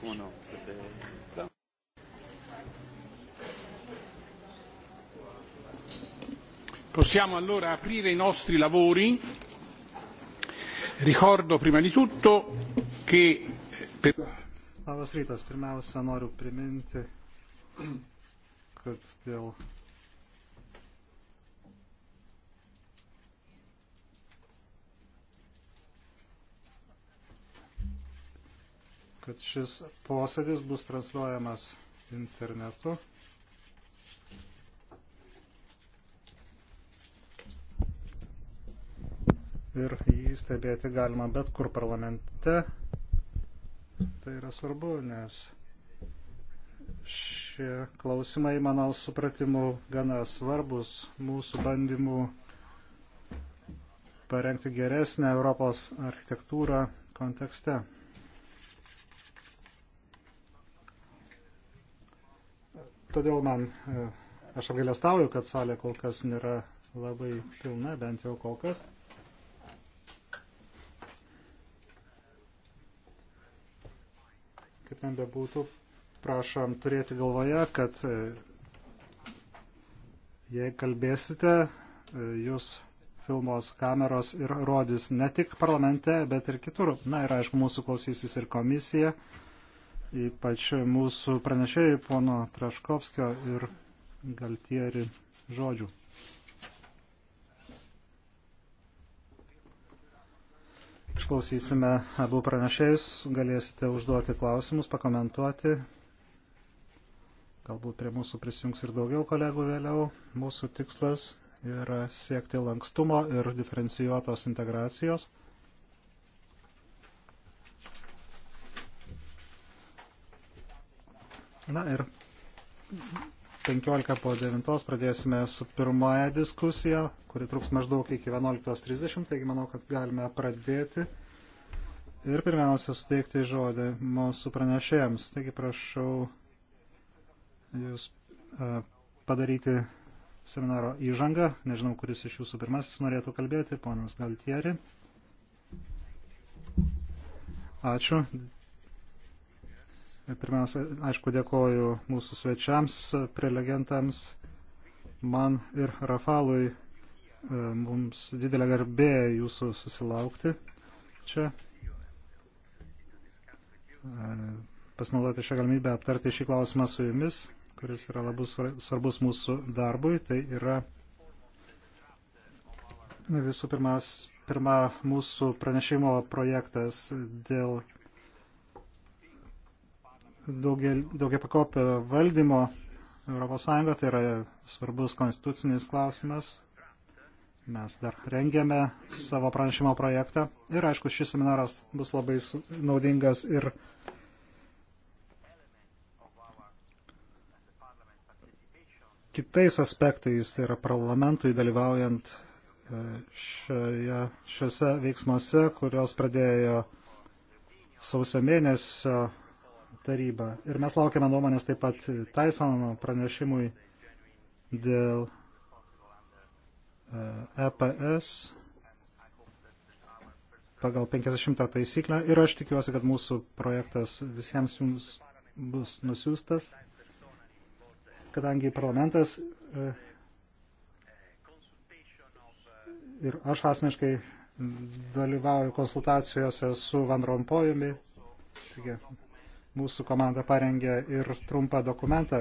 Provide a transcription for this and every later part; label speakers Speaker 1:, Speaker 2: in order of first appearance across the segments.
Speaker 1: comment non C'était plein. Possiamo allora aprire i nostri lavori. Ricordo prima di tutto che.
Speaker 2: Per... Labas rytas. Pirmiausia, noriu priminti, kad dėl kad šis posėdis bus transliuojamas internetu. Ir jį stebėti galima bet kur parlamente. Tai yra svarbu, nes šie klausimai, mano supratimu, gana svarbus mūsų bandymų parengti geresnę Europos architektūrą kontekste. Todėl man, e, aš apgailestauju, kad salė kol kas nėra labai pilna, bent jau kol kas. Kaip ten bebūtų, prašom turėti galvoje, kad e, jei kalbėsite, e, jūs filmos kameros ir rodys ne tik parlamente, bet ir kitur. Na ir aišku, mūsų klausysis ir komisija ypač mūsų pranešėjai pono Traškovskio ir Galtieri žodžių. Išklausysime abu pranešėjus, galėsite užduoti klausimus, pakomentuoti. Galbūt prie mūsų prisijungs ir daugiau kolegų vėliau. Mūsų tikslas yra siekti lankstumo ir diferencijuotos integracijos. Na ir 15 po 9 pradėsime su pirmąją diskusiją, kuri truks maždaug iki 11.30, taigi manau, kad galime pradėti. Ir pirmiausia, suteikti žodį mūsų pranešėjams. Taigi prašau jūs e, padaryti seminaro įžangą. Nežinau, kuris iš jūsų pirmasis norėtų kalbėti, ponas Galtieri. Ačiū. Pirmiausia, aišku, dėkoju mūsų svečiams, prelegentams, man ir Rafalui. E, mums didelė garbė jūsų susilaukti čia. E, pasinaudoti šią galimybę aptarti šį klausimą su jumis, kuris yra labai svarbus mūsų darbui. Tai yra visų pirmas, pirma mūsų pranešimo projektas dėl daugia, daugia pakopio valdymo ES, tai yra svarbus konstitucinis klausimas. Mes dar rengiame savo pranešimo projektą ir aišku, šis seminaras bus labai naudingas ir kitais aspektais, tai yra parlamentui dalyvaujant e, šioje, šiuose veiksmuose, kurios pradėjo sausio mėnesio taryba. Ir mes laukiame nuomonės taip pat Taisono pranešimui dėl EPS e pagal 50 taisyklę ir aš tikiuosi, kad mūsų projektas visiems jums bus nusiųstas, kadangi parlamentas e, ir aš asmeniškai dalyvauju konsultacijose su Van Rompojumi. Taigi, Mūsų komanda parengė ir trumpą dokumentą,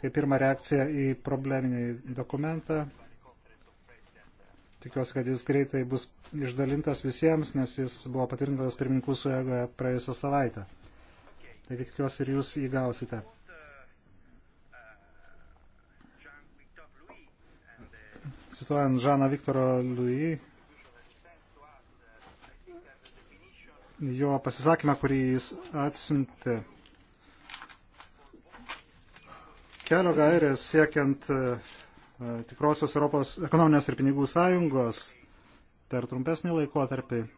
Speaker 2: kaip pirmą reakciją į probleminį dokumentą. Tikiuosi, kad jis greitai bus išdalintas visiems, nes jis buvo patvirtintas pirmininkų suėgoje praėjusią savaitę. Taigi tikiuosi ir jūs jį gausite. Cituojant Žaną Viktoro Louis jo pasisakymą, kurį jis atsinti. Kelio gairės siekiant e, e, tikrosios Europos ekonominės ir pinigų sąjungos per trumpesnį laikotarpį e,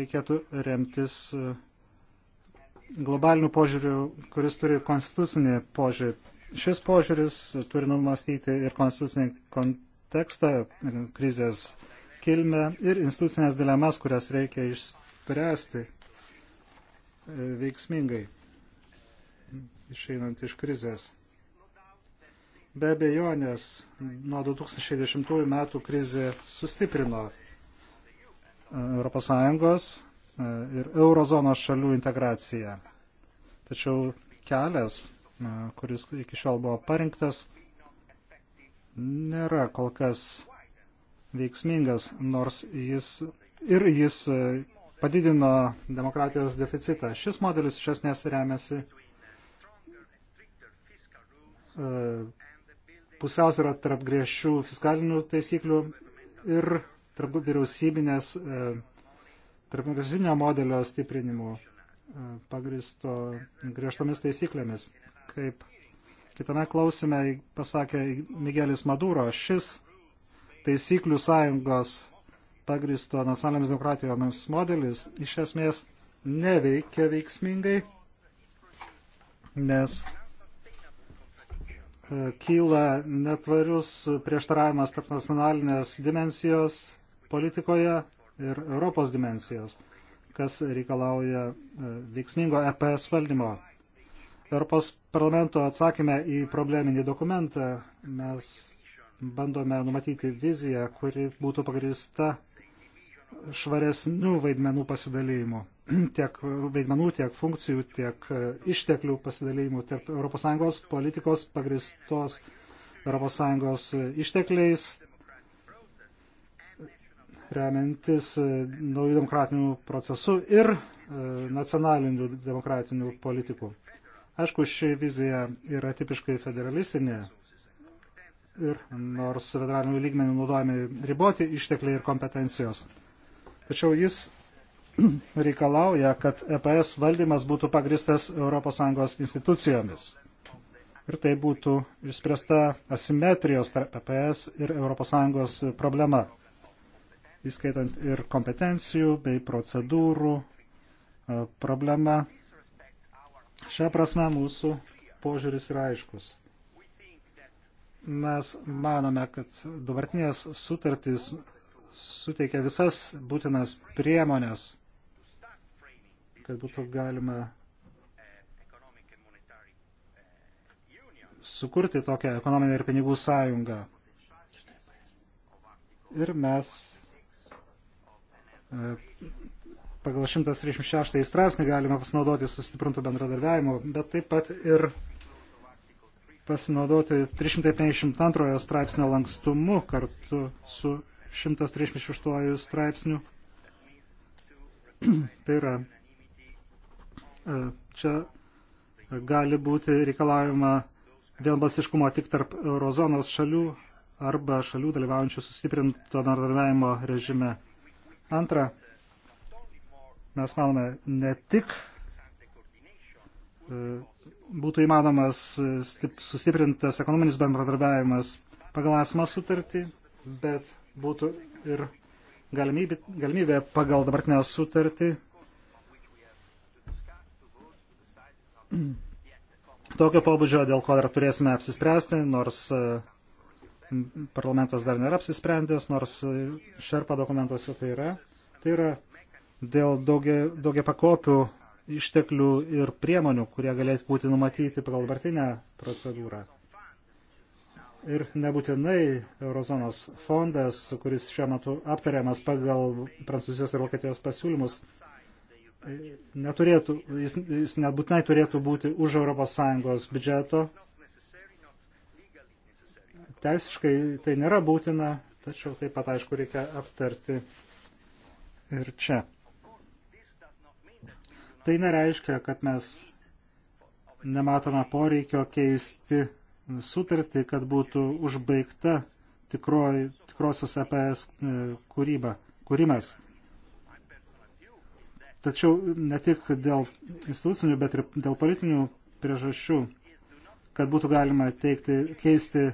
Speaker 2: reikėtų remtis globaliniu požiūriu, kuris turi konstitucinį požiūrį. Šis požiūris turi numastyti ir konstitucinį kontekstą, krizės kilmę ir institucinės dilemas, kurias reikia išspręsti spręsti e, veiksmingai, išeinant iš krizės. Be abejonės, nuo 2010 metų krizė sustiprino ES e, ir eurozonos šalių integraciją. Tačiau kelias, e, kuris iki šiol buvo parinktas, nėra kol kas veiksmingas, nors jis ir jis padidino demokratijos deficitą. Šis modelis iš esmės remiasi e, pusiausvyrą tarp griežčių fiskalinių taisyklių ir tarp vyriausybinės, e, tarp vyriausybinio modelio stiprinimų e, pagristo griežtomis taisyklėmis. Kaip kitame klausime pasakė Miguelis Maduro, šis taisyklių sąjungos pagristo nacionalinėmis demokratijomis modelis iš esmės neveikia veiksmingai, nes e, kyla netvarius prieštaravimas tarp nacionalinės dimensijos politikoje ir Europos dimensijos, kas reikalauja e, veiksmingo EPS valdymo. Europos parlamento atsakymę į probleminį dokumentą mes bandome numatyti viziją, kuri būtų pagrįsta švaresnių vaidmenų pasidalymų, tiek vaidmenų, tiek funkcijų, tiek e, išteklių pasidalymų, tiek ES politikos pagristos ES e, ištekliais, remiantis e, naujų demokratinių procesų ir nacionalinių demokratinių politikų. Aišku, ši vizija yra tipiškai federalistinė ir nors federalinių lygmenių naudojami riboti ištekliai ir kompetencijos. Tačiau jis reikalauja, kad EPS valdymas būtų pagristas ES institucijomis. Ir tai būtų išspręsta asimetrijos tarp EPS ir ES problema, įskaitant ir kompetencijų bei procedūrų e, problema. Šią prasme mūsų požiūris yra aiškus. Mes manome, kad dabartinės sutartys suteikia visas būtinas priemonės, kad būtų galima sukurti tokią ekonominę ir pinigų sąjungą. Ir mes e, pagal 136 straipsnį galime pasinaudoti sustiprintų bendradarbiavimo, bet taip pat ir pasinaudoti 352 straipsnio lankstumu kartu su 136 straipsnių. tai yra, e, čia gali būti reikalaujama vienbalsiškumo tik tarp eurozonos šalių arba šalių dalyvaujančių sustiprinto bendradarbiavimo režime. Antra, mes manome ne tik e, būtų įmanomas sustiprintas ekonominis bendradarbiavimas pagal esamą sutartį, bet būtų ir galimybė, galimybė pagal dabartinę sutartį tokio pobūdžio, dėl ko dar turėsime apsispręsti, nors e, parlamentas dar nėra apsisprendęs, nors šerpa dokumentuose tai yra. Tai yra dėl daugia, daugia pakopių išteklių ir priemonių, kurie galėtų būti numatyti pagal dabartinę procedūrą ir nebūtinai Eurozonos fondas, kuris šiuo metu aptariamas pagal Prancūzijos ir Vokietijos pasiūlymus, neturėtų, jis, jis nebūtinai turėtų būti už ES biudžeto. Teisiškai tai nėra būtina, tačiau taip pat aišku reikia aptarti ir čia. Tai nereiškia, kad mes nematome poreikio keisti sutartį, kad būtų užbaigta tikroj, tikrosios EPS e, kūryba, kūrimas. Tačiau ne tik dėl institucinių, bet ir dėl politinių priežasčių, kad būtų galima teikti, keisti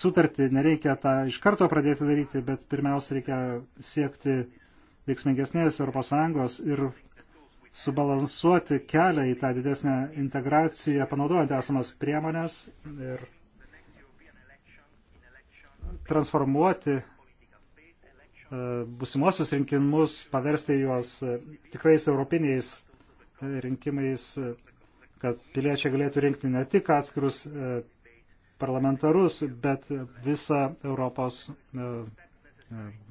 Speaker 2: sutartį, nereikia tą iš karto pradėti daryti, bet pirmiausia reikia siekti veiksmingesnės ES ir subalansuoti kelią į tą didesnę integraciją, panaudojant esamas priemonės ir transformuoti e, busimuosius rinkimus, paversti juos e, tikrais europiniais e, rinkimais, kad piliečiai galėtų rinkti ne tik atskirus parlamentarus, bet visą Europos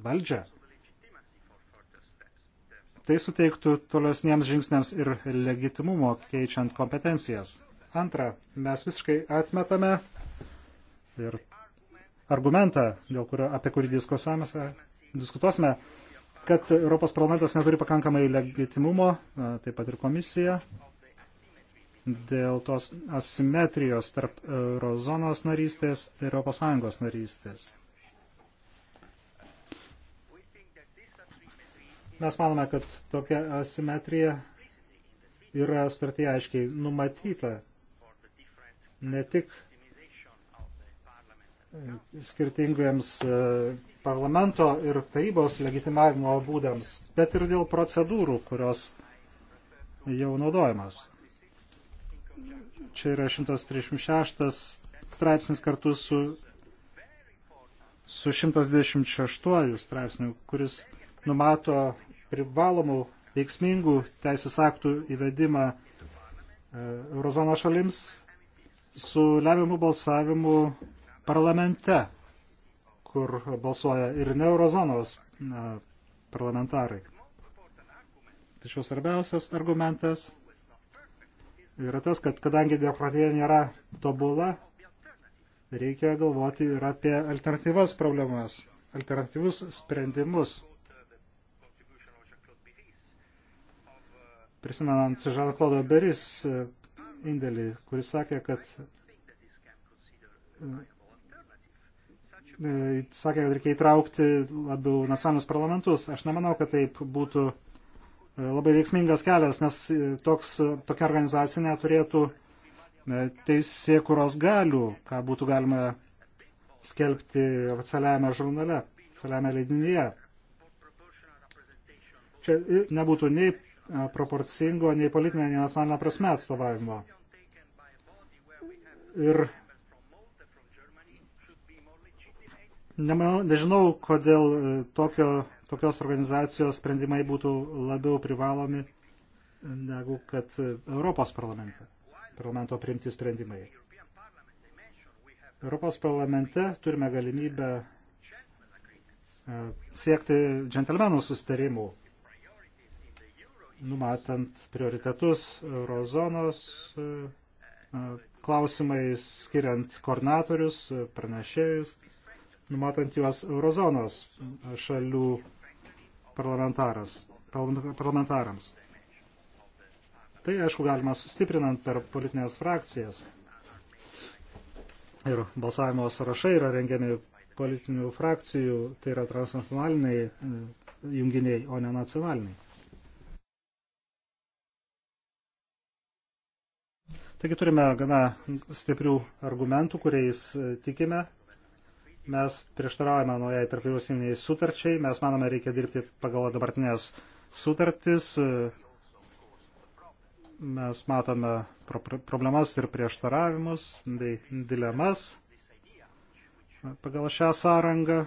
Speaker 2: valdžią. Tai suteiktų tolesniems žingsniams ir legitimumo keičiant kompetencijas. Antra, mes visiškai atmetame ir argumentą, dėl kurio, apie kurį diskutuosime, kad Europos parlamentas neturi pakankamai legitimumo, taip pat ir komisija, dėl tos asimetrijos tarp eurozonos narystės ir ES narystės. Mes manome, kad tokia asimetrija yra sutartyje aiškiai numatyta. Ne tik skirtingiems e, parlamento ir tarybos legitimavimo būdams, bet ir dėl procedūrų, kurios jau naudojamas. Čia yra 136 straipsnis kartu su, su 126 straipsniu, kuris numato privalomų veiksmingų teisės aktų įvedimą e, Eurozono šalims su lemiamu balsavimu parlamente, kur balsuoja ir ne Eurozonos e, parlamentarai. Tačiau svarbiausias argumentas yra tas, kad kadangi demokratija nėra tobula, reikia galvoti ir apie alternatyvas problemas, alternatyvus sprendimus prisimenant Žanklodo Beris e, indėlį, kuris sakė, kad e, e, sakė, kad reikia įtraukti labiau nacionalinius parlamentus. Aš nemanau, kad taip būtų labai veiksmingas kelias, nes toks, tokia organizacija neturėtų teisėkuros galių, ką būtų galima skelbti oficialiame žurnale, oficialiame leidinyje. Čia nebūtų nei proporcingo nei politinė, nei nacionalinė prasme atstovavimo. Ir nemanau, nežinau, kodėl e, tokio, tokios organizacijos sprendimai būtų labiau privalomi negu kad e, Europos parlamento, parlamento priimti sprendimai. Europos parlamente turime galimybę e, siekti džentelmenų sustarimų numatant prioritetus eurozonos e, klausimais, skiriant koordinatorius, pranešėjus, numatant juos eurozonos šalių parlamentarams. Tai, aišku, galima sustiprinant per politinės frakcijas. Ir balsavimo sąrašai yra rengiami politinių frakcijų, tai yra transnacionaliniai e, junginiai, o ne nacionaliniai. Taigi turime gana stiprių argumentų, kuriais e, tikime. Mes prieštaraujame naujai tarpvyriausybiniai sutarčiai, mes manome, reikia dirbti pagal dabartinės sutartis. E, mes matome pro problemas ir prieštaravimus bei dilemas pagal šią sąrangą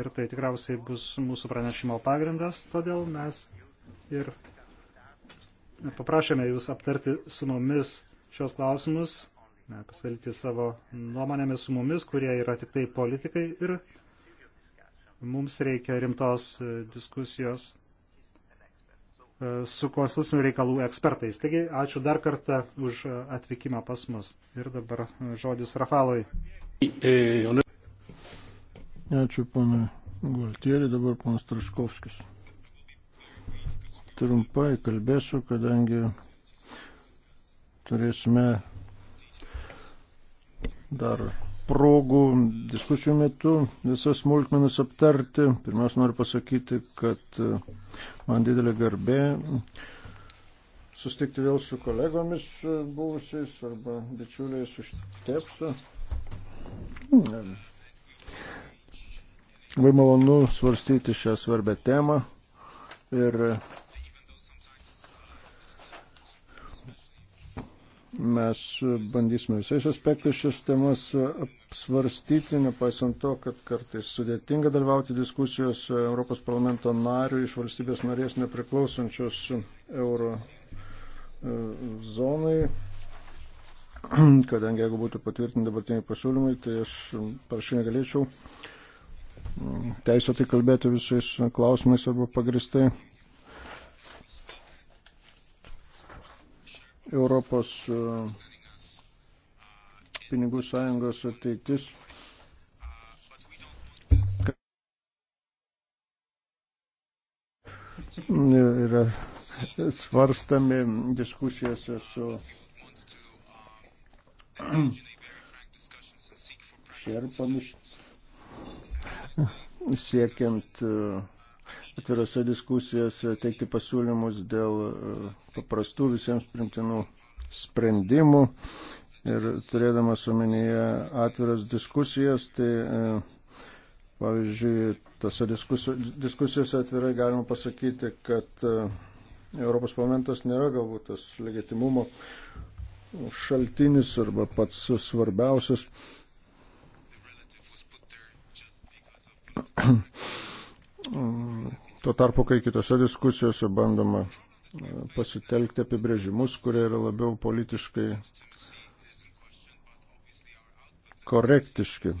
Speaker 2: ir tai tikriausiai bus mūsų pranešimo pagrindas, todėl mes ir paprašėme jūs aptarti su mumis šios klausimus, pasidalyti savo nuomonėmis su mumis, kurie yra tik tai politikai ir mums reikia rimtos e, diskusijos e, su konstitucinių reikalų ekspertais. Taigi, ačiū dar kartą už atvykimą pas mus. Ir dabar žodis Rafaloj. E,
Speaker 1: ačiū, pana Gualtieri, dabar panas Traškovskis trumpai kalbėsiu, kadangi turėsime dar progų diskusijų metu visas smulkmenas aptarti. Pirmiausia, noriu pasakyti, kad e, man didelė garbė sustikti vėl su kolegomis e, buvusiais arba bičiuliais iš Tepsą. Labai malonu svarstyti šią svarbę temą ir Mes bandysime visais aspektais šias temas apsvarstyti, nepaisant to, kad kartais sudėtinga dalyvauti diskusijos Europos parlamento narių iš valstybės narės nepriklausančios euro e, zonai. Kadangi jeigu būtų patvirtinti dabartiniai pasiūlymai, tai aš parašiau negalėčiau teisėtai kalbėti visais klausimais arba pagristai Europos e, pinigų sąjungos ateitis. Yra svarstami diskusijose su šerpomis siekiant uh, atvirose diskusijose teikti pasiūlymus dėl e, paprastų visiems primtinų sprendimų. Ir turėdamas omenyje atviras diskusijas, tai e, pavyzdžiui, tose diskusijose atvirai galima pasakyti, kad e, Europos parlamentas nėra galbūt tas legitimumo šaltinis arba pats svarbiausias. Tuo tarpu, kai kitose diskusijose bandoma e, pasitelkti apibrėžimus, kurie yra labiau politiškai korektiški.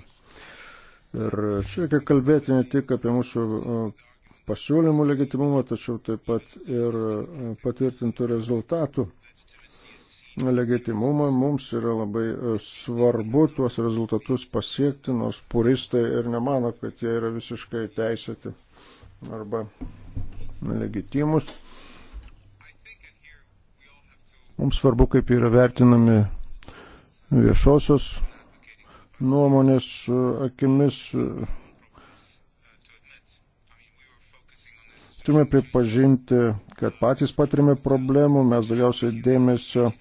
Speaker 1: Ir čia reikia kalbėti ne tik apie mūsų e, pasiūlymų legitimumą, tačiau taip pat ir e, patvirtintų rezultatų legitimumą. Mums yra labai svarbu tuos rezultatus pasiekti, nors puristai ir nemano, kad jie yra visiškai teisėti arba legitimus. Mums svarbu, kaip yra vertinami viešosios nuomonės akimis. Turime pripažinti, kad patys patirime problemų, mes daugiausiai dėmesio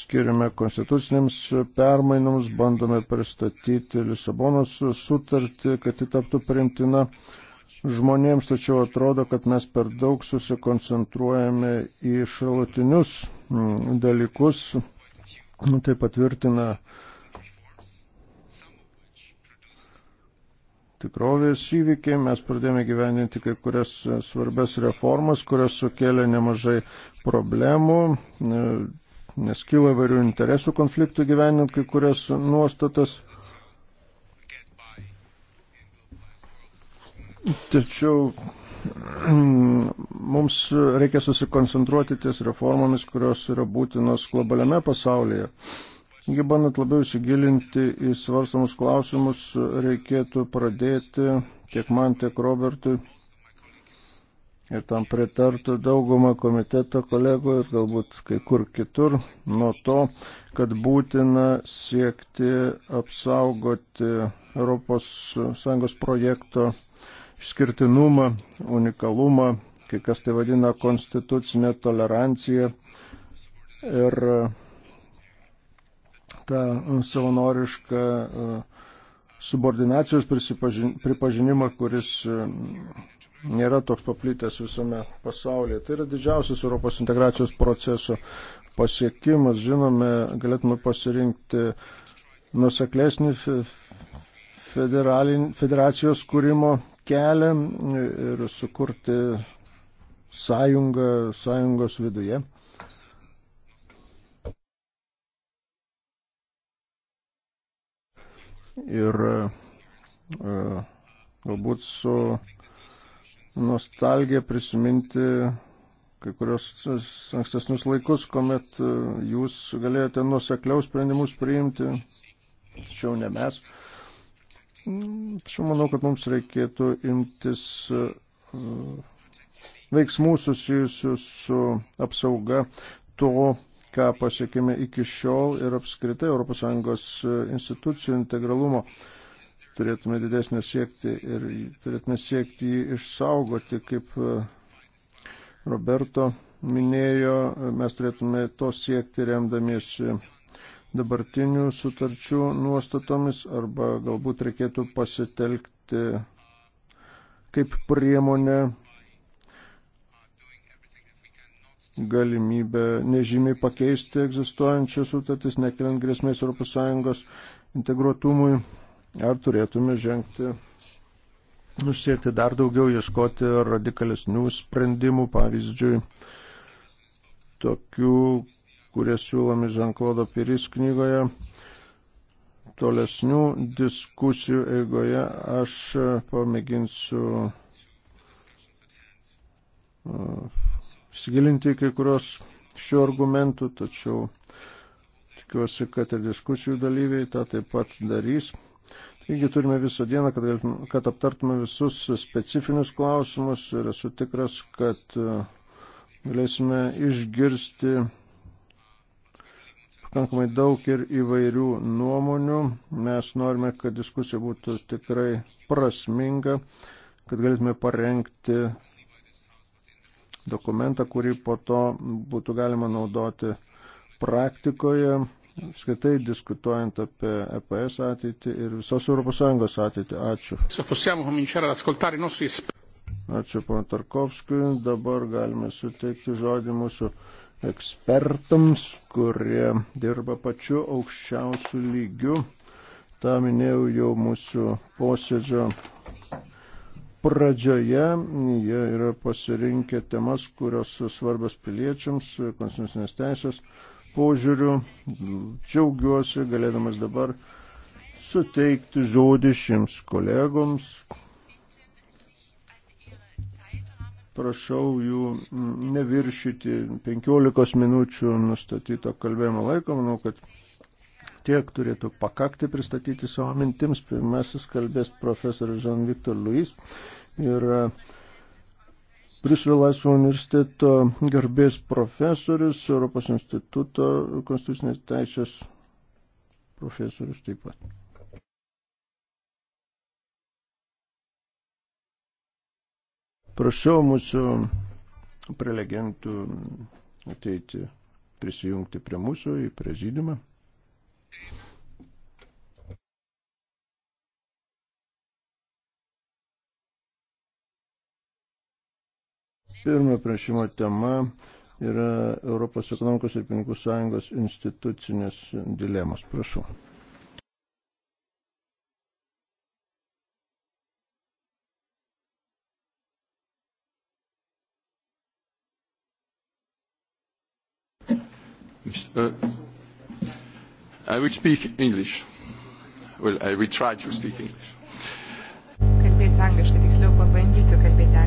Speaker 1: skiriame konstitucinėms permainoms, bandome pristatyti Lisabonos sutartį, kad ji taptų primtina žmonėms, tačiau atrodo, kad mes per daug susikoncentruojame į šalutinius mm, dalykus. Nu, tai patvirtina tikrovės įvykiai. Mes pradėjome gyveninti kai kurias svarbes reformas, kurios sukėlė nemažai problemų, e, nes kyla vairių interesų konfliktų gyvenint kai kurias nuostatas. Tačiau mm, mums reikia susikoncentruoti ties reformomis, kurios yra būtinos globaliame pasaulyje. Taigi, bandant labiau įsigilinti į svarstamus klausimus, reikėtų pradėti tiek man, tiek Robertui. Ir tam pritartų daugumą komiteto kolegų ir galbūt kai kur kitur nuo to, kad būtina siekti apsaugoti ES projekto išskirtinumą, unikalumą, kai kas tai vadina konstitucinė tolerancija ir e, tą savanorišką e, subordinacijos pripažinimą, kuris e, nėra toks paplitęs visame pasaulyje. Tai yra didžiausias Europos integracijos proceso pasiekimas. Žinome, galėtume pasirinkti nuseklesnį federacijos kūrimo kelią ir sukurti sąjungą sąjungos viduje. Ir e, galbūt su nostalgija prisiminti kai kurios ankstesnius laikus, kuomet e, jūs galėjote nusekliaus sprendimus priimti, tačiau ne mes. Tačiau manau, kad mums reikėtų imtis e, veiksmų susijusių su apsauga to, ką pasiekime iki šiol ir apskritai ES e, institucijų integralumo turėtume didesnio siekti ir turėtume siekti jį išsaugoti, kaip e, Roberto minėjo, mes turėtume to siekti remdamiesi dabartinių sutarčių nuostatomis arba galbūt reikėtų pasitelkti kaip priemonę galimybę nežymiai pakeisti egzistuojančias sutartis, nekeliant grėsmės ES integruotumui, ar turėtume žengti, nusiekti dar daugiau, ieškoti radikalesnių sprendimų, pavyzdžiui, tokių, kurie siūlomi Žanklodo Piris knygoje. Tolesnių diskusijų eigoje aš e, pamėginsiu e, įsigilinti kai kurios šių argumentų, tačiau tikiuosi, kad ir diskusijų dalyviai tą taip pat darys. Taigi turime visą dieną, kad, galėtume, kad aptartume visus specifinius klausimus ir esu tikras, kad e, galėsime išgirsti pakankamai daug ir įvairių nuomonių. Mes norime, kad diskusija būtų tikrai prasminga, kad galėtume parengti dokumentą, kurį po to būtų galima naudoti praktikoje, apskaitai diskutuojant apie EPS ateitį ir visos ES ateitį. Ačiū. Ačiū, pana Tarkovskui. Dabar galime suteikti žodį mūsų ekspertams, kurie dirba pačiu aukščiausiu lygiu. Ta minėjau jau mūsų posėdžio pradžioje. Jie yra pasirinkę temas, kurios svarbios piliečiams, konstitucinės teisės požiūrių. Džiaugiuosi galėdamas dabar suteikti žodį šiems kolegoms, prašau jų neviršyti 15 minučių nustatyto kalbėjimo laiko. Manau, kad tiek turėtų pakakti pristatyti savo mintims. Pirmasis kalbės profesorius Jean-Victor Luis ir e, Briuselio Laisvo universiteto garbės profesorius, Europos instituto konstitucinės teisės profesorius taip pat. Prašau mūsų prelegentų ateiti prisijungti prie mūsų į prezidimą. Pirma prašymo tema yra Europos ekonomikos ir pinigų sąjungos institucinės dilemos. Prašau.
Speaker 3: Uh, I will
Speaker 1: speak English. Well, I will try to speak English.
Speaker 3: Kalbėsiu angliškai, tiksliau pabandysiu kalbėti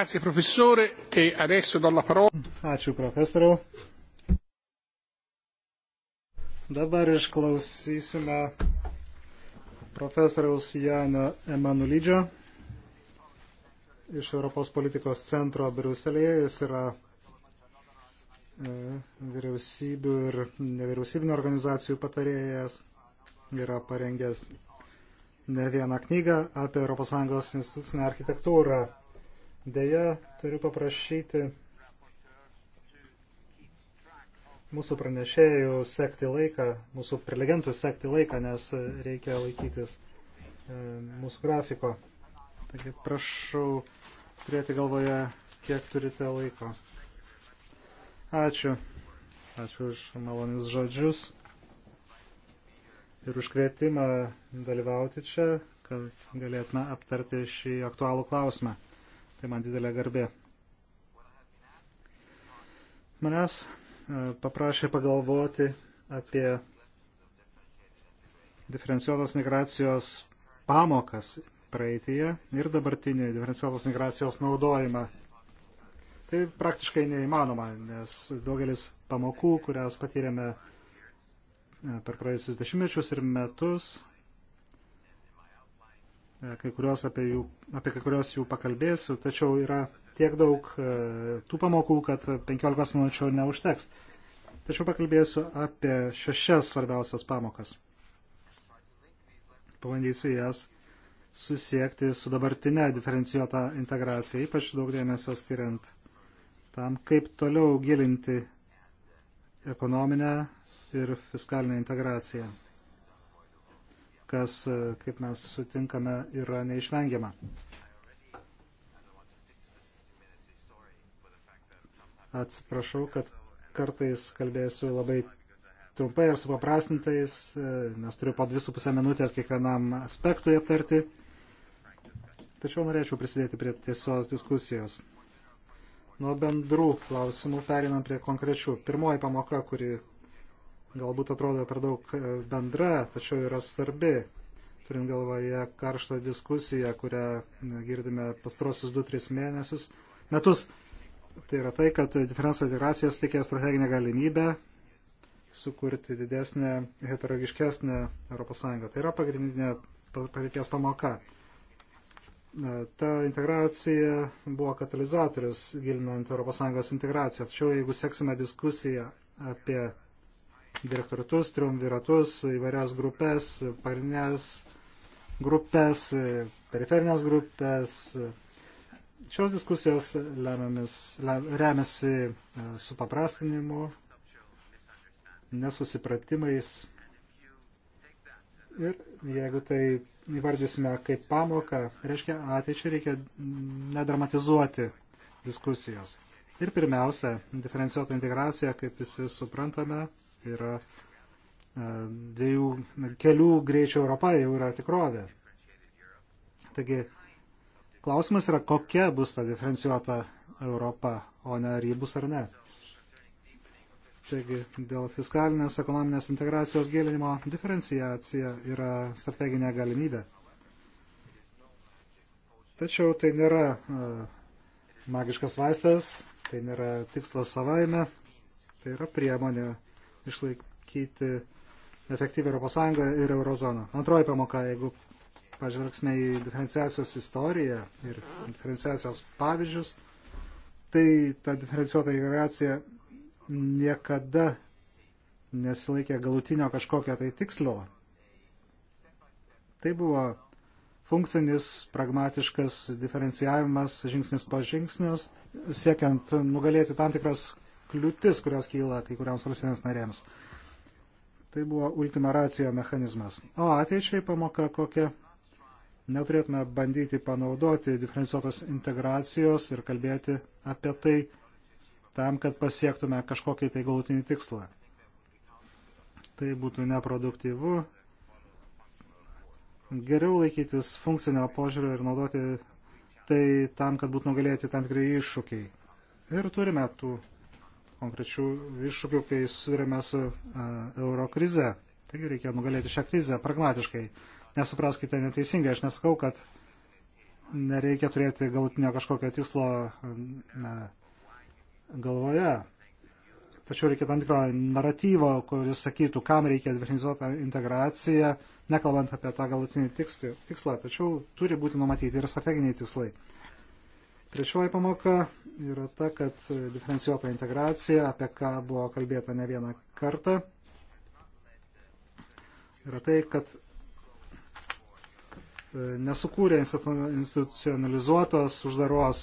Speaker 2: Grazie professore e adesso do la parola. Ačiū profesoriau. Dabar išklausysime profesoriaus Jano Emanulydžio iš Europos politikos centro Briuselėje. Jis yra e, vyriausybių ir nevyriausybinio organizacijų patarėjas. Yra parengęs ne vieną knygą apie ES institucinę architektūrą. Deja, turiu paprašyti mūsų pranešėjų sekti laiką, mūsų prelegentų sekti laiką, nes reikia laikytis e, mūsų grafiko. Taigi prašau turėti galvoje, kiek turite laiko. Ačiū. Ačiū už malonius žodžius ir už kvietimą dalyvauti čia, kad galėtume aptarti šį aktualų klausimą. Tai man didelė garbė. Manęs e, paprašė pagalvoti apie diferencijuotos migracijos pamokas praeitie ir dabartinį diferencijuotos migracijos naudojimą. Tai praktiškai neįmanoma, nes daugelis pamokų, kurias patyrėme e, per praėjusius dešimtmečius ir metus, E, kai kurios apie, jų, apie kai kurios jų pakalbėsiu, tačiau yra tiek daug e, tų pamokų, kad 15 minučių neužteks. Tačiau pakalbėsiu apie šešias svarbiausias pamokas. Pabandysiu jas susiekti su dabartinė diferencijuota integracija, ypač daug dėmesio skiriant tam, kaip toliau gilinti ekonominę ir fiskalinę integraciją kas, e, kaip mes sutinkame, yra neišvengiama. Atsiprašau, kad kartais kalbėsiu labai trumpai ir supaprastintais, e, nes turiu po 2,5 minutės kiekvienam aspektui aptarti. Tačiau norėčiau prisidėti prie tiesios diskusijos. Nuo bendrų klausimų perinam prie konkrečių. Pirmoji pamoka, kuri galbūt atrodo per daug e, bendra, tačiau yra svarbi, turint galvoje karštą diskusiją, kurią e, girdime pastrosius 2-3 mėnesius, metus. Tai yra tai, kad diferencijos integracija suteikia strateginę galimybę sukurti didesnę, heterogiškesnę ES. Tai yra pagrindinė pareities pamoka. E, ta integracija buvo katalizatorius gilinant ES integraciją. Tačiau jeigu seksime diskusiją apie direktorius, triumviratus, įvairias grupės, pagrindinės grupės, periferinės grupės. Šios diskusijos remiasi e, supaprastinimu, nesusipratimais. Ir jeigu tai įvardysime kaip pamoką, reiškia ateičiai reikia nedramatizuoti diskusijos. Ir pirmiausia, diferencijuota integracija, kaip visi suprantame, yra e, dviejų kelių greičio Europa jau yra tikrovė. Taigi, klausimas yra, kokia bus ta diferencijuota Europa, o ne ar ji bus ar ne. Taigi, dėl fiskalinės ekonominės integracijos gėlinimo diferenciacija yra strateginė galimybė. Tačiau tai nėra e, magiškas vaistas, tai nėra tikslas savaime, tai yra priemonė išlaikyti efektyvę Europos Sąjungą ir Eurozoną. Antroji pamoka, jeigu pažvelgsime į diferenciacijos istoriją ir diferenciacijos pavyzdžius, tai ta diferencijuota integracija niekada nesilaikė galutinio kažkokio tai tikslo. Tai buvo funkcinis, pragmatiškas diferencijavimas žingsnis po žingsnius, siekiant nugalėti tam tikras kliūtis, kurios kyla kai kuriams valstybės narėms. Tai buvo ultima racijo mechanizmas. O ateičiai pamoka kokia. Neturėtume bandyti panaudoti diferencijuotos integracijos ir kalbėti apie tai tam, kad pasiektume kažkokį tai galutinį tikslą. Tai būtų neproduktyvu. Geriau laikytis funkcinio požiūrio ir naudoti tai tam, kad būtų nugalėti tam tikrai iššūkiai. Ir turime tų konkrečių iššūkių, kai susidurėme su e, euro krize. Taigi reikia nugalėti šią krizę pragmatiškai. Nesupraskite neteisingai, aš nesakau, kad nereikia turėti galutinio kažkokio tikslo e, na, galvoje. Tačiau reikia tam tikro naratyvo, kuris sakytų, kam reikia diferenizuotą integraciją, nekalbant apie tą galutinį tikslą. Tačiau turi būti numatyti ir strateginiai tikslai. Trečioji pamoka yra ta, kad diferencijuota integracija, apie ką buvo kalbėta ne vieną kartą, yra tai, kad e, nesukūrė institucionalizuotos uždaros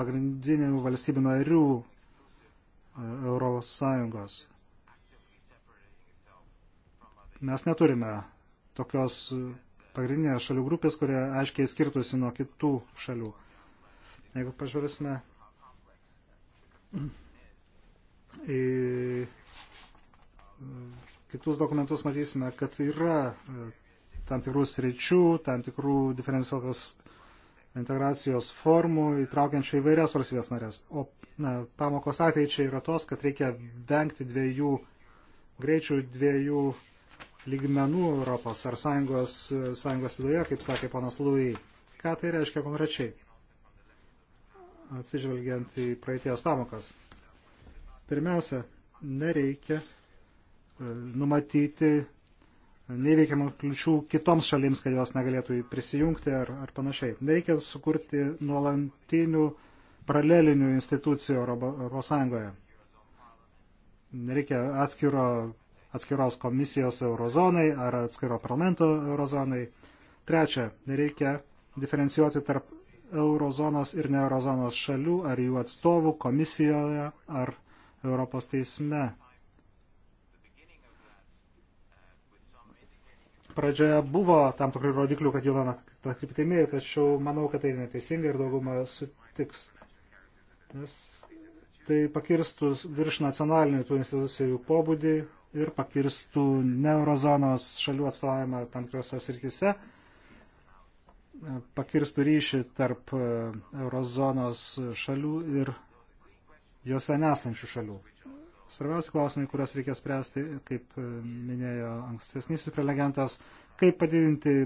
Speaker 2: pagrindinių valstybių narių e, Europos Sąjungos. Mes neturime tokios pagrindinės šalių grupės, kurie aiškiai skirtusi nuo kitų šalių. Jeigu pažvelgsime į kitus dokumentus, matysime, kad yra e, tam tikrų sričių, tam tikrų diferencijuotos integracijos formų, įtraukiančių įvairias valstybės narės. O na, pamokos ateičiai yra tos, kad reikia vengti dviejų greičių, dviejų lygmenų Europos ar sąjungos, sąjungos viduje, kaip sakė panas Lui. Ką tai reiškia konkrečiai? atsižvelgiant į praeities pamokas. Pirmiausia, nereikia e, numatyti neįveikiamų kliučių kitoms šalims, kad jos negalėtų prisijungti ar, ar panašiai. Nereikia sukurti nuolantinių paralelinių institucijų Europos Sąjungoje. Nereikia atskiro, atskiros komisijos eurozonai ar atskiro parlamento eurozonai. Trečia, nereikia diferencijuoti tarp eurozonos ir ne eurozonos šalių ar jų atstovų komisijoje ar Europos teisme. Pradžioje buvo tam tikrų rodiklių, kad judame tą kryptimį, tačiau manau, kad tai neteisinga ir dauguma sutiks. Nes tai pakirstų virš nacionalinių tų institucijų pobūdį ir pakirstų ne eurozonos šalių atstovavimą tam tikrose srityse pakirstų ryšį tarp e, eurozonos šalių ir juose nesančių šalių. Svarbiausi klausimai, kuriuos reikia spręsti, kaip e, minėjo ankstesnysis prelegentas, kaip padidinti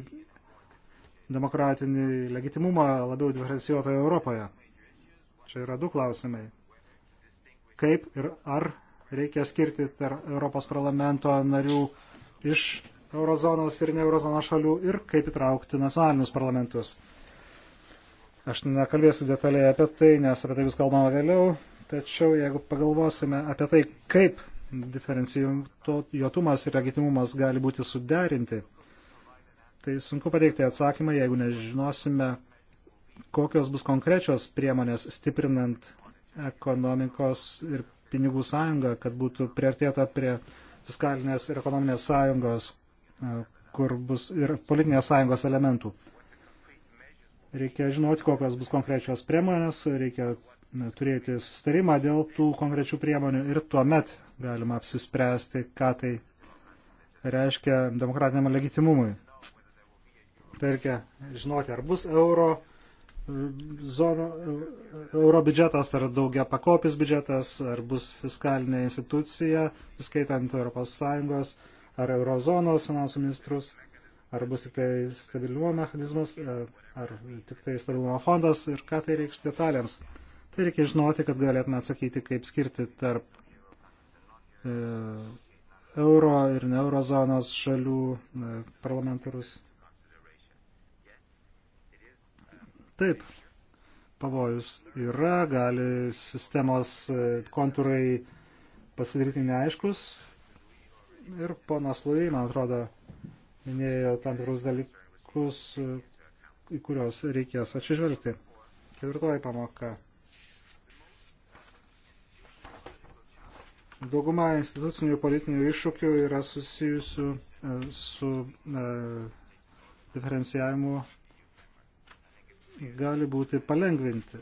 Speaker 2: demokratinį legitimumą labiau diferencijuotoje Europoje. Čia yra du klausimai. Kaip ir ar reikia skirti tarp Europos parlamento narių iš eurozonos ir ne eurozonos šalių ir kaip įtraukti nacionalinius parlamentus. Aš nekalbėsiu detaliai apie tai, nes apie tai bus kalbama vėliau, tačiau jeigu pagalvosime apie tai, kaip diferencijuotumas ir legitimumas gali būti suderinti, tai sunku pateikti atsakymą, jeigu nežinosime, kokios bus konkrečios priemonės stiprinant ekonomikos ir pinigų sąjungą, kad būtų priartėta prie fiskalinės ir ekonominės sąjungos, E, kur bus ir politinės sąjungos elementų. Reikia žinoti, kokios bus konkrečios priemonės, reikia turėti sustarimą dėl tų konkrečių priemonių ir tuomet galima apsispręsti, ką tai reiškia demokratiniam legitimumui. Tai reikia žinoti, ar bus euro, e, zono, e, euro biudžetas, ar daugia pakopis biudžetas, ar bus fiskalinė institucija, įskaitant ES ar eurozonos finansų ministrus, ar bus tik tai stabilumo mechanizmas, e, ar tik tai stabilumo fondas ir ką tai reikš detalėms. Tai reikia žinoti, kad galėtume atsakyti, kaip skirti tarp e, euro ir ne eurozonos šalių e, parlamentarus. Taip, pavojus yra, gali sistemos e, kontūrai pasidaryti neaiškus, Ir ponas Lui, man atrodo, minėjo tam tikrus dalykus, į kuriuos reikės atsižvelgti. Ketvirtoji pamoka. Dauguma institucinių politinių iššūkių yra susijusių e, su e, diferencijavimu gali būti palengvinti.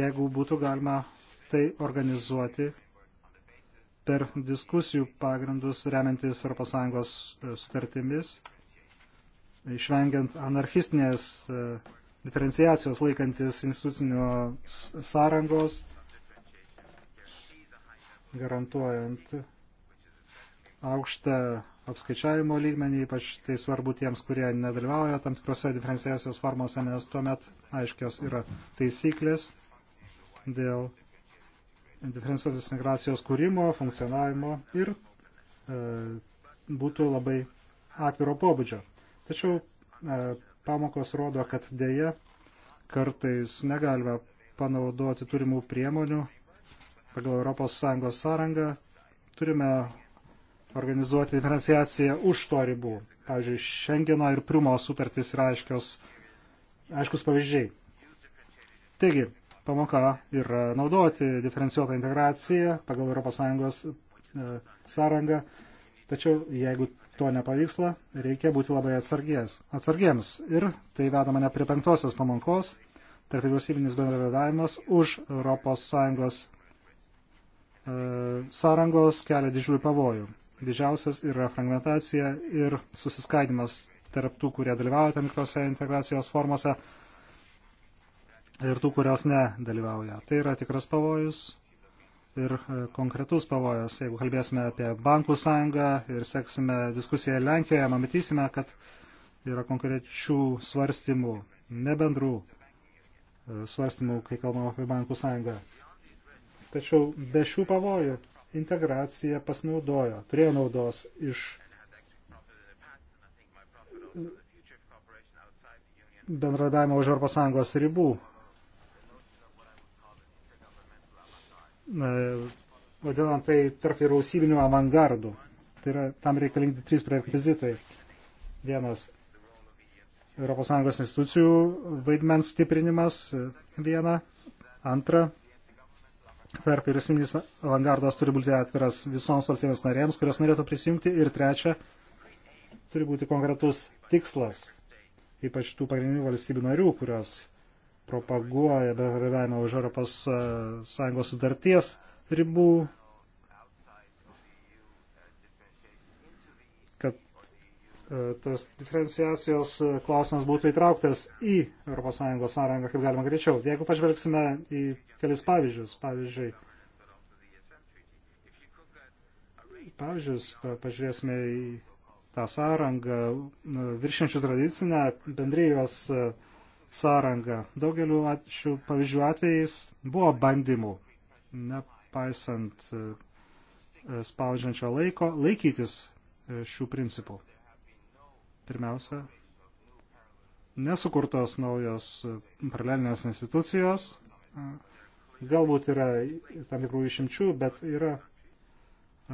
Speaker 2: Jeigu būtų galima tai organizuoti per diskusijų pagrindus remiantis ES e, sutartimis, išvengiant anarchistinės e, diferenciacijos laikantis institucinio sąrangos, garantuojant aukštą apskaičiavimo lygmenį, ypač tai svarbu tiems, kurie nedalyvauja tam tikrose diferenciacijos formose, nes tuomet aiškios yra taisyklės dėl diferencijos integracijos kūrimo, funkcionavimo ir e, būtų labai atviro pobūdžio. Tačiau e, pamokos rodo, kad dėja kartais negalime panaudoti turimų priemonių pagal ES sąrangą. Turime organizuoti diferenciaciją už to ribų. Pavyzdžiui, Šengeno ir Priumo sutartys yra aiškios, aiškus pavyzdžiai. Taigi, pamoka yra naudoti diferencijuotą integraciją pagal ES e, sąrangą, tačiau jeigu to nepavyksla, reikia būti labai atsargies, atsargiems. Ir tai veda mane prie penktosios pamokos, tarp vyriausybinis bendradarbiavimas už ES e, sąrangos kelia didžiulį pavojų. Didžiausias yra fragmentacija ir susiskaidimas tarp tų, kurie dalyvauja tam tikrose integracijos formose ir tų, kurios nedalyvauja. Tai yra tikras pavojus ir e, konkretus pavojus. Jeigu kalbėsime apie bankų sąjungą ir seksime diskusiją Lenkijoje, matysime, kad yra konkrečių svarstymų, nebendrų e, svarstymų, kai kalbame apie bankų sąjungą. Tačiau be šių pavojų integracija pasinaudojo, turėjo naudos iš e, bendradavimo už Europos Sąjungos ribų vadinant tai tarp vyriausybinių avangardų. Tai yra, tam reikalingi trys rekvizitai. Vienas ES institucijų vaidmens stiprinimas, viena. Antra, tarp vyriausybinis avangardas turi būti atviras visoms valstybės narėms, kurios norėtų prisijungti. Ir trečia, turi būti konkretus tikslas, ypač tų pagrindinių valstybių narių, kurios propaguoja bendradarbiavimą už ES e, sutarties ribų, kad e, tas diferenciacijos klausimas būtų įtrauktas į ES sąrangą kaip galima greičiau. Jeigu pažvelgsime į kelis pavyzdžius, pavyzdžiui, pavyzdžius, pažiūrėsime į tą sąrangą e, viršinčių tradicinę bendrijos uh, sąrangą. Daugeliu šių pavyzdžių atvejais buvo bandymų, nepaisant e, e, spaudžiančio laiko, laikytis e, šių principų. Pirmiausia, nesukurtos naujos paralelinės institucijos. Galbūt yra tam tikrų išimčių, bet yra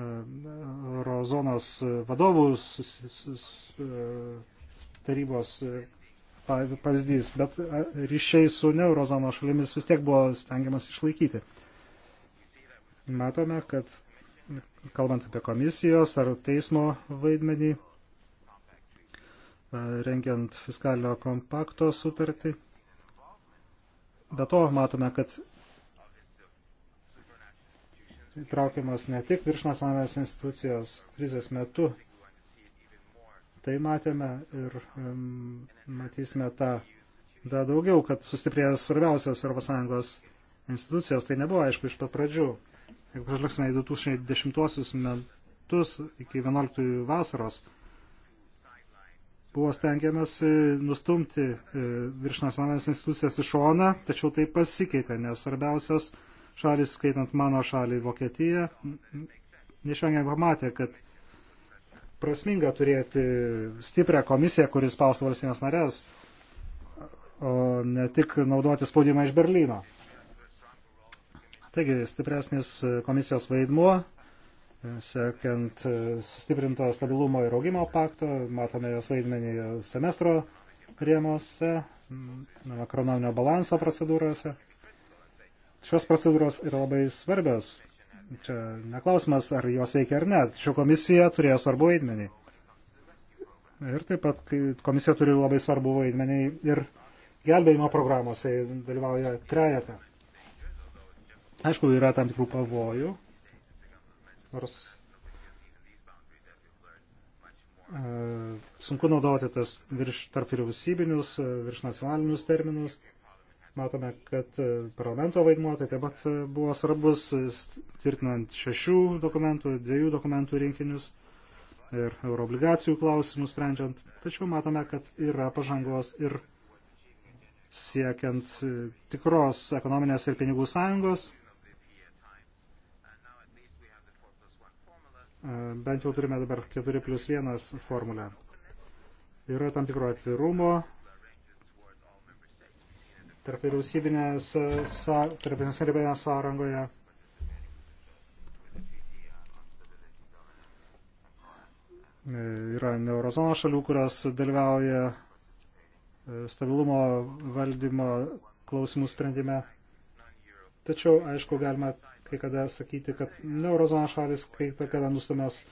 Speaker 2: Eurozonos vadovų tarybos pavyzdys, bet ryšiai su neurozono šalimis vis tiek buvo stengiamas išlaikyti. Matome, kad kalbant apie komisijos ar teismo vaidmenį, rengiant fiskalinio kompakto sutartį. Be to matome, kad įtraukiamas ne tik viršnacionalinės institucijos krizės metu Tai matėme ir um, matysime tą dar daugiau, kad sustiprės svarbiausios ES institucijos. Tai nebuvo aišku iš pat pradžių. Jeigu pažvelgsime į 2010 metus iki 11 vasaros, buvo stengiamasi nustumti e, virš nacionalinės institucijas į šoną, tačiau tai pasikeitė, nes svarbiausias šalis, skaitant mano šalį Vokietiją, neišvengiamai pamatė, kad prasminga turėti stiprią komisiją, kuris spaustų valstybės narės, o ne tik naudoti spaudimą iš Berlyno. Taigi, stipresnis komisijos vaidmuo, siekiant sustiprinto stabilumo ir augimo pakto, matome jos vaidmenį semestro rėmose, ekonominio balanso procedūrose. Šios procedūros yra labai svarbios čia neklausimas, ar jos veikia ar ne. Tačiau komisija turėjo svarbu vaidmenį. Ir taip pat komisija turi labai svarbu vaidmenį ir gelbėjimo programuose dalyvauja trejata. Aišku, yra tam tikrų pavojų, nors e, sunku naudoti tas virš tarp vyriausybinius, e, virš nacionalinius terminus. E, Matome, kad e, parlamento vaidmuo tai taip pat e, buvo svarbus, tvirtinant šešių dokumentų, dviejų dokumentų rinkinius ir euroobligacijų klausimus sprendžiant. Tačiau matome, kad yra pažangos ir siekiant e, tikros ekonominės ir pinigų sąjungos. Bent jau turime dabar 4 plus 1 formulę. Yra tam tikro atvirumo, tarp vyriausybinės, tarp vyriausybinės sąrangoje. Yra neurozono šalių, kurios dalyvauja e, stabilumo valdymo klausimų sprendime. Tačiau, aišku, galima kai kada sakyti, kad neurozono šalis kai kada nustumės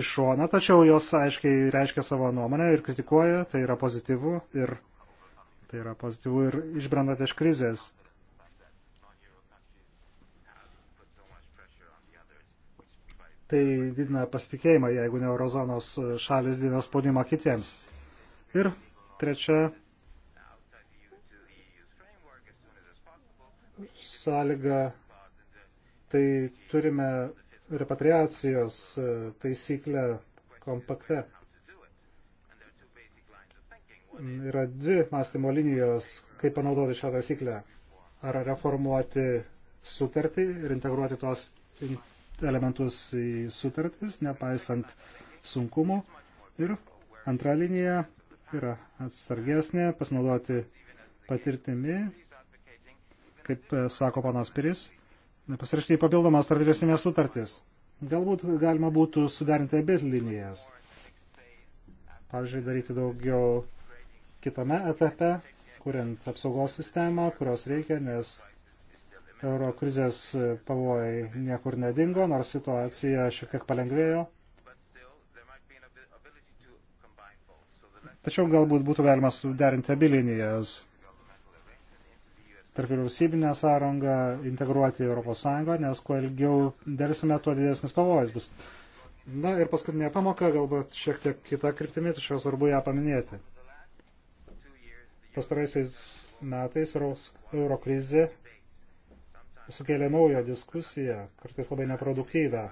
Speaker 2: iš šona, tačiau jos aiškiai reiškia savo nuomonę ir kritikuoja, tai yra pozityvu ir Tai yra pozityvų ir išbrendant iš krizės. Tai didina pasitikėjimą, jeigu ne eurozonos šalis didina spaudimą kitiems. Ir trečia sąlyga, tai turime repatriacijos taisyklę kompakte yra dvi mąstymo linijos, kaip panaudoti šią taisyklę. Ar reformuoti sutartį ir integruoti tuos elementus į sutartis, nepaisant sunkumų. Ir antra linija yra atsargesnė, pasinaudoti patirtimi, kaip e, sako panas Piris, pasirašyti papildomas tarp vyresnės sutartis. Galbūt galima būtų suderinti abi linijas. Pavyzdžiui, daryti daugiau kitame etape, kuriant apsaugos sistemą, kurios reikia, nes euro krizės pavojai niekur nedingo, nors situacija šiek tiek palengvėjo. Tačiau galbūt būtų galima suderinti abi linijas tarp vyriausybinę sąrangą, integruoti ES, nes kuo ilgiau dėlsime, tuo didesnis pavojus bus. Na ir paskutinė pamoka, galbūt šiek tiek kita kryptimi, tačiau svarbu ją paminėti pastaraisiais metais eurokrizė sukėlė naują diskusiją, kartais labai neproduktyvę,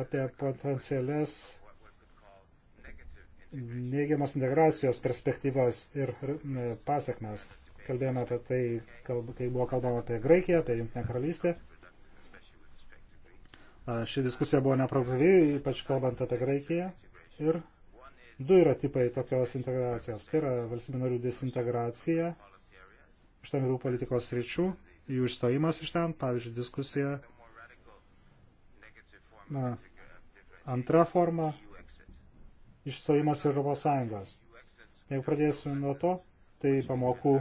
Speaker 2: apie potencialias neigiamas integracijos perspektyvas ir e, pasiekmes. Kalbėjome apie tai, kai buvo kalbama apie Graikiją, apie Junktinę karalystę. Ši diskusija buvo neproduktyvi, ypač kalbant apie Graikiją. Ir Du yra tipai tokios integracijos. Tai yra valstybių narių desintegracija iš tam tikrų politikos ryčių, jų išstojimas iš ten, pavyzdžiui, diskusija. Na, antra forma - išstojimas iš Europos Sąjungos. Jeigu pradėsiu nuo to, tai pamokų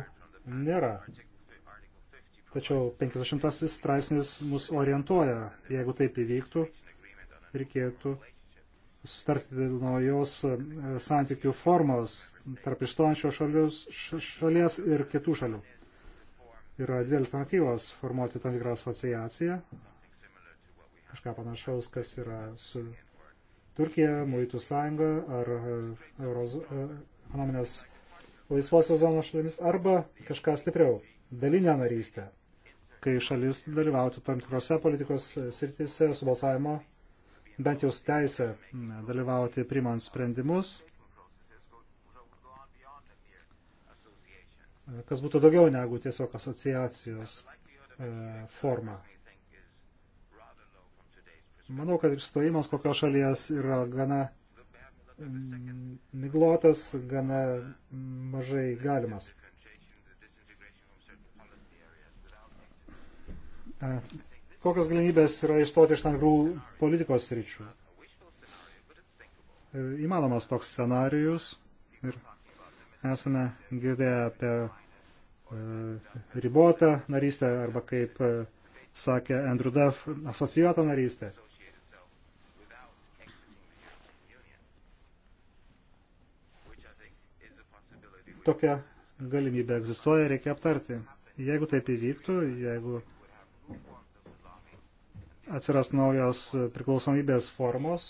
Speaker 2: nėra. Tačiau 50 straipsnis mus orientuoja, jeigu taip įvyktų, reikėtų sustarti dėl naujos e, santykių formos tarp išstojančios šalies ir kitų šalių. Yra dvi alternatyvos - formuoti tam tikrą asociaciją, kažką panašaus, kas yra su Turkija, Muitų sąjunga ar e, Eurozo, e, ekonominės laisvosios zonos šalimis, arba kažką stipriau - dalinę narystę, kai šalis dalyvautų tam tikrose politikos srityse su balsavimo bent jau teisę dalyvauti primant sprendimus, kas būtų daugiau negu tiesiog asociacijos e, forma. Manau, kad išstojimas kokios šalies yra gana mm, miglotas, gana mažai galimas kokios galimybės yra išstoti iš tam tikrų politikos ryčių. E, įmanomas toks scenarius ir esame girdėję apie e, ribotą narystę arba kaip e, sakė Andrew Duff, asocijuotą narystę. Tokia galimybė egzistuoja, reikia aptarti. Jeigu taip įvyktų, jeigu uh, atsiras naujos priklausomybės formos.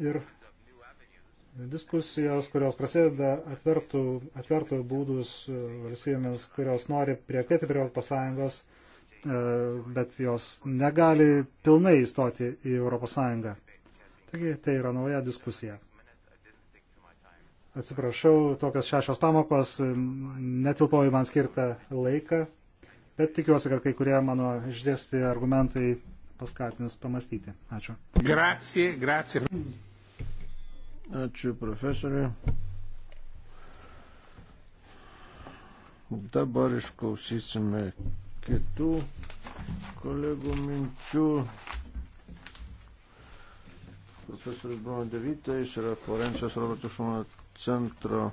Speaker 2: Ir diskusijos, kurios prasideda, atvertų, atvertų būdus e, valstybėmis, kurios nori prieartėti prie Europos Sąjungos, e, bet jos negali pilnai įstoti į Europos Sąjungą. Taigi tai yra nauja diskusija. Atsiprašau, tokios šešios pamokos netilpoju man skirtą laiką, bet tikiuosi, kad kai kurie mano išdėsti argumentai paskatins pamastyti. Ačiū.
Speaker 1: Grazie, grazie. Ačiū profesoriui. Dabar išklausysime kitų kolegų minčių. Profesorius Bruno Devytais yra Florencijos Roberto Šumanas centro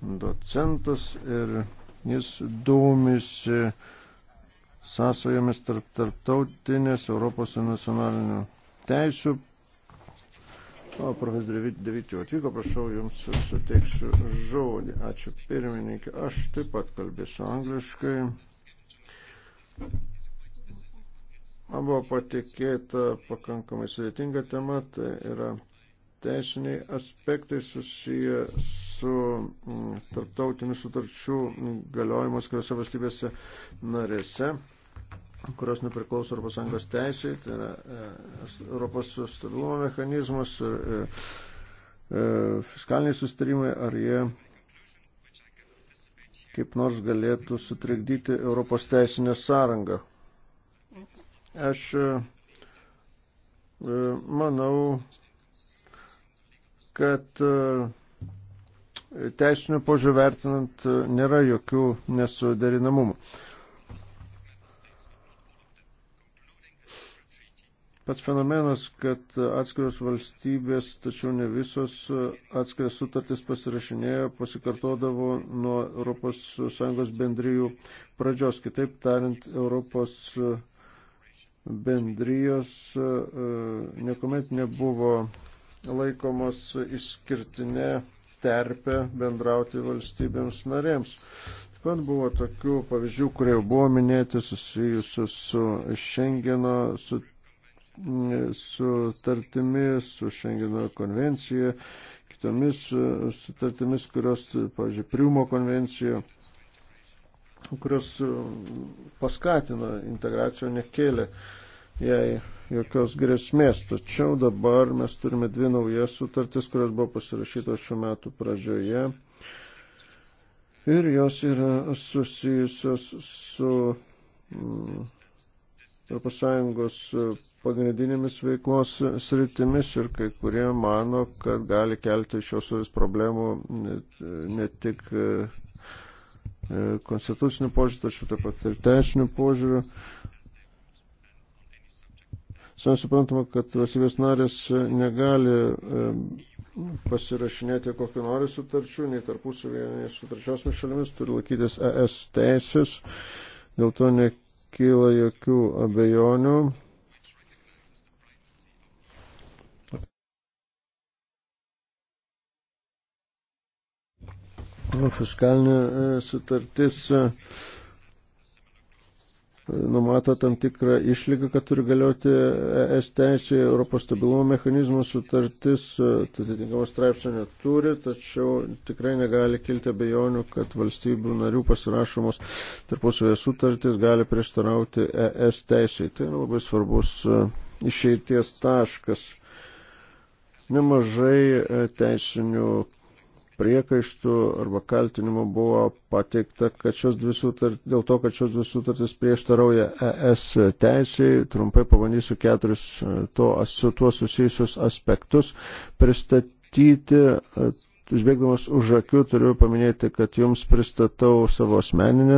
Speaker 1: docentas ir jis domisi sąsojomis tarp tarptautinės Europos ir nacionalinių teisių. O profesorius Devitijų atvyko, prašau, jums suteiksiu žodį. Ačiū pirmininkė. Aš taip pat kalbėsiu angliškai. Man buvo patikėta pakankamai sudėtinga tema, tai yra teisiniai aspektai susiję su mm, tarptautiniu sutarčių galiojimus kuriuose valstybėse narėse kurios nepriklauso Europos Sąjungos teisėjai, tai yra e, Europos stabilumo mechanizmas ir e, e, fiskaliniai sustarimai, ar jie kaip nors galėtų sutrikdyti Europos teisinę sąrangą. Aš manau, kad e, teisinių požiūrį vertinant e, nėra jokių nesuderinamumų. Pats fenomenas, kad atskiros valstybės, tačiau ne visos e, atskiras sutartis pasirašinėjo, pasikartodavo nuo ES bendrijų pradžios. Kitaip tariant, Europos bendrijos niekuomet nebuvo laikomos išskirtinė terpė bendrauti valstybėms narėms. Taip pat buvo tokių pavyzdžių, kurie jau buvo minėti, susijusių su Schengeno su, sutartimi, su Schengeno konvencija, kitomis sutartimis, kurios, pavyzdžiui, Priumo konvencija kurios paskatino integraciją, nekėlė jai jokios grėsmės. Tačiau dabar mes turime dvi naujas sutartis, kurios buvo pasirašytos šių metų pradžioje. Ir jos yra susijusios su mm, Europos Sąjungos pagrindinėmis veiklos sritimis ir kai kurie mano, kad gali kelti šios vis problemų ne tik e, konstitucinių požiūrių, tačiau taip pat ir teisinių požiūrių. Savai suprantama, kad valstybės narės e, negali e, pasirašinėti kokiu nori sutarčių, nei tarpusavėje, nei su trečiosiomis šalimis, turi laikytis ES teisės, dėl to nekyla jokių abejonių. Fiskalinė e, sutartis numato tam tikrą išlygą, kad turi galioti ES teisė, Europos stabilumo mechanizmo sutartis, e, tai atitinkamos straipsnio neturi, tačiau tikrai negali kilti abejonių, kad valstybių narių pasirašomos tarpusavėje sutartis gali prieštarauti ES teisėjai. Tai yra labai svarbus e, išeities taškas. Nemažai e, teisinių priekaištų arba kaltinimų buvo pateikta, kad šios dvi sutartys, dėl to, kad šios dvi sutartys prieštarauja ES teisėjai, trumpai pabandysiu keturis e, to, su tuo susijusius aspektus pristatyti. E, Žbėgdamas už akių turiu paminėti, kad jums pristatau savo asmeninę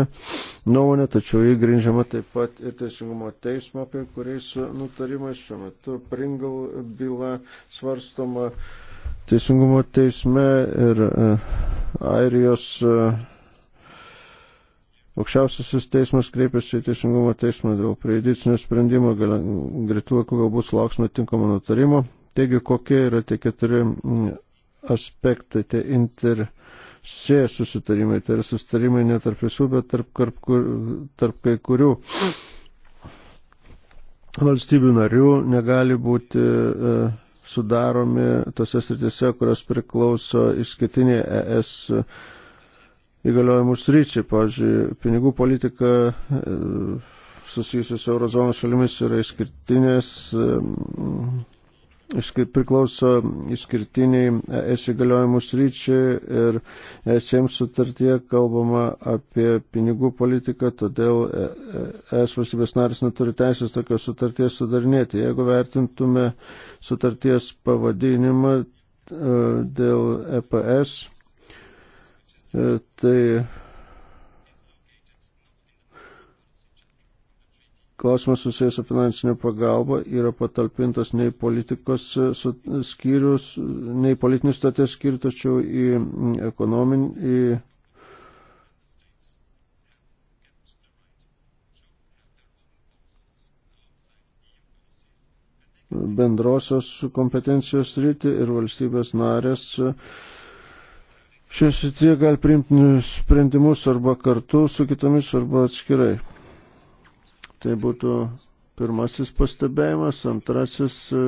Speaker 1: nuomonę, tačiau jį grindžiama taip pat ir Teisingumo teismo kai kuriais nutarimais. Šiuo metu Pringal byla svarstoma uh, teisingumo teisme ir e, Airijos e, aukščiausiasis teismas kreipėsi į teisingumo teismą dėl prejudicinio sprendimo, greitų laikų galbūt sulauksime tinkamo nutarimo. Taigi, kokie yra tie keturi aspektai, tie inter se susitarimai, tai yra susitarimai ne tarp visų, bet tarp, tarp, kur, tarp kai kurių valstybių narių negali būti. Uh, sudaromi tose sritise, kurios priklauso išskirtinė ES įgaliojimų sryčiai. Pavyzdžiui, pinigų politika e, susijusius eurozonos šalimis yra išskirtinės e, priklauso išskirtiniai es įgaliojimų sryčiai ir es jiems sutartie kalbama apie pinigų politiką, todėl es valstybės narys neturi teisės tokios sutarties sudarinėti. Jeigu vertintume sutarties pavadinimą e, dėl EPS, e, tai Klausimas susijęs su finansinė pagalba yra patalpintas nei politikos e, skyrius, nei politinis statės skyrius, tačiau į ekonominį, į bendrosios kompetencijos rytį ir valstybės narės e, šioje srityje gali priimti sprendimus arba kartu su kitomis arba atskirai. Tai būtų pirmasis pastebėjimas, antrasis e,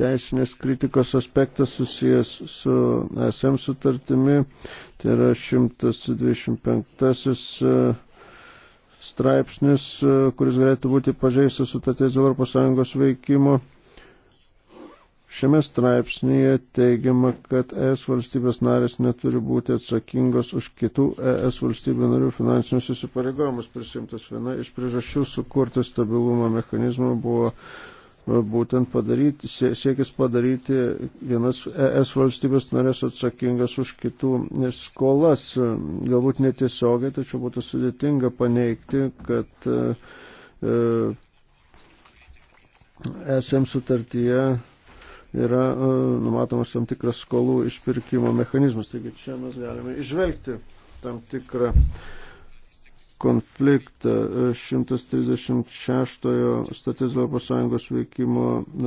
Speaker 1: teisinės kritikos aspektas susijęs su SM sutartimi, tai yra 125 e, straipsnis, e, kuris galėtų būti pažeistas sutarties dėl ES veikimo Šiame straipsnėje teigiama, kad ES valstybės narės neturi būti atsakingos už kitų ES valstybių narių finansinius įsipareigojimus prisimtas. Viena iš priežasčių sukurti stabilumo mechanizmą buvo e, būtent padaryti, siekis padaryti vienas ES valstybės narės atsakingas už kitų skolas. Galbūt netiesiogiai, tačiau būtų sudėtinga paneigti, kad e, esam sutartyje yra e, numatomas tam tikras skolų išpirkimo mechanizmas. Taigi čia mes galime išvelgti tam tikrą konfliktą 136 e, statys Europos Sąjungos veikimo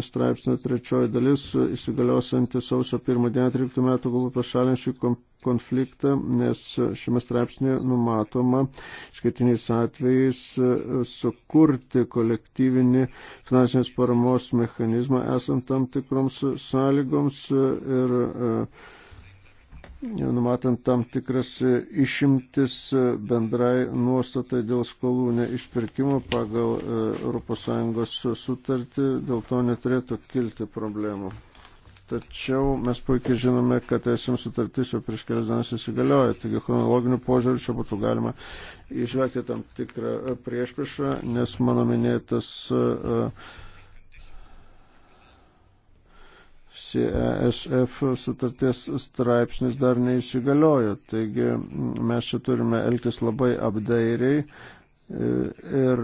Speaker 1: straipsnio trečioji dalis e, įsigaliosianti sausio 1 dieną 13 metų galbūt pašalinti šį konfliktą, nes šiame straipsnėje numatoma skaitiniais atvejais e, sukurti kolektyvinį finansinės paramos mechanizmą esant tam tikroms sąlygoms e, ir e, numatant tam tikras išimtis bendrai nuostatai dėl skolų neišpirkimo pagal ES sutartį, dėl to neturėtų kilti problemų. Tačiau mes puikiai žinome, kad esame sutartis jau prieš kelias dienas įsigalioja. Taigi chronologiniu požiūriu čia būtų galima išvengti tam tikrą e, priešpriešą, nes mano minėtas e, CESF sutarties straipsnis dar neįsigaliojo. Taigi mes čia turime elgtis labai apdairiai e, ir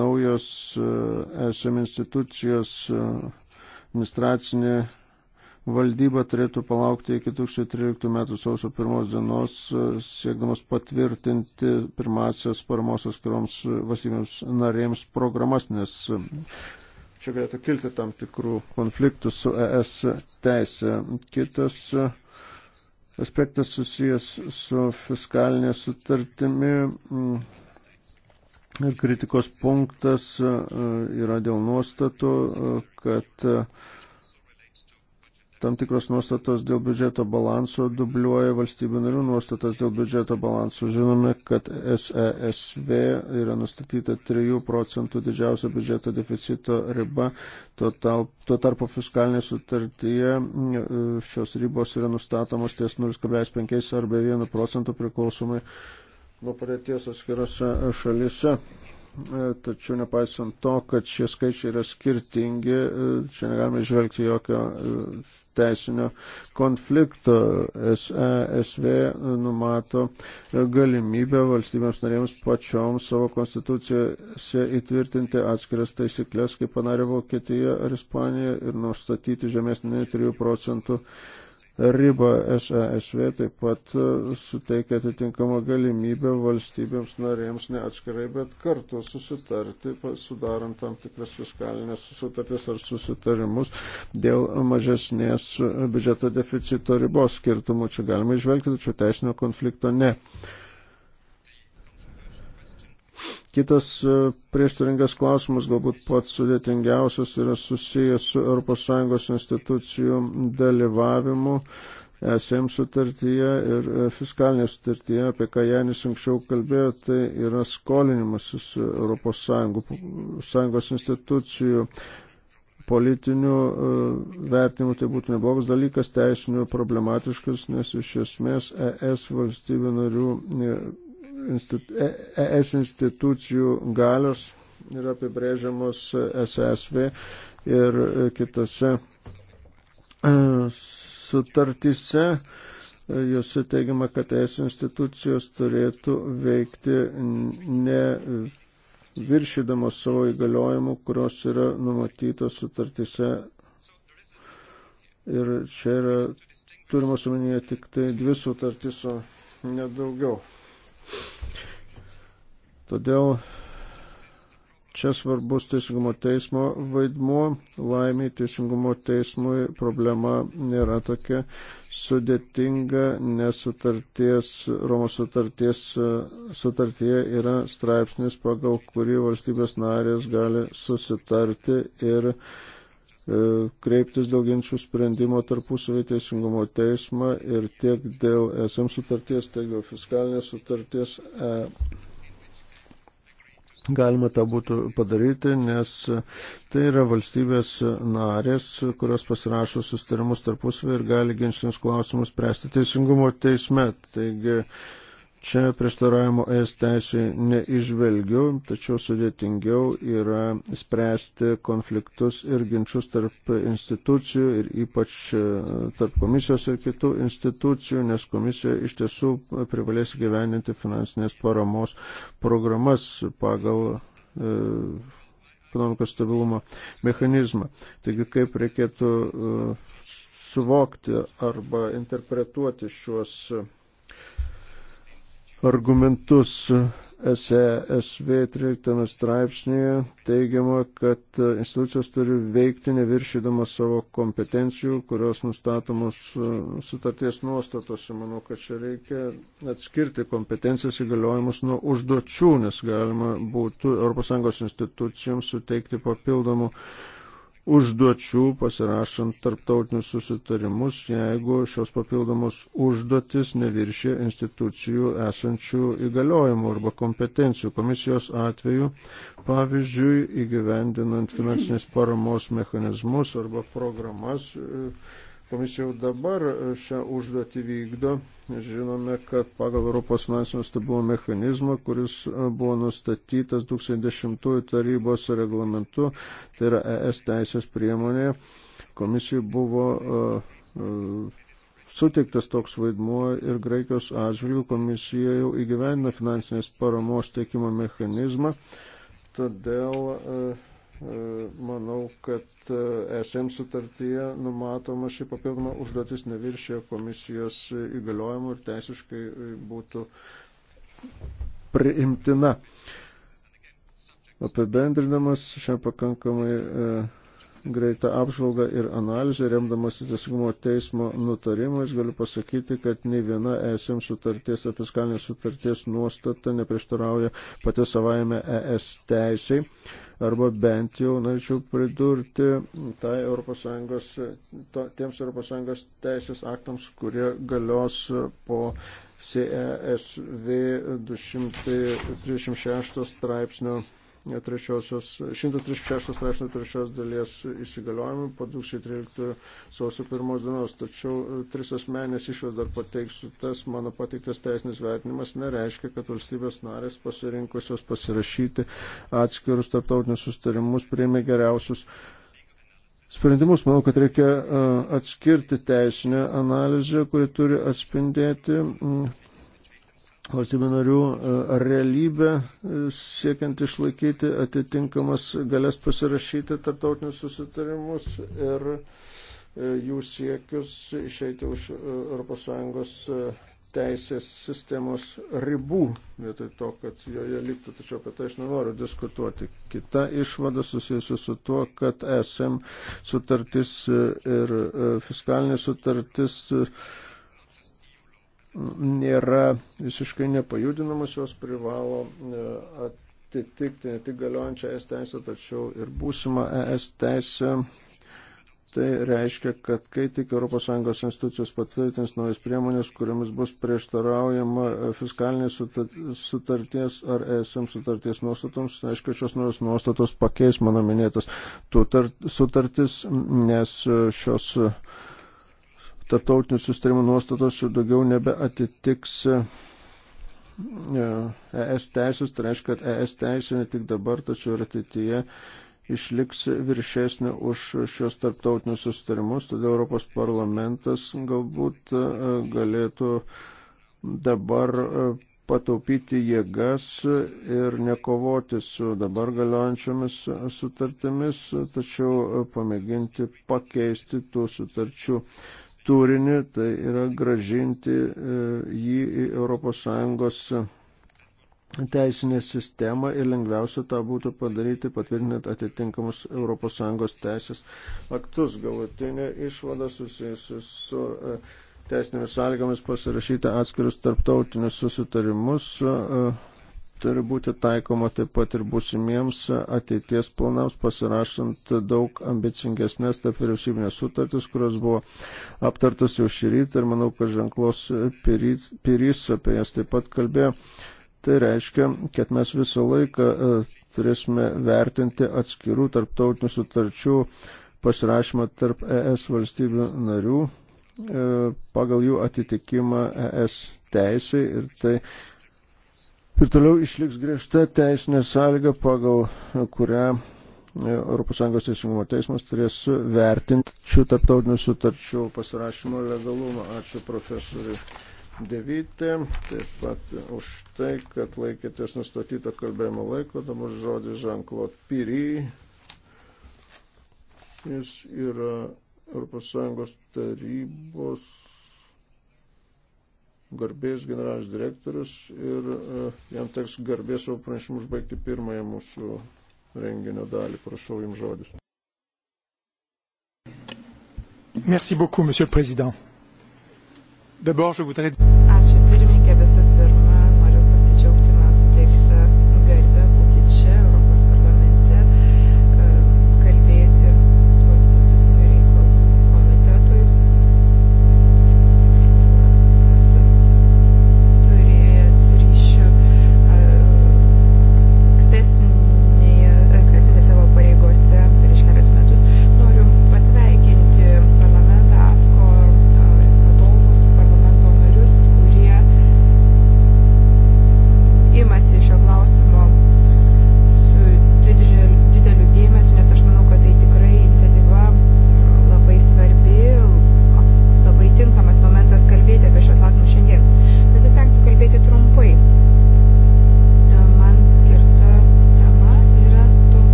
Speaker 1: naujos SM institucijos administracinė valdyba turėtų palaukti iki 2013 metų sausio pirmos dienos, siekdamas patvirtinti pirmasias paramos atskiroms valstybėms narėms programas, nes čia galėtų kilti tam tikrų konfliktų su ES teisė. Kitas aspektas susijęs su fiskalinė sutartimi. Ir kritikos punktas e, yra dėl nuostatų, e, kad e, tam tikros nuostatos dėl biudžeto balanso dubliuoja valstybių narių nuostatas dėl biudžeto balanso. Žinome, kad SESV yra nustatyta 3 procentų didžiausia biudžeto deficito riba, tuo, tal, tuo tarpu fiskalinė sutartyje mm, šios ribos yra nustatomos ties 0,5 arba 1 procentų priklausomai nuo padėties atskirose šalise e, tačiau nepaisant to, kad šie skaičiai yra skirtingi, e, čia negalime žvelgti jokio e, teisinio konflikto. SESV numato galimybę valstybėms narėms pačioms savo konstitucijose įtvirtinti atskiras taisyklės, kaip panarė Vokietija ar Ispanija ir nustatyti žemesnį 3 procentų ribą SASV taip pat e, suteikia atitinkamą galimybę valstybėms narėms ne atskirai, bet kartu susitarti, sudarant tam tikras fiskalinės sutartis ar susitarimus dėl mažesnės biudžeto deficito ribos skirtumų. Čia galima išvelgti, tačiau teisinio konflikto ne. Kitas e, prieštaringas klausimas, galbūt pats sudėtingiausias, yra susijęs su ES institucijų dalyvavimu SM sutartyje ir e, fiskalinėje sutartyje, apie ką Janis anksčiau kalbėjo, tai yra skolinimasis ES institucijų politinių e, vertinimų tai būtų neblogas dalykas, teisinių problematiškas, nes iš esmės ES valstybių narių ES e institucijų galios yra apibrėžiamos SSV ir kitose e, sutartyse. Jūsų teigiama, kad ES institucijos turėtų veikti ne viršydamos savo įgaliojimų, kurios yra numatytos sutartyse. Ir čia yra turimos omenyje tik tai dvi sutartys, o nedaugiau. Todėl čia svarbus teisingumo teismo vaidmuo. Laimiai teisingumo teismui problema nėra tokia sudėtinga, nes sutarties, Romos sutarties, sutartyje yra straipsnis, pagal kurį valstybės narės gali susitarti ir e, kreiptis dėl ginčių sprendimo tarpusavį teisingumo teismą ir tiek dėl SM sutarties, tiek dėl fiskalinės sutarties e, galima tą būtų padaryti, nes tai yra valstybės narės, kurios pasirašo sustarimus tarpusavį ir gali ginčinius klausimus spręsti teisingumo teisme. Taigi, Čia prieštaravimo es teisė neižvelgiu, tačiau sudėtingiau yra spręsti konfliktus ir ginčius tarp institucijų ir ypač e, tarp komisijos ir kitų institucijų, nes komisija iš tiesų privalės gyveninti finansinės paramos programas pagal e, ekonomikos stabilumo mechanizmą. Taigi kaip reikėtų e, suvokti arba interpretuoti šiuos argumentus. SESV 13 straipsnėje teigiama, kad institucijos turi veikti neviršydamas savo kompetencijų, kurios nustatomos e, sutarties nuostatose. Manau, kad čia reikia atskirti kompetencijas įgaliojimus nuo užduočių, nes galima būtų ES institucijoms suteikti papildomų užduočių pasirašant tarptautinius susitarimus, jeigu šios papildomos užduotis neviršė institucijų esančių įgaliojimų arba kompetencijų. Komisijos atveju, pavyzdžiui, įgyvendinant finansinės paramos mechanizmus arba programas, Komisija jau dabar šią užduotį vykdo. Žinome, kad pagal Europos finansinio stabilumo mechanizmą, kuris buvo nustatytas 2010 tarybos reglamentu, tai yra ES teisės priemonė, komisijai buvo uh, uh, suteiktas toks vaidmuo ir Graikijos atžvilgių komisija jau įgyvendina finansinės paramos teikimo mechanizmą. Todėl uh, E, manau, kad e, SM sutartyje numatoma šį papildomą užduotis neviršė komisijos įgaliojimų ir teisiškai e, būtų priimtina. Apibendrinamas šią pakankamai e, greitą apžvalgą ir analizę, remdamas į teisingumo teismo nutarimais, galiu pasakyti, kad nei viena ESM sutarties ar fiskalinės sutarties nuostata neprieštarauja pati savaime ES teisiai arba bent jau, norėčiau pridurti, tai ES, to, tiems ES teisės aktams, kurie galios po CESV 236 straipsnio trečiosios, 136 straipsnio trečios dalies įsigaliojimų po 2013 sausio pirmos dienos. Tačiau e, tris asmenės išvas dar pateiksiu. Tas mano pateiktas teisinis vertinimas nereiškia, kad valstybės narės pasirinkusios pasirašyti atskirus tarptautinius sustarimus priėmė geriausius sprendimus. Manau, kad reikia e, atskirti teisinę analizę, kuri turi atspindėti valstybių narių e, realybę, e, siekiant išlaikyti atitinkamas galės pasirašyti tarptautinius susitarimus ir e, jų siekius išeiti už ES teisės sistemos ribų, vietoj to, kad joje liktų, tačiau apie tai aš nenoriu diskutuoti. Kita išvada susijusi su tuo, kad SM sutartis ir fiskalinė sutartis nėra visiškai nepajudinamas, jos privalo e, atitikti ne tik galiojančią ES teisę, tačiau ir būsimą ES teisę. Tai reiškia, kad kai tik ES institucijos patvirtins naujas priemonės, kuriamis bus prieštaraujama fiskalinės sutarties ar ESM sutarties nuostatoms, aišku, tai šios naujos nuostatos pakeis mano minėtas sutartis, nes šios uh, tarptautinių sustarimų nuostatos jau daugiau nebeatitiks ES e teisės, tai reiškia, kad ES teisė ne tik dabar, tačiau ir ateityje išliks viršesnė už šios tarptautinius sustarimus, todėl Europos parlamentas galbūt e, galėtų dabar e, pataupyti jėgas ir nekovoti su dabar galiojančiomis sutartimis, tačiau pamėginti pakeisti tų sutarčių turinį, tai yra gražinti e, jį į ES teisinę sistemą ir lengviausia tą būtų padaryti patvirtinant atitinkamus ES teisės aktus. Galutinė išvada susijusi su e, teisinėmis sąlygomis pasirašyti atskirius tarptautinius susitarimus. Uh, turi būti taikoma taip pat ir būsimiems ateities planams, pasirašant daug ambicingesnės tarp vyriausybinės sutartis, kurios buvo aptartos jau šį rytą ir manau, kad ženklos pyrys, pyrys apie jas taip pat kalbėjo. Tai reiškia, kad mes visą laiką e, turėsime vertinti atskirų tarptautinių sutarčių pasirašymą tarp ES valstybių narių e, pagal jų atitikimą ES teisai ir tai ir toliau išliks griežta teisinė sąlyga, pagal kurią ES teisingumo teismas turės vertinti šių tarptautinių sutarčių pasirašymo legalumą. Ačiū profesoriui Devytė, taip pat už tai, kad laikėtės nustatytą kalbėjimo laiko. Dabar žodis Jean-Claude Piry. Jis yra ES tarybos garbės generalinis direktorius ir e, jam teks garbės savo pranešimu užbaigti pirmąją mūsų renginio dalį. Prašau jums žodis.
Speaker 2: Merci beaucoup, Monsieur le Président. D'abord, je voudrais dire.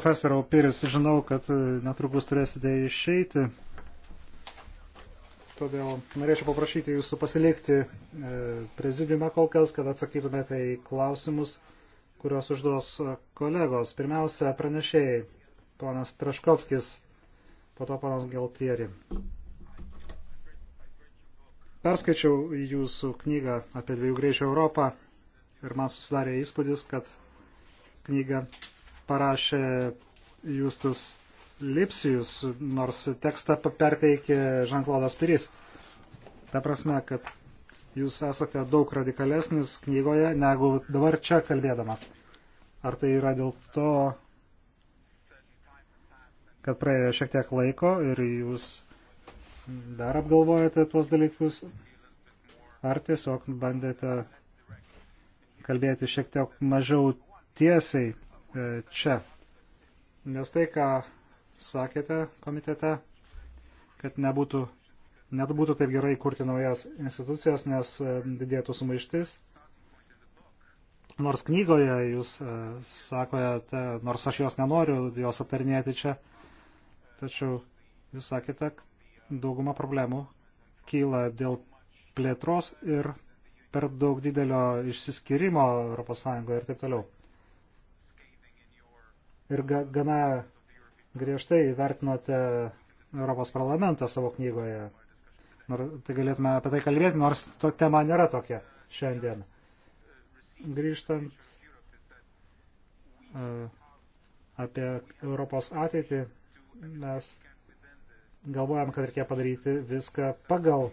Speaker 2: profesoriau Piris, žinau, kad e, netrukus turėsite išeiti. Todėl norėčiau paprašyti jūsų pasilikti e, prezidiume kol kas, kad atsakytumėte į klausimus, kuriuos užduos e, kolegos. Pirmiausia, pranešėjai, ponas Traškovskis, po to ponas Geltieri. Perskaičiau jūsų knygą apie dviejų greičio Europą ir man susidarė įspūdis, kad knyga parašė Justus Lipsijus, nors tekstą perteikė Žanklodas Piris. Ta prasme, kad jūs esate daug radikalesnis knygoje negu dabar čia kalbėdamas. Ar tai yra dėl to, kad praėjo šiek tiek laiko ir jūs dar apgalvojate tuos dalykus, ar tiesiog bandėte kalbėti šiek tiek mažiau tiesiai E, čia. Nes tai, ką sakėte komitete, kad nebūtų, net būtų taip gerai kurti naujas institucijas, nes e, didėtų sumaištis. Nors knygoje jūs e, sakote, nors aš jos nenoriu, jos aptarnėti čia, tačiau jūs sakėte, dauguma problemų kyla dėl plėtros ir per daug didelio išsiskirimo ES ir taip toliau ir ga, gana griežtai vertinote Europos parlamentą savo knygoje. Nor, tai galėtume apie tai kalbėti, nors to tema nėra tokia šiandien. Grįžtant uh, apie Europos ateitį, mes galvojam, kad reikia padaryti viską pagal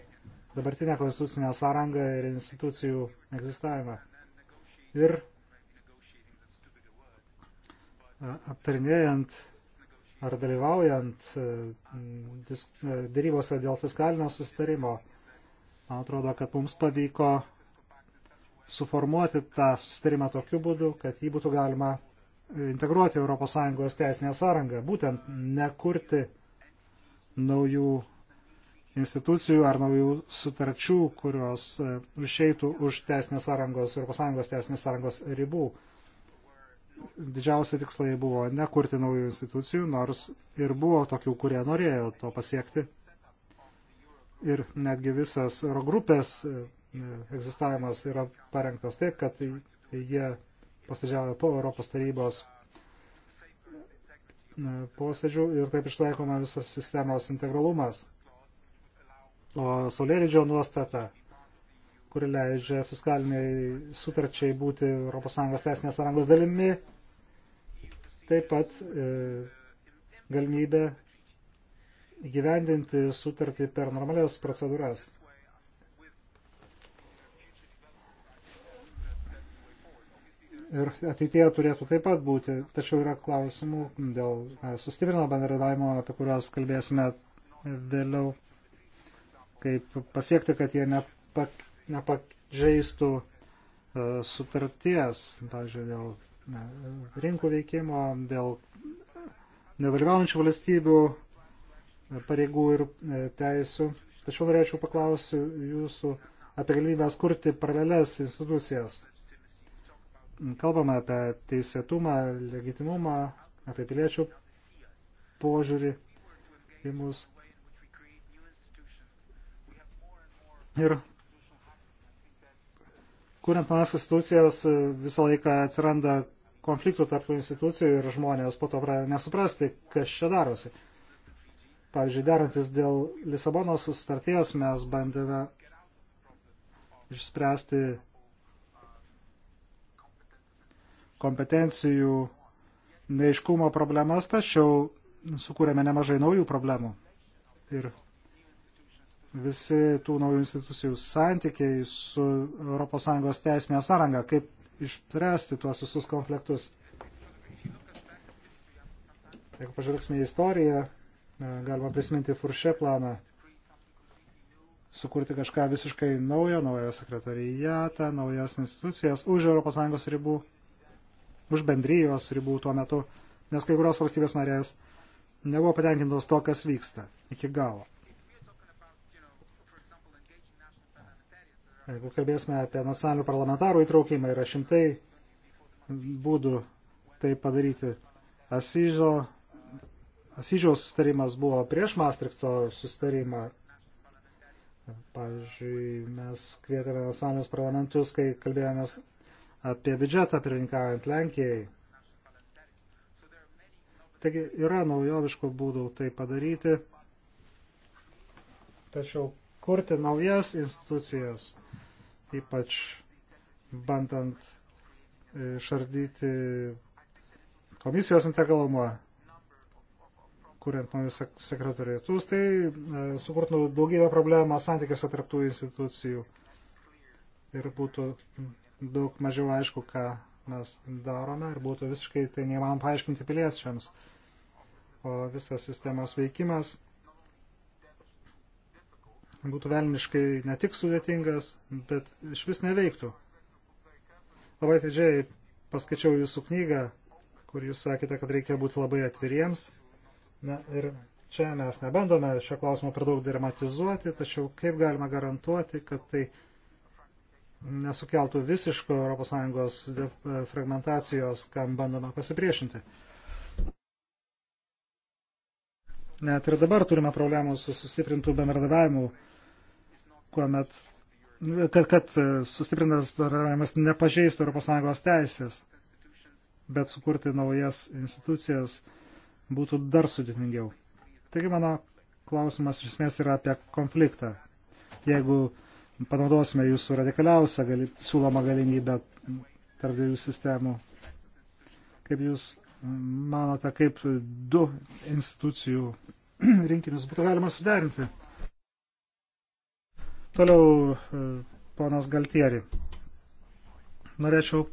Speaker 2: dabartinę konstitucinę sąrangą ir institucijų egzistavimą. Ir aptarinėjant ar dalyvaujant e, dėrybose e, dėl fiskalinio sustarimo. Man atrodo, kad mums pavyko suformuoti tą sustarimą tokiu būdu, kad jį būtų galima integruoti ES teisinę sąrangą, būtent nekurti naujų institucijų ar naujų sutarčių, kurios e, išeitų už teisinės sąrangos, ES teisinės sąrangos ribų didžiausia tikslai buvo nekurti naujų institucijų, nors ir buvo tokių, kurie norėjo to pasiekti. Ir netgi visas Eurogrupės e, egzistavimas yra parengtas taip, kad jie posėdžiavo po Europos tarybos e, posėdžių ir taip išlaikoma visas sistemos integralumas. O saulėlydžio nuostata kuri leidžia fiskaliniai sutarčiai būti ES teisinės sąrangos dalimi. Taip pat e, galimybė įgyvendinti sutartį per normalias procedūras. ir ateitie turėtų taip pat būti. Tačiau yra klausimų dėl e, sustiprino bendradavimo, apie kuriuos kalbėsime vėliau, kaip pasiekti, kad jie nepak, nepažeistų e, sutarties, pavyzdžiui, dėl ne, rinkų veikimo, dėl nedalyvaujančių valstybių e, pareigų ir e, teisų. Tačiau norėčiau paklausti jūsų apie galimybę kurti paralelės institucijas. Kalbame apie teisėtumą, legitimumą, apie piliečių požiūrį į mus. Ir Kuriant naujas institucijas visą laiką atsiranda konfliktų tarp institucijų ir žmonės po to pradeda nesuprasti, kas čia darosi. Pavyzdžiui, derantis dėl Lisabonos sutarties mes bandėme išspręsti kompetencijų neiškumo problemas, tačiau sukūrėme nemažai naujų problemų. Ir visi tų naujų institucijų santykiai su ES teisinė sąranga, kaip išspręsti tuos visus konfliktus. Jeigu pažvelgsime į istoriją, galima prisiminti Furšė planą, sukurti kažką visiškai naujo, naują sekretarijatą, naujas institucijas už ES ribų, už bendrijos ribų tuo metu, nes kai kurios valstybės narės nebuvo patenkintos to, kas vyksta iki galo. Jeigu kalbėsime apie nacionalinių parlamentarų įtraukimą, yra šimtai būdų tai padaryti. Asyžo, Asyžiaus sustarimas buvo prieš Maastrichto sustarimą. Pavyzdžiui, mes kvietėme nacionalinius parlamentus, kai kalbėjomės apie biudžetą pirmininkaujant Lenkijai. Taigi yra naujoviškų būdų tai padaryti, tačiau kurti naujas institucijas ypač bandant e, išardyti komisijos integralumą, kuriant naujus sekretariatus, tai e, sukurtų daugybę problemų santykiuose tarptų institucijų ir būtų daug mažiau aišku, ką mes darome ir būtų visiškai tai neįmanoma paaiškinti piliečiams. O visas sistemos veikimas būtų velniškai ne tik sudėtingas, bet iš vis neveiktų. Labai atidžiai paskaičiau jūsų knygą, kur jūs sakėte, kad reikia būti labai atviriems. Na ir čia mes nebandome šio klausimo per daug dramatizuoti, tačiau kaip galima garantuoti, kad tai nesukeltų visiško ES fragmentacijos, kam bandome pasipriešinti. Net ir dabar turime problemų su sustiprintų bendradavimu kuomet, kad, kad sustiprintas bendravimas nepažeistų ES teisės, bet sukurti naujas institucijas būtų dar sudėtingiau. Taigi mano klausimas iš esmės yra apie konfliktą. Jeigu panaudosime jūsų radikaliausią gali, siūlomą galimybę tarp dviejų sistemų, kaip jūs manote, kaip du institucijų rinkinius būtų galima suderinti? Toliau e, ponas Galtieri. Norėčiau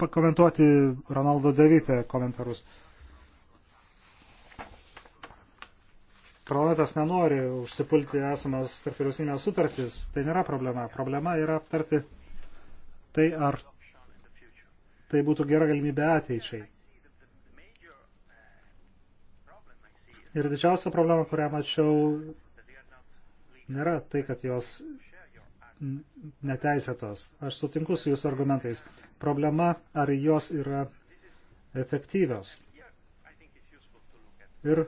Speaker 2: pakomentuoti Ronaldo Devitė komentarus. Parlamentas nenori užsipulti esamas tarpiriausinės sutartys. Tai nėra problema. Problema yra aptarti tai, ar tai būtų gera galimybė ateičiai. Ir didžiausia problema, kurią mačiau, nėra tai, kad jos neteisėtos. Aš sutinku su jūsų argumentais. Problema, ar jos yra efektyvios. Ir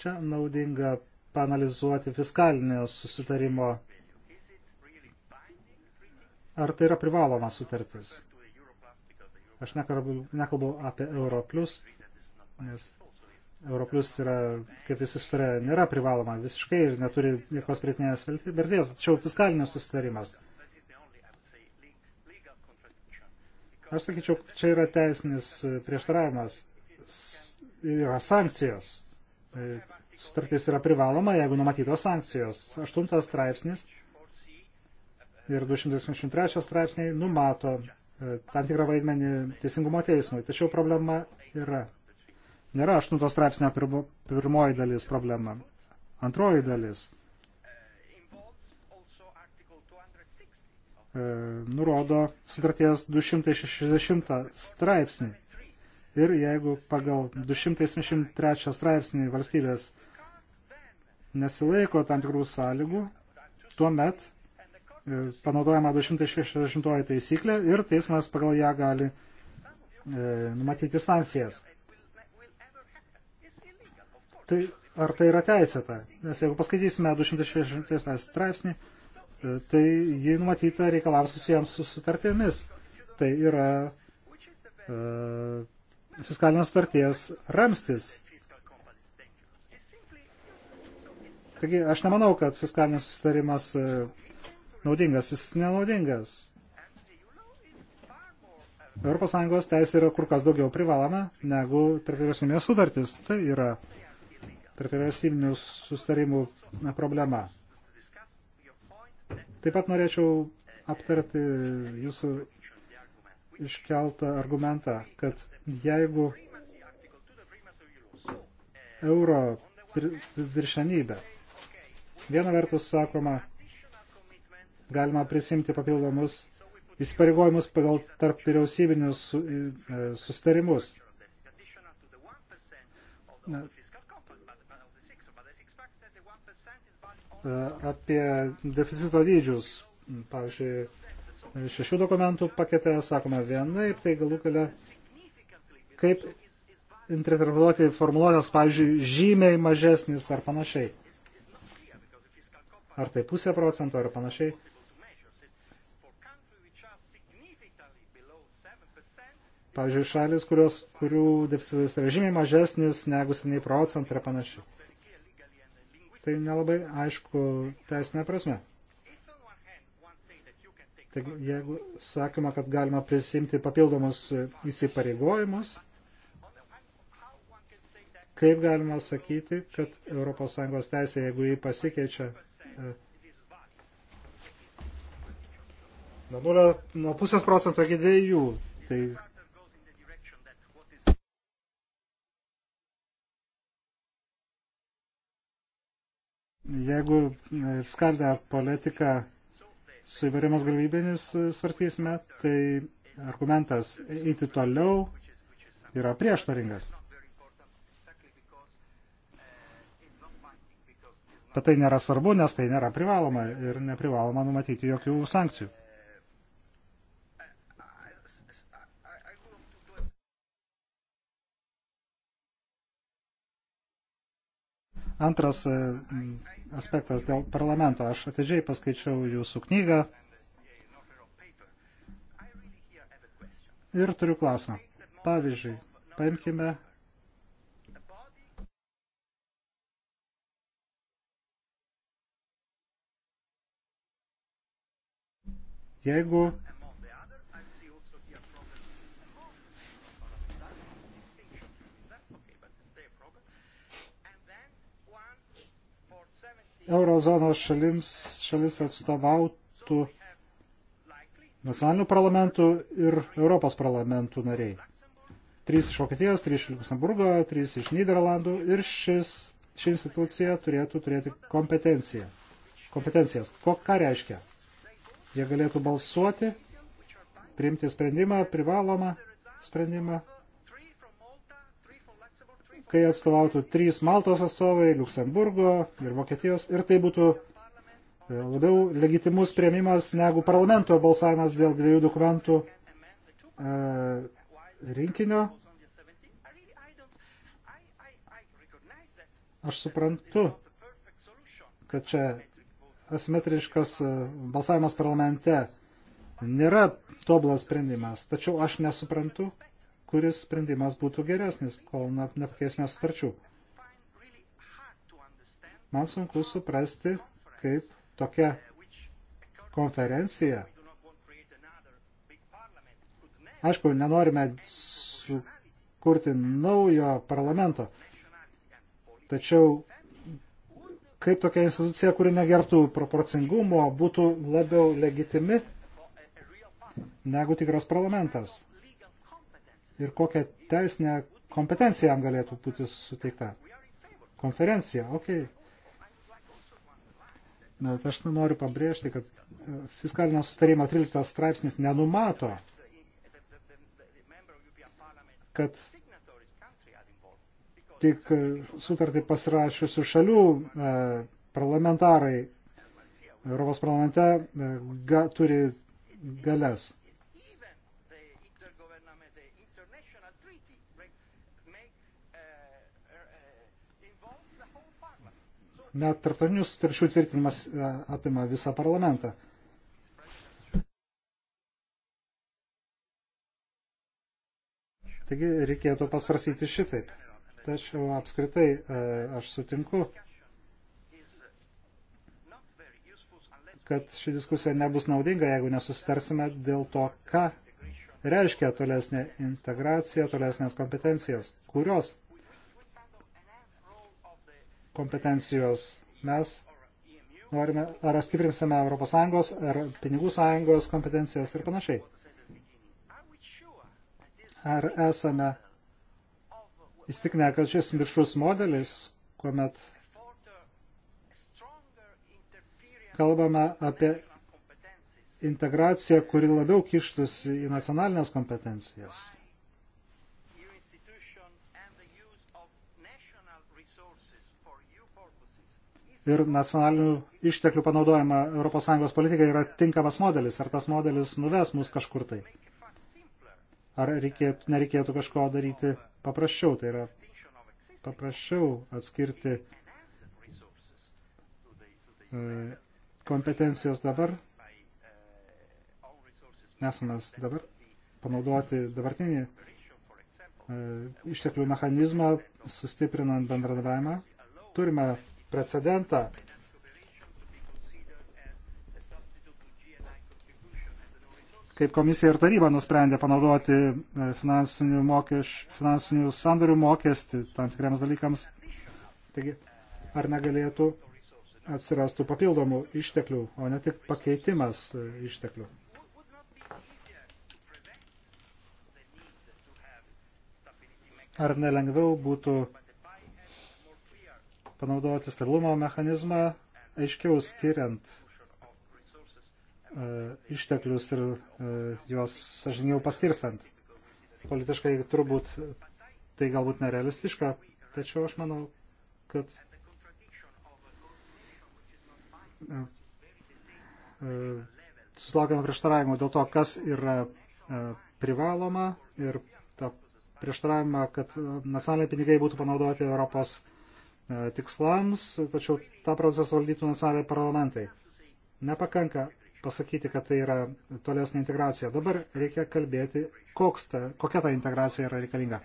Speaker 2: čia naudinga panalizuoti fiskalinio susitarimo. Ar tai yra privaloma sutartis? Aš nekalbu, nekalbu apie Euro plus, nes Europlus yra, kaip visi sutarė, nėra privaloma visiškai ir neturi jokios pritinės vertės, tačiau fiskalinis susitarimas. Aš sakyčiau, čia yra teisinis prieštaravimas, yra sankcijos. Sutartis yra privaloma, jeigu numatytos sankcijos. Aštuntas straipsnis ir 253 straipsniai numato e, tam tikrą vaidmenį teisingumo teismui. Tačiau problema yra Nėra 8 straipsnio pirmo, pirmoji dalis problema. Antroji dalis e, nurodo sutarties 260 straipsnį. Ir jeigu pagal 273 straipsnį valstybės nesilaiko tam tikrų sąlygų, tuomet e, panaudojama 260 taisyklė ir teismas pagal ją gali e, numatyti sankcijas tai ar tai yra teisėta. Nes jeigu paskaitysime 260 straipsnį, e, tai jį numatyta reikalams susijęms su sutartėmis. Tai yra uh, fiskalinės sutarties ramstis. Taigi aš nemanau, kad fiskalinis susitarimas e, naudingas, jis nenaudingas. ES teisė yra kur kas daugiau privaloma negu tarptautinės sutartys. Tai yra uh, tarpvyriausybinių sustarimų problema. Taip pat norėčiau aptarti jūsų iškeltą argumentą, kad jeigu euro viršenybė, viena vertus sakoma, galima prisimti papildomus įsipareigojimus pagal tarp vyriausybinius e, sustarimus. E, apie deficito dydžius. Pavyzdžiui, šešių dokumentų pakete sakome vienaip, tai galų gale kaip interpretuoti formuluotės, pavyzdžiui, žymiai mažesnis ar panašiai. Ar tai pusė procento ar panašiai. Pavyzdžiui, šalis, kurios, kurių deficitas yra žymiai mažesnis negu 7 procentai ir panašiai tai nelabai aišku teisinė prasme. Tai jeigu sakoma, kad galima prisimti papildomus įsipareigojimus, kaip galima sakyti, kad ES teisė, jeigu jį pasikeičia e, nuo, nulio, nuo pusės procento iki dviejų, tai Jeigu e, skaldę politiką su įvairiomis galimybėmis e, svarstysime, tai argumentas eiti toliau yra prieštaringas. Bet tai nėra svarbu, nes tai nėra privaloma ir neprivaloma numatyti jokių sankcijų. Antras e, aspektas dėl parlamento. Aš atidžiai paskaičiau jūsų knygą ir turiu klausimą. Pavyzdžiui, paimkime jeigu eurozonos šalims, šalis atstovautų nacionalinių parlamentų ir Europos parlamentų nariai. Trys iš Vokietijos, trys iš Luxemburgo, trys iš Niderlandų ir šis, ši institucija turėtų turėti kompetenciją. kompetencijas. Ko, ką reiškia? Jie galėtų balsuoti, priimti sprendimą, privalomą sprendimą kai atstovautų trys Maltos atstovai, Luksemburgo ir Vokietijos, ir tai būtų e, labiau legitimus prieimimas negu parlamento balsavimas dėl dviejų dokumentų e, rinkinio. Aš suprantu, kad čia asimetriškas e, balsavimas parlamente nėra tobulas sprendimas, tačiau aš nesuprantu, kuris sprendimas būtų geresnis, kol nepakeisime sutarčių. Man sunku suprasti, kaip tokia konferencija. Aišku, nenorime sukurti naujo parlamento, tačiau kaip tokia institucija, kuri negertų proporcingumo, būtų labiau legitimi negu tikras parlamentas ir kokią teisinę kompetenciją jam galėtų būti suteikta. Konferencija, okei. Okay. Bet aš noriu pabrėžti, kad e, fiskalinio sustarimo 13 straipsnis nenumato, kad tik sutartį pasirašiusių šalių e, parlamentarai Europos parlamente e, ga, turi galės. Net tarptautinių sutarčių tvirtinimas e, apima visą parlamentą. Taigi reikėtų pasvarsyti šitaip. Tačiau apskritai e, aš sutinku, kad ši diskusija nebus naudinga, jeigu nesusitarsime dėl to, ką reiškia tolesnė integracija, tolesnės kompetencijos, kurios kompetencijos. Mes norime, ar stiprinsime ES, ar pinigų sąjungos kompetencijas ir panašiai. Ar esame įstikinę, kad šis mišrus modelis, kuomet kalbame apie integraciją, kuri labiau kištus į nacionalinės kompetencijas. ir nacionalinių išteklių panaudojimą ES politikai yra tinkamas modelis. Ar tas modelis nuves mus kažkur tai? Ar reikėtų, nereikėtų kažko daryti paprasčiau? Tai yra paprasčiau atskirti e, kompetencijas dabar, nesamas dabar, panaudoti dabartinį e, išteklių mechanizmą, sustiprinant bendradavimą. Turime precedentą. Kaip komisija ir taryba nusprendė panaudoti e, finansinių, mokeš, finansinių sandorių mokestį tam tikriams dalykams. Taigi, ar negalėtų atsirastų papildomų išteklių, o ne tik pakeitimas e, išteklių. Ar nelengviau būtų panaudoti stabilumo mechanizmą, aiškiau skiriant e, išteklius ir e, juos sažiniau paskirstant. Politiškai turbūt tai galbūt nerealistiška, tačiau aš manau, kad e, susilaukiame prieštaravimų dėl to, kas yra privaloma ir tą prieštaravimą, kad nacionaliniai pinigai būtų panaudoti Europos E, tikslams, tačiau tą procesą valdytų nacionaliniai parlamentai. Nepakanka pasakyti, kad tai yra tolesnė integracija. Dabar reikia kalbėti, ta, kokia ta integracija yra reikalinga.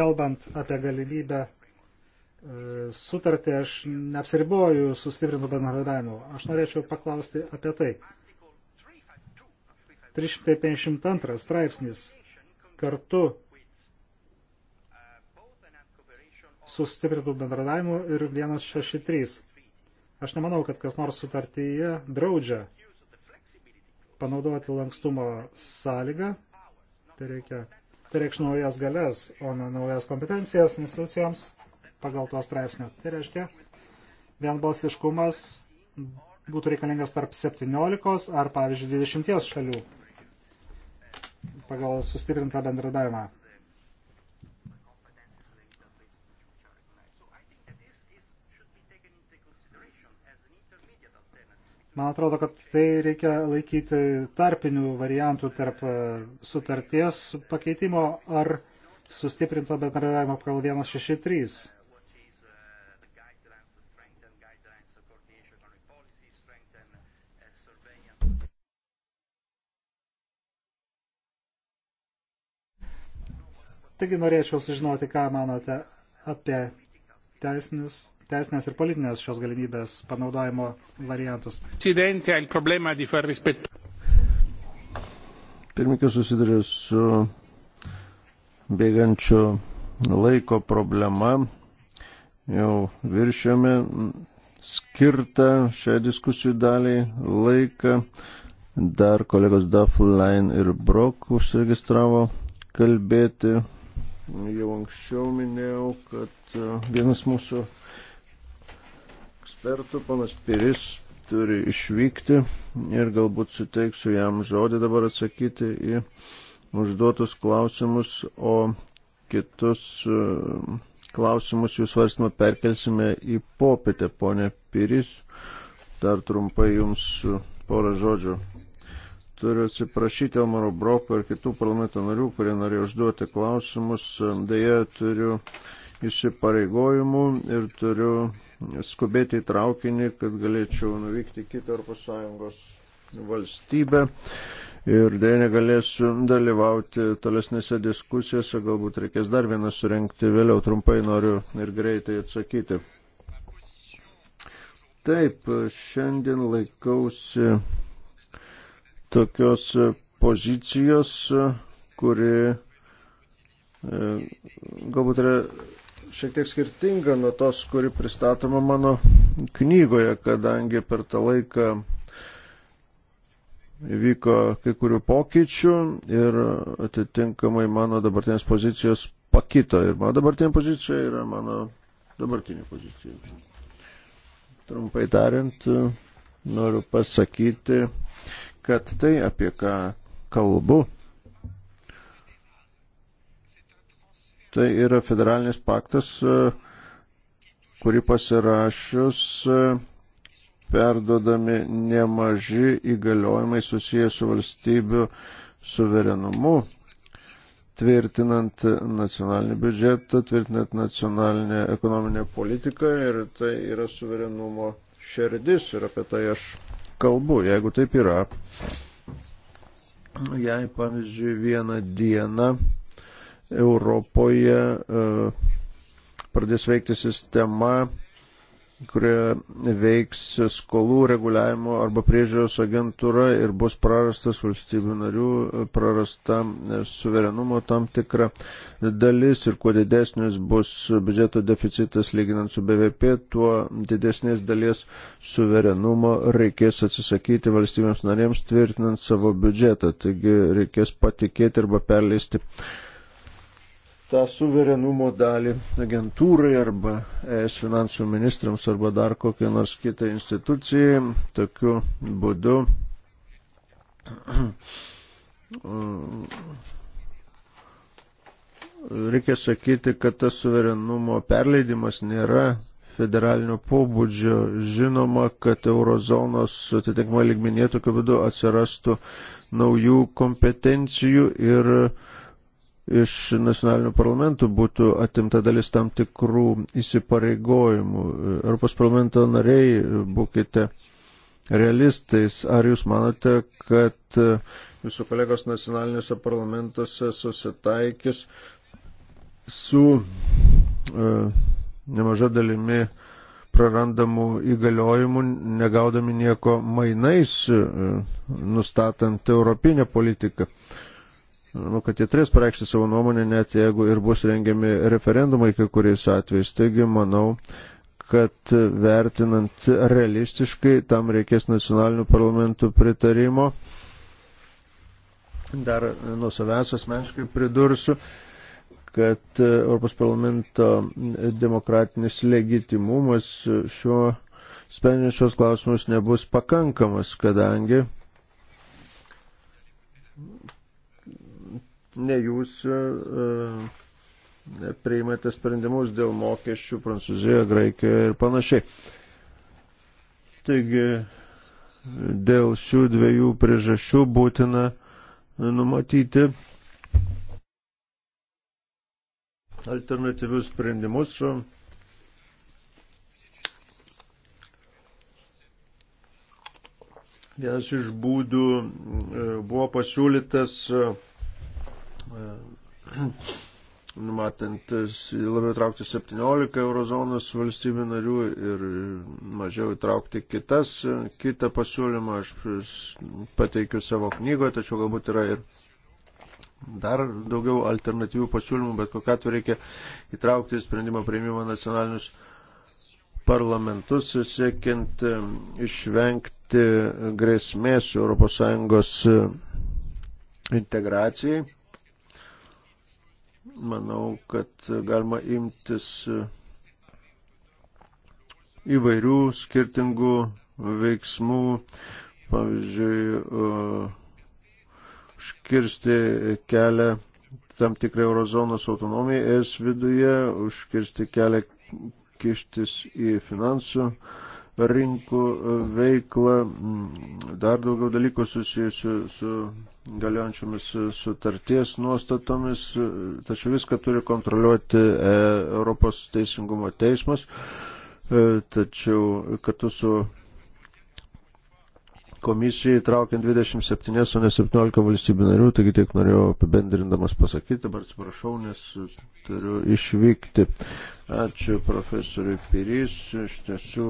Speaker 2: Kalbant apie galimybę e, sutartį, aš neapsiriboju sustiprintų bendradarbiavimų. Aš norėčiau paklausti apie tai. 352 straipsnis kartu sustiprintų bendradavimu ir 163. Aš nemanau, kad kas nors sutartyje draudžia panaudoti lankstumo sąlygą. Tai reikia, tai reikš naujas galės, o ne naujas kompetencijas institucijoms pagal tuos straipsnių. Tai reiškia, vienbalsiškumas būtų reikalingas tarp 17 ar, pavyzdžiui, 20 šalių pagal sustiprintą bendradavimą. Man atrodo, kad tai reikia laikyti tarpinių variantų tarp e, sutarties pakeitimo ar sustiprinto bendradarbiavimo pagal 163. Taigi norėčiau sužinoti, ką manote apie teisinius, teisinės ir politinės šios galimybės panaudojimo variantus.
Speaker 1: Pirmininkas susiduria su bėgančio laiko problema. Jau viršėme skirtą šią diskusijų daliai laiką. Dar kolegos Duff, Line ir Brock užsiregistravo kalbėti. Jau anksčiau minėjau, kad e, vienas mūsų ekspertų, panas Piris, turi išvykti ir galbūt suteiksiu jam žodį dabar atsakyti į užduotus klausimus, o kitus e, klausimus jūs svarstymą perkelsime į popietę, ponė Piris. Dar trumpai jums porą žodžių turiu atsiprašyti Elmaro Broko ir kitų parlamento narių, kurie norėjo užduoti klausimus. Deja, turiu įsipareigojimų ir turiu skubėti į traukinį, kad galėčiau nuvykti į kitą ES valstybę. Ir dėja negalėsiu dalyvauti tolesnėse diskusijose, galbūt reikės dar vieną surenkti vėliau, trumpai noriu ir greitai atsakyti. Taip, šiandien laikausi tokios e, pozicijos, e, kuri e, galbūt yra šiek tiek skirtinga nuo tos, kuri pristatoma mano knygoje, kadangi per tą laiką įvyko kai kurių pokyčių ir atitinkamai mano dabartinės pozicijos pakito. Ir mano dabartinė pozicija yra mano dabartinė pozicija. Trumpai tariant, noriu pasakyti, kad tai, apie ką kalbu, tai yra federalinis paktas, e, kurį pasirašius e, perdodami nemaži įgaliojimai susijęs su valstybių suverenumu, tvirtinant nacionalinį biudžetą, tvirtinant nacionalinę ekonominę politiką ir tai yra suverenumo šerdis ir apie tai aš kalbu. Jeigu taip yra, jei pavyzdžiui vieną dieną Europoje e, pradės veikti sistema, kurie veiks skolų reguliavimo arba priežiūros agentūra ir bus prarastas valstybių narių, e, prarasta e, suverenumo tam tikra dalis ir kuo didesnis bus biudžeto deficitas lyginant su BVP, tuo didesnės dalies suverenumo reikės atsisakyti valstybėms narėms tvirtinant savo biudžetą. Taigi reikės patikėti arba perleisti tą suverenumo dalį agentūrai arba ES finansų ministrams arba dar kokiai nors kitai institucijai. Tokiu būdu reikia sakyti, kad tas suverenumo perleidimas nėra federalinio pobūdžio. Žinoma, kad eurozonos atitinkama ligminė tokiu būdu atsirastų naujų kompetencijų ir uh, iš nacionalinių parlamentų būtų atimta dalis tam tikrų įsipareigojimų. Europos parlamento nariai, būkite realistais, ar jūs manote, kad jūsų kolegos nacionaliniuose parlamentuose susitaikys su uh, nemaža dalimi prarandamų įgaliojimų, negaudami nieko mainais, uh, nustatant europinę politiką. Uh, Manau, kad jie turės pareikšti savo nuomonę, net jeigu ir bus rengiami referendumai kai kuriais atvejais. Taigi, manau, kad vertinant realistiškai, tam reikės nacionalinių parlamentų pritarimo. Dar nuo savęs asmeniškai pridursiu, kad Europos parlamento demokratinis legitimumas šiuo sprendžiant šios klausimus nebus pakankamas, kadangi ne jūs e, e, priimate sprendimus dėl mokesčių Prancūzijoje, Graikijoje ir panašiai. Taigi dėl šių dviejų priežasčių būtina numatyti alternatyvius sprendimus. Vienas iš būdų e, buvo pasiūlytas E, numatant e, labiau traukti 17 eurozonos valstybių narių ir e, mažiau įtraukti kitas. Kita pasiūlymą aš pateikiu savo knygoje, tačiau galbūt yra ir dar daugiau alternatyvių pasiūlymų, bet kokią atveju reikia įtraukti sprendimo prieimimo nacionalinius parlamentus, siekiant išvengti grėsmės ES integracijai manau, kad galima imtis įvairių skirtingų veiksmų, pavyzdžiui, užkirsti kelią tam tikrai eurozonos autonomijai es viduje, užkirsti kelią kištis į finansų uh, rinkų veiklą, dar daugiau dalykų susijusių su galiojančiomis sutarties nuostatomis, tačiau viską turi kontroliuoti e, Europos teisingumo teismas, e, tačiau kartu su komisijai traukiant 27, o ne 17 valstybių narių, taigi tiek norėjau apibendrindamas pasakyti, dabar atsiprašau, nes turiu išvykti. Ačiū profesoriui Pyrys, iš tiesų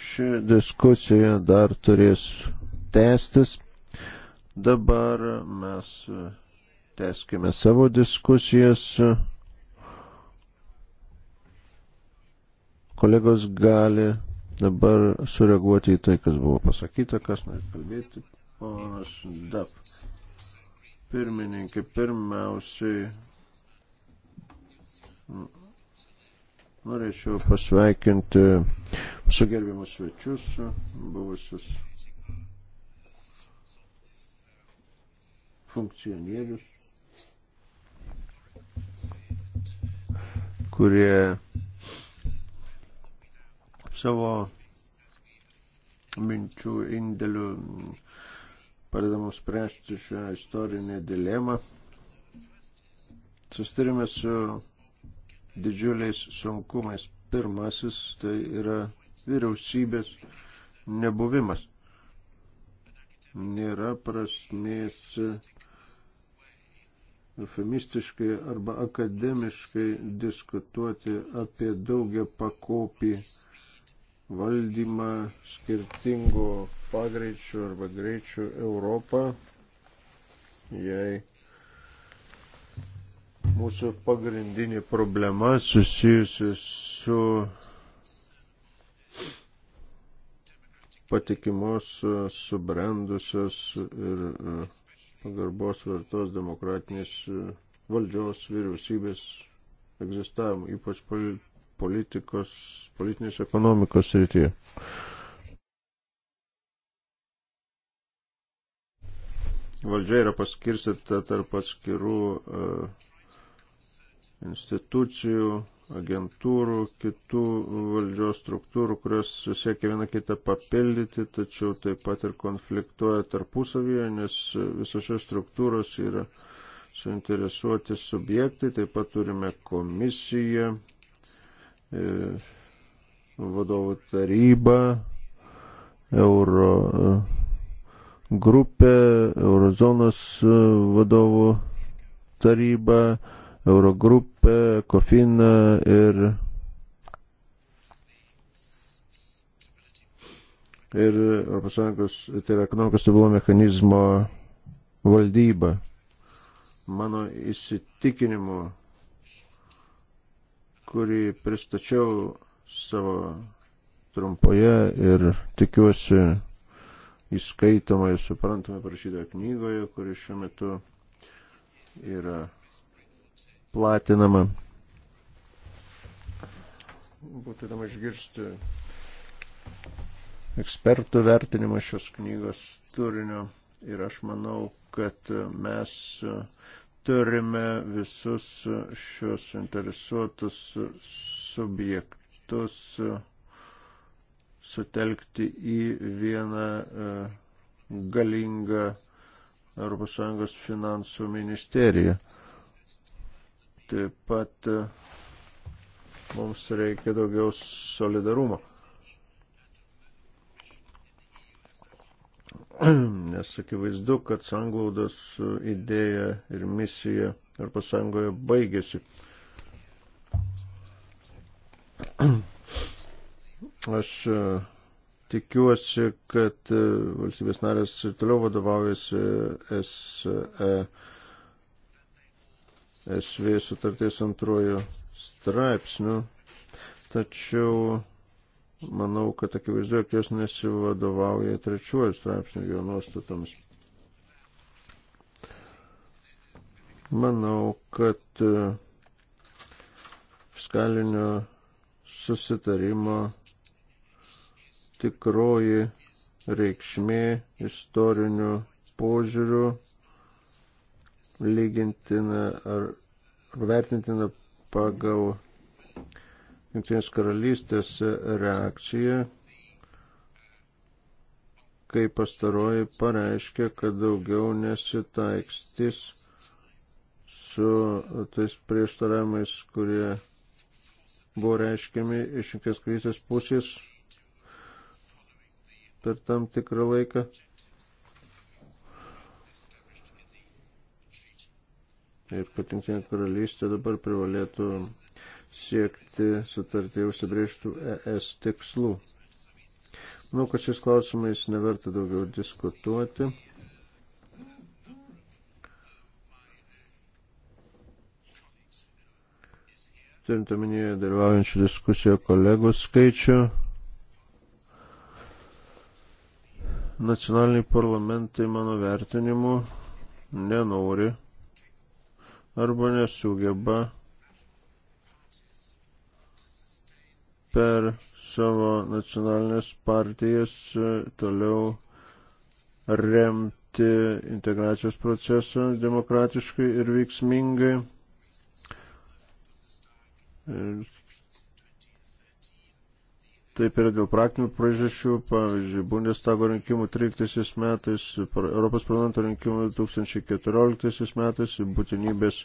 Speaker 1: Ši diskusija dar turės tęstis. Dabar mes tęskime savo diskusijas. Kolegos gali dabar sureaguoti į tai, kas buvo pasakyta, kas nori kalbėti. Ponas Dap. Pirmininkė, pirmiausiai norėčiau pasveikinti su gerbiamus svečius, buvusius funkcionierius, kurie savo minčių indėlių padeda mums spręsti šią istorinę dilemą. Sustarime su didžiuliais sunkumais. Pirmasis tai yra vyriausybės nebuvimas. Nėra prasmės eufemistiškai arba akademiškai diskutuoti apie daugia pakopį valdymą skirtingo pagreičių arba greičių Europą, jei mūsų pagrindinė problema susijusi su patikimos, e, subrendusios ir e, pagarbos vertos demokratinės e, valdžios vyriausybės egzistavimo, ypač politikos, politinės ekonomikos srityje. Valdžia yra paskirstyta tarp atskirų uh, institucijų, agentūrų, kitų valdžios struktūrų, kurios siekia vieną kitą papildyti, tačiau taip pat ir konfliktuoja tarpusavyje, nes visos šios struktūros yra suinteresuoti subjektai, taip pat turime komisiją, e, vadovų tarybą, euro e, grupę, eurozonos e, vadovų tarybą, Eurogrupę, Kofiną ir, ir ES, tai yra ekonomikos stabilumo mechanizmo valdyba. Mano įsitikinimu, kurį pristačiau savo trumpoje ir tikiuosi įskaitomai suprantamai parašytoje knygoje, kuri šiuo metu yra platinama. Būtų įdomu išgirsti ekspertų vertinimą šios knygos turinio ir aš manau, kad mes turime visus šios interesuotus subjektus sutelkti į vieną e, galingą ES finansų ministeriją. Taip pat e, mums reikia daugiau solidarumo. Nes akivaizdu, kad sanglaudos idėja ir misija Europos Sąjungoje baigėsi. Aš e, tikiuosi, kad e, valstybės narės ir toliau vadovaujasi SE SV sutarties antrojo straipsnių, tačiau manau, kad akivaizdu, jog jos nesivadovauja trečiuoju straipsniu jo nuostatomis. Manau, kad e, fiskalinio susitarimo tikroji reikšmė istoriniu požiūriu lygintina ar, ar vertintina pagal Junktinės karalystės reakciją, kai pastaroji pareiškė, kad daugiau nesitaikstys su tais prieštaravimais, kurie buvo reiškiami iš Junktinės karalystės pusės per tam tikrą laiką. ir kad Junktinė karalystė dabar privalėtų siekti sutartį užsibrėžtų ES tikslų. Manau, kad šis klausimais neverta daugiau diskutuoti. Turint omenyje dalyvaujančių diskusijoje kolegų skaičių, nacionaliniai parlamentai mano vertinimu nenori arba nesugeba per savo nacionalinės partijas e, toliau remti integracijos procesą demokratiškai ir veiksmingai. Taip yra dėl praktinių priežasčių, pavyzdžiui, Bundestago rinkimų 13 metais, Europos parlamento rinkimų 2014 metais, būtinybės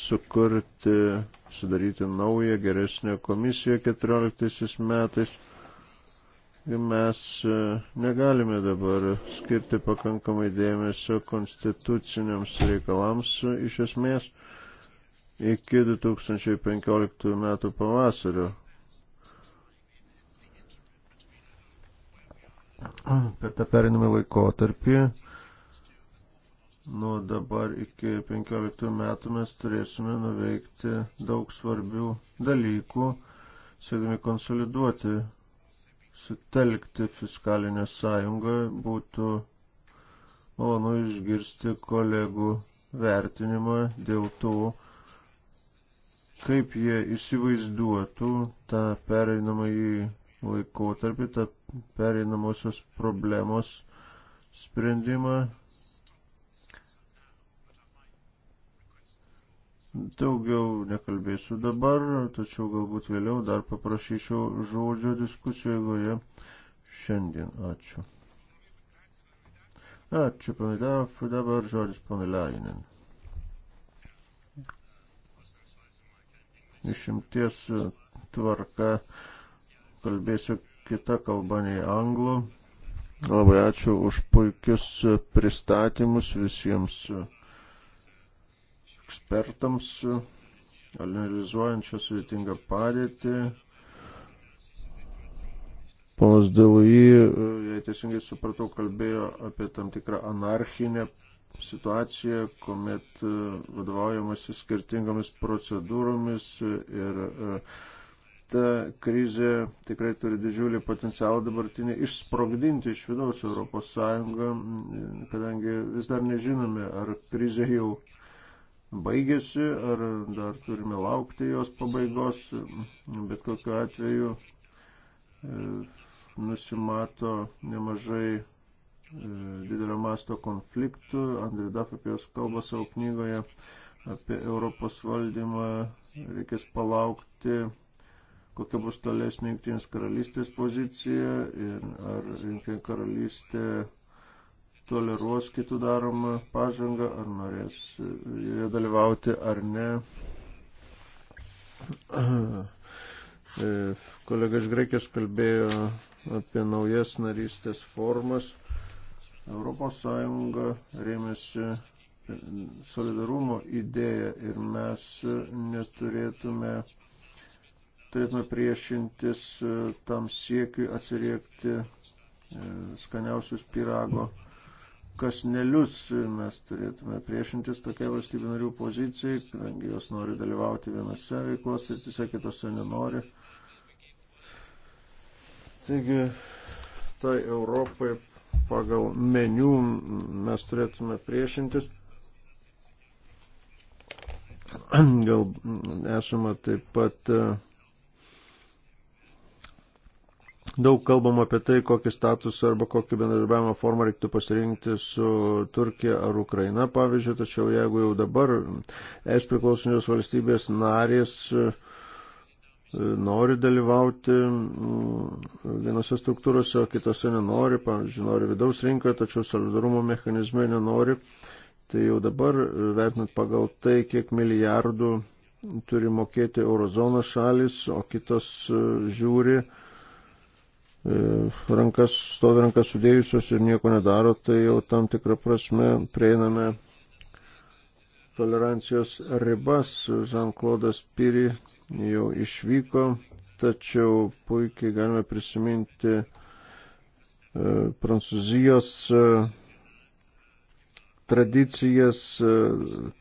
Speaker 1: sukurti, sudaryti naują, geresnę komisiją 2014 metais. Ir mes e, negalime dabar skirti pakankamai dėmesio konstituciniams reikalams e, iš esmės iki 2015 metų pavasario. Per tą perinamą laikotarpį nuo dabar iki 15 metų mes turėsime nuveikti daug svarbių dalykų, siekdami konsoliduoti, sutelkti fiskalinę sąjungą, būtų malonu išgirsti kolegų vertinimą dėl tų, kaip jie įsivaizduotų tą pereinamąjį laikotarpį, tą pereinamosios problemos sprendimą. Daugiau nekalbėsiu dabar, tačiau galbūt vėliau dar paprašyčiau žodžio diskusijoje šiandien. Ačiū. Ačiū, panidaf, dabar žodis panilajinin. išimties tvarka kalbėsiu kitą kalbą nei anglų. Labai ačiū už puikius pristatymus visiems ekspertams, analizuojančią sudėtingą padėtį. Ponas Delui, jei teisingai supratau, kalbėjo apie tam tikrą anarchinę situacija, kuomet e, vadovaujamasi skirtingomis procedūromis ir e, ta krizė tikrai turi didžiulį potencialą dabartinį išsprogdinti iš vidaus Europos Sąjungą, kadangi vis dar nežinome, ar krizė jau baigėsi, ar dar turime laukti jos pabaigos, bet kokiu atveju e, nusimato nemažai didelio masto konfliktų. Andri Daf apie juos kalba savo knygoje apie Europos valdymą. Reikės palaukti, kokia bus tolesnė Junktinės karalystės pozicija ir ar Junktinė karalystė toleruos kitų daromą pažangą, ar norės joje dalyvauti ar ne. Kolega iš Graikijos kalbėjo apie naujas narystės formas. Europos Sąjunga rėmėsi solidarumo idėja ir mes neturėtume turėtume priešintis tam siekiui atsiriekti e, skaniausius pirago kasnelius. Mes turėtume priešintis tokiai valstybių narių pozicijai, kadangi jos nori dalyvauti vienose veiklos ir tiesiog kitose nenori. Taigi, tai Europai pagal meniu mes turėtume priešintis. Gal esame taip pat e, daug kalbam apie tai, kokį statusą arba kokį bendradarbiavimo formą reiktų pasirinkti su Turkija ar Ukraina, pavyzdžiui, tačiau jeigu jau dabar es priklausančios valstybės narės uh, nori dalyvauti mm, vienose struktūrose, o kitose nenori, pavyzdžiui, nori vidaus rinkoje, tačiau solidarumo mechanizmai nenori, tai jau dabar, e, vertinant pagal tai, kiek milijardų turi mokėti eurozono šalis, o kitos e, žiūri, e, rankas, stovi rankas sudėjusios ir nieko nedaro, tai jau tam tikrą prasme prieiname tolerancijos ribas. Jean-Claude Spiri jau išvyko, tačiau puikiai galime prisiminti e, Prancūzijos e, tradicijas, e,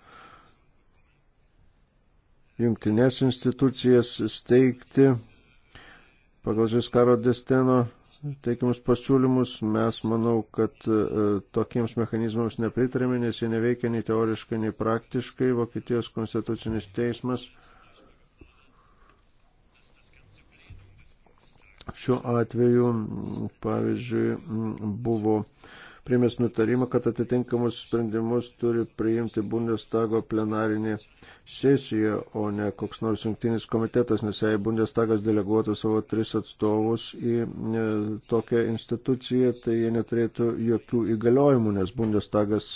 Speaker 1: jungtinės institucijas steigti pagal Žiskaro Desteno teikiamus pasiūlymus. Mes manau, kad tokiems mechanizmams nepritarėme, nes jie neveikia nei teoriškai, nei praktiškai. Vokietijos konstitucinis teismas Šiuo atveju, pavyzdžiui, buvo priimęs nutarimą, kad atitinkamus sprendimus turi priimti Bundestago plenarinė sesija, o ne koks nors jungtinis komitetas, nes jei Bundestagas deleguotų savo tris atstovus į e, tokią instituciją, tai jie neturėtų jokių įgaliojimų, nes Bundestagas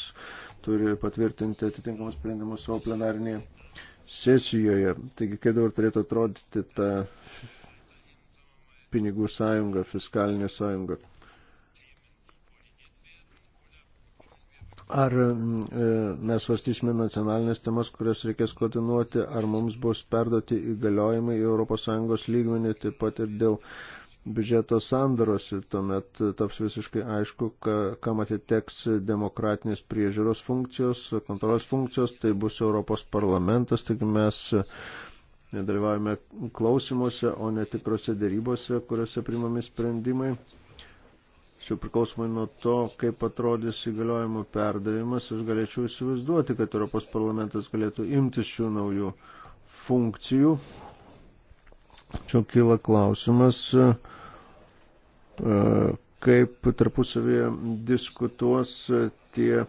Speaker 1: turi patvirtinti atitinkamus sprendimus savo plenarinėje sesijoje. Taigi, kaip dabar turėtų atrodyti ta pinigų sąjunga, fiskalinė sąjunga. Ar e, mes svarstysime nacionalinės temas, kurias reikės koordinuoti, ar mums bus perduoti įgaliojimai į ES lygmenį, taip pat ir dėl biudžeto sandaros ir tuomet taps visiškai aišku, ka, kam atiteks demokratinės priežiūros funkcijos, kontrolės funkcijos, tai bus Europos parlamentas, taigi mes nedalyvavome klausimuose, o netikrose dėrybose, kuriuose primami sprendimai. Čia priklausomai nuo to, kaip atrodys įgaliojimų perdavimas, aš galėčiau įsivaizduoti, kad Europos parlamentas galėtų imtis šių naujų funkcijų. Čia kyla klausimas, e, kaip tarpusavėje diskutuos tie uh,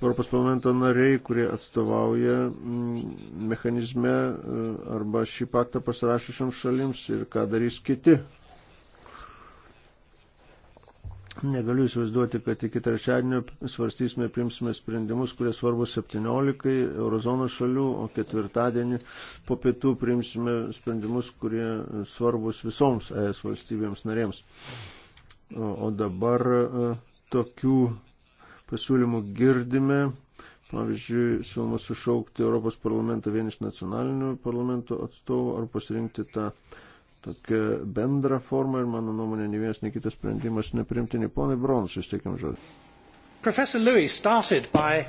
Speaker 1: Europos parlamento nariai, kurie atstovauja mm, mechanizme e, arba šį paktą pasirašyšiam šalims ir ką darys kiti. Negaliu įsivaizduoti, kad iki trečiadienio svarstysime, primsime sprendimus, kurie svarbus 17 eurozonos šalių, o ketvirtadienį po pietų primsime sprendimus, kurie svarbus visoms ES valstybėms narėms. O dabar e, tokių pasiūlymų girdime. Pavyzdžiui, siūloma sušaukti Europos parlamentą vien iš nacionalinių parlamentų atstovų ar pasirinkti tą tokią bendrą formą ir mano nuomonė, nei vienas, nei kitas sprendimas neprimtini. Ponai Bronsui, teikiam žodį. Professor Louis started
Speaker 3: by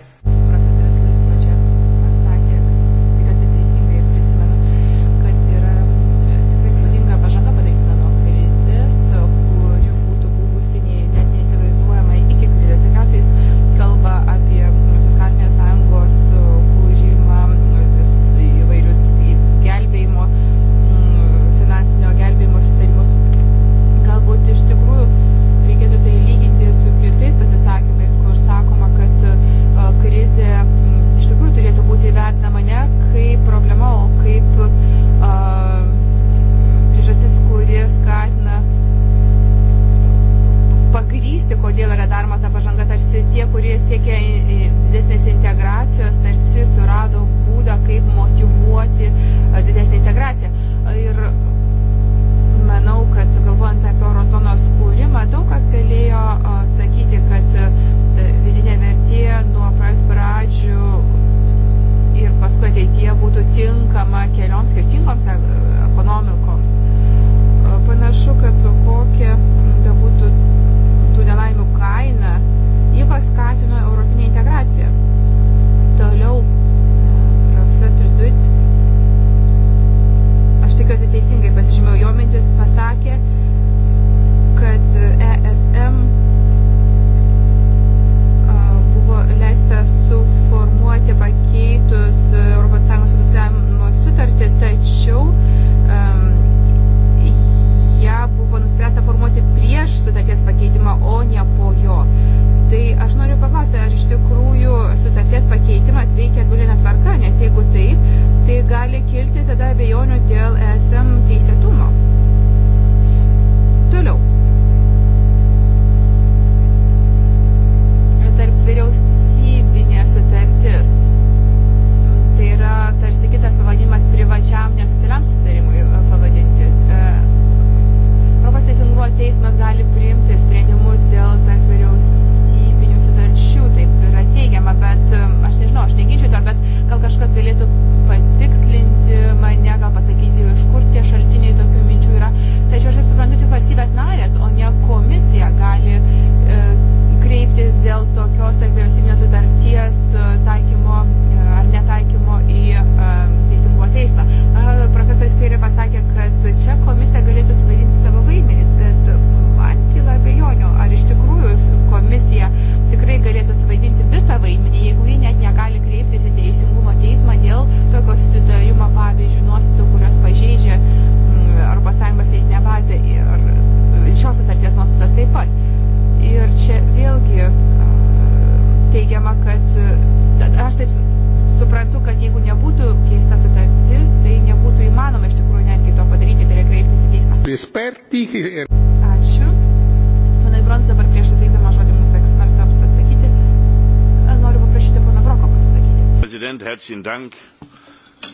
Speaker 3: Herzlichen Dank.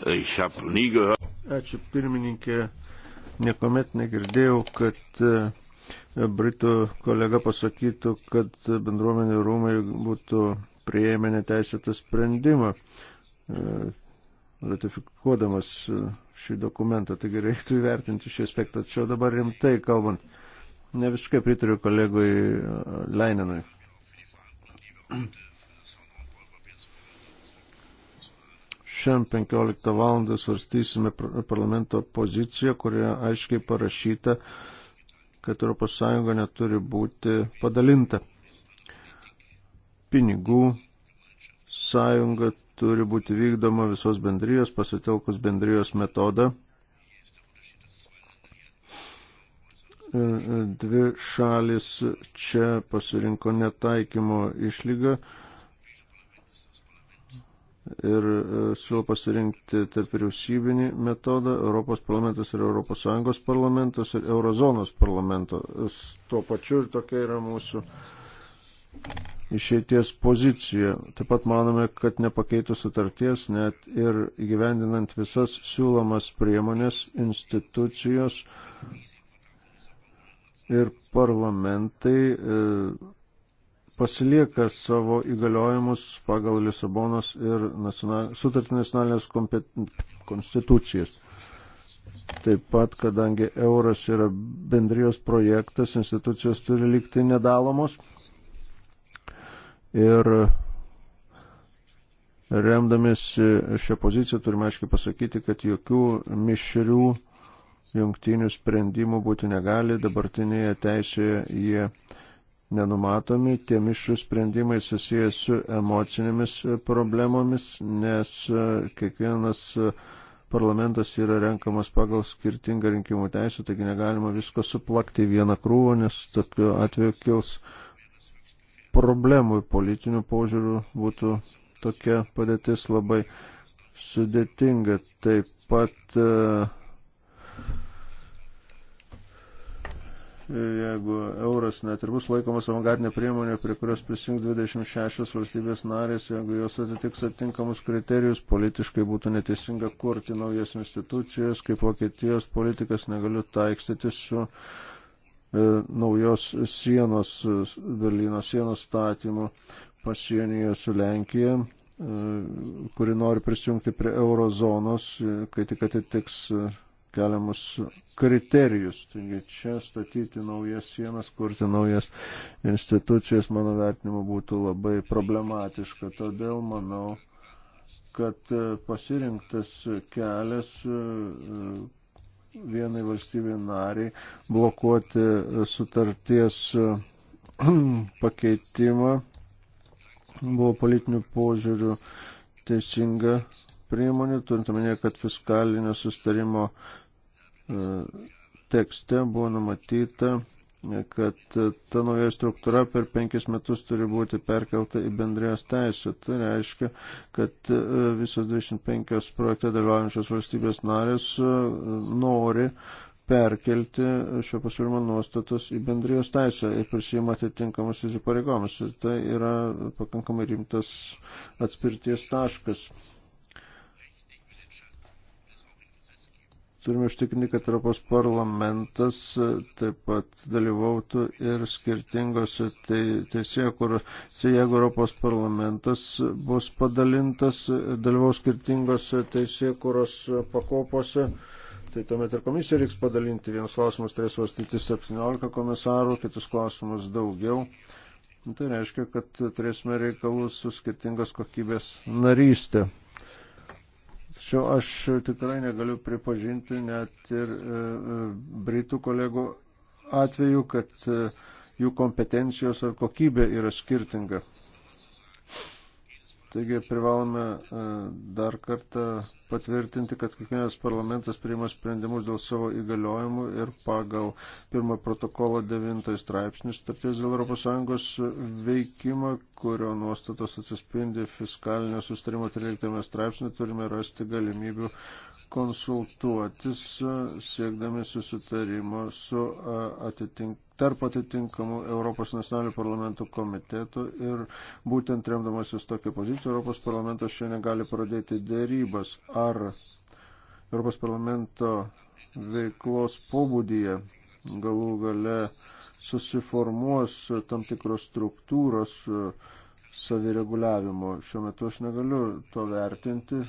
Speaker 3: Ich habe nie gehört.
Speaker 1: Ačiū pirmininkė, niekuomet negirdėjau, kad e, Britų kolega pasakytų, kad bendruomenių rūmai būtų prieėmę neteisėtą sprendimą e, ratifikuodamas e, šį dokumentą. Taigi reiktų įvertinti šį aspektą. Tačiau dabar rimtai kalbant, ne visiškai pritariu kolegui Leininui. Šiandien 15 val. svarstysime parlamento poziciją, kurioje aiškiai parašyta, kad ES neturi būti padalinta. Pinigų sąjunga turi būti vykdoma visos bendrijos, pasitelkus bendrijos metodą. E, e, dvi šalis čia pasirinko netaikymo išlygą ir e, siūlo pasirinkti tarp vyriausybinį metodą Europos parlamentas ir Europos Sąjungos parlamentas ir Eurozonos parlamentas. Tuo pačiu ir tokia yra mūsų išeities pozicija. Taip pat manome, kad nepakeitus sutarties, net ir įgyvendinant visas siūlomas priemonės, institucijos ir parlamentai. E, pasilieka savo įgaliojimus pagal Lisabonos ir nacional... sutartį nacionalinės kompet... konstitucijas. Taip pat, kadangi euras yra bendrijos projektas, institucijos turi likti nedalomos. Ir remdamėsi šią poziciją turime aiškiai pasakyti, kad jokių mišrių jungtinių sprendimų būti negali, dabartinėje teisėje jie nenumatomi, tie mišrų sprendimai susijęs su emocinėmis e, problemomis, nes e, kiekvienas e, parlamentas yra renkamas pagal skirtingą rinkimų teisę, taigi negalima visko suplakti į vieną krūvą, nes tokiu atveju kils problemų politinių požiūrių būtų tokia padėtis labai sudėtinga. Taip pat uh, jeigu euras net ir bus laikomas avangardinė priemonė, prie kurios prisijungs 26 valstybės narės, jeigu jos atitiks atitinkamus kriterijus, politiškai būtų neteisinga kurti naujas institucijas, kaip Vokietijos politikas negaliu taikstytis su e, naujos sienos, Berlyno sienos statymu pasienyje su Lenkija e, kuri nori prisijungti prie eurozonos, e, kai tik atitiks e, keliamus kriterijus. Taigi čia statyti naujas sienas, kurti naujas institucijas, mano vertinimu, būtų labai problematiška. Todėl manau, kad e, pasirinktas kelias e, e, vienai valstybei nariai blokuoti sutarties pakeitimą buvo politinių požiūrių teisinga priemonė, turint omenyje, kad fiskalinio sustarimo E, tekste buvo numatyta, e, kad ta nauja struktūra per penkis metus turi būti perkelta į bendrijos teisę. Tai reiškia, kad e, visos 25 projekte dalyvaujančios valstybės narės nori perkelti šio pasiūlymo nuostatos į bendrijos teisę ir prisijima atitinkamus įsipareigomus. Tai yra pakankamai rimtas atspirties taškas. Turime užtikrinti, kad Europos parlamentas e, taip pat dalyvautų ir skirtingose teisėje, kur jeigu Europos parlamentas bus padalintas, e, dalyvaus skirtingose teisėje, kurios pakopose, tai tuomet ir komisija reiks padalinti. Vienus klausimus turės svarstyti 17 komisarų, kitus klausimus daugiau. Tai reiškia, kad turėsime reikalus su skirtingos kokybės narystė. Tačiau aš tikrai negaliu pripažinti net ir e, e, britų kolegų atveju, kad e, jų kompetencijos ar kokybė yra skirtinga. Taigi privalome e, dar kartą patvirtinti, kad kiekvienas parlamentas priima sprendimus dėl savo įgaliojimų ir pagal pirmą protokolo devintąjį straipsnį starties dėl ES veikimą, kurio nuostatos atsispindi fiskalinio sustarimo 13 straipsnį, turime rasti galimybių konsultuotis e, siekdami susitarimo su e, atitink, tarp atitinkamų Europos nacionalinių parlamentų komitetų ir būtent remdamasis tokią poziciją Europos parlamentas šiandien gali pradėti dėrybas ar Europos parlamento veiklos pobūdyje galų gale susiformuos tam tikros struktūros e, savireguliavimo. Šiuo metu aš negaliu to vertinti,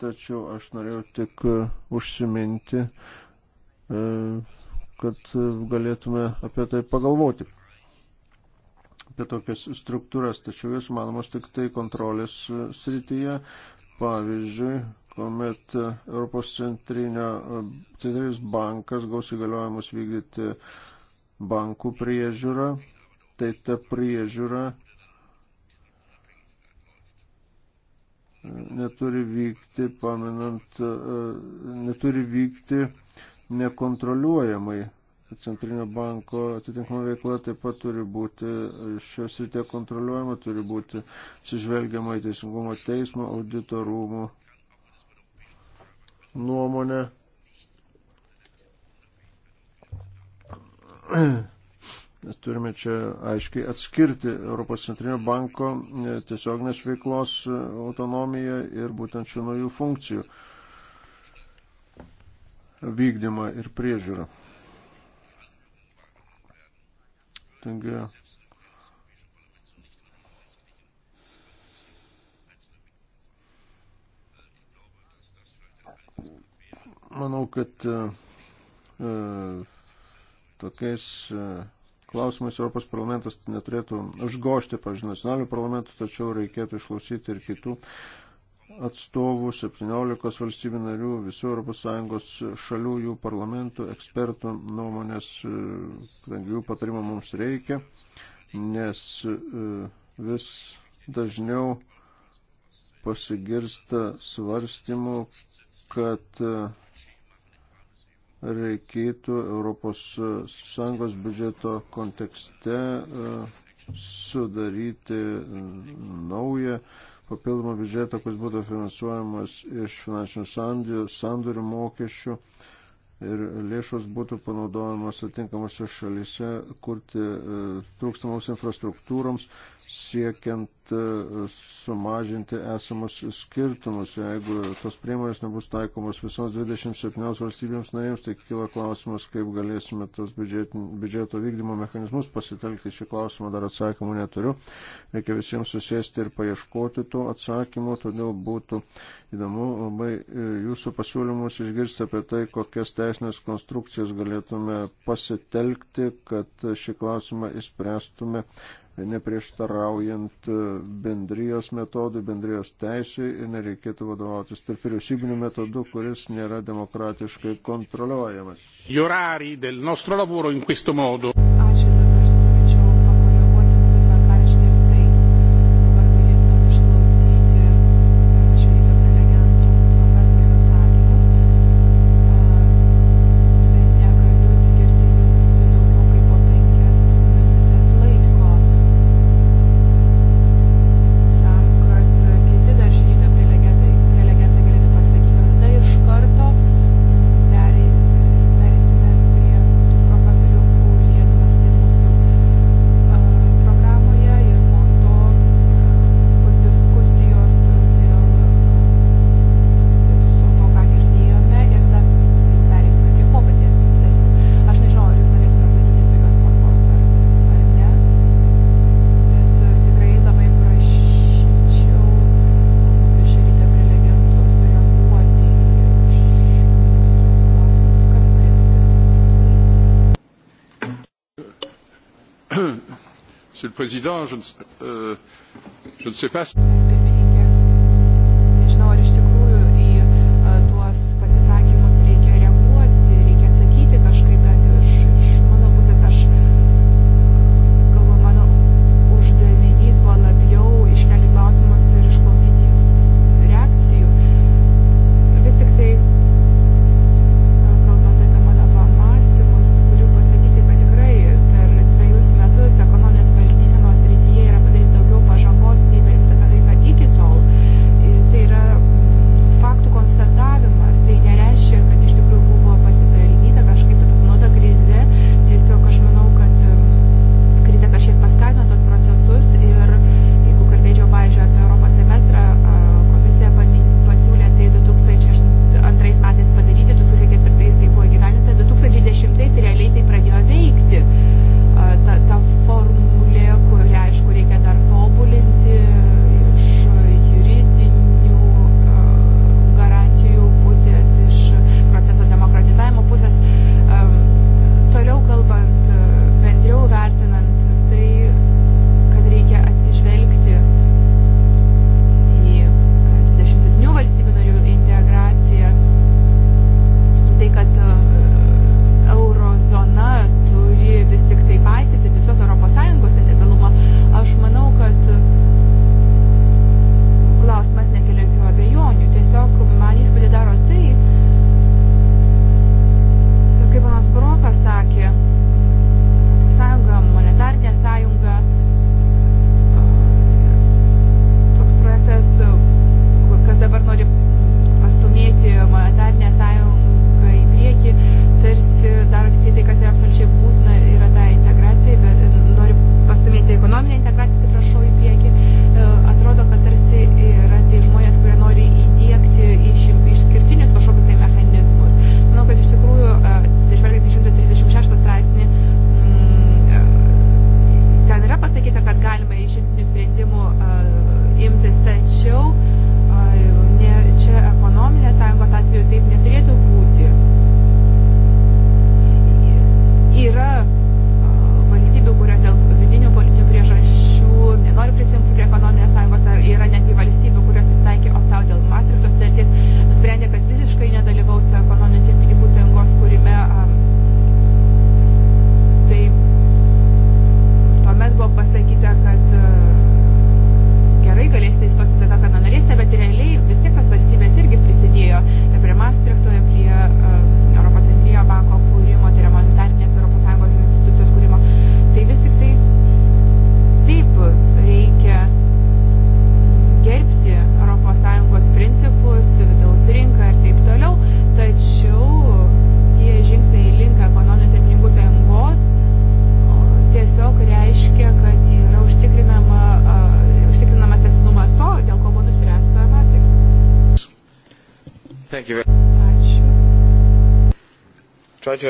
Speaker 1: tačiau aš norėjau tik e, užsiminti, e, kad e, galėtume apie tai pagalvoti apie tokias struktūras, tačiau jos manomos tik tai kontrolės srityje. Pavyzdžiui, kuomet Europos centrinis bankas gaus įgaliojimus vykdyti bankų priežiūrą, tai ta priežiūra neturi vykti, paminant, e, neturi vykti nekontroliuojamai. Centrinio banko atitinkama veikla taip pat turi būti šios ir tie kontroliuojama, turi būti atsižvelgiama į teisingumo teismo, audito rūmų nuomonę. Nes turime čia aiškiai atskirti Europos centrinio banko e, tiesioginės veiklos e, autonomiją ir būtent šių naujų funkcijų vykdymą ir priežiūrą. Taigi, manau, kad e, e tokiais e, klausimais Europos parlamentas neturėtų užgošti, pažiūrėjau, nacionalinių parlamentų, tačiau reikėtų išklausyti ir kitų atstovų 17 valstybių narių, visų ES šalių, jų parlamentų, ekspertų nuomonės, kadangi e, jų patarimo mums reikia, nes e, vis dažniau pasigirsta svarstymų, kad e, reikėtų ES biudžeto kontekste e, sudaryti naują papildomą biudžetą, kuris būtų finansuojamas iš finansinių sandorių mokesčių ir lėšos būtų panaudojamos atinkamose šalyse kurti e, trūkstamoms infrastruktūroms, siekiant e, sumažinti esamus skirtumus. Jeigu tos priemonės nebus taikomos visoms 27 valstybėms narėms, tai kyla klausimas, kaip galėsime tos biudžet, biudžeto vykdymo mechanizmus pasitelkti. Šį klausimą dar atsakymų neturiu. Reikia visiems susėsti ir paieškoti tų atsakymų, todėl būtų įdomu labai e, jūsų pasiūlymus išgirsti apie tai, kokias teisės teisinės konstrukcijas galėtume pasitelkti, kad šį klausimą įspręstume neprieštaraujant bendrijos metodui, bendrijos teisui ir nereikėtų vadovautis tarp vyriausybinių metodų, kuris nėra demokratiškai kontroliuojamas. Président, je ne, euh, je ne sais pas si...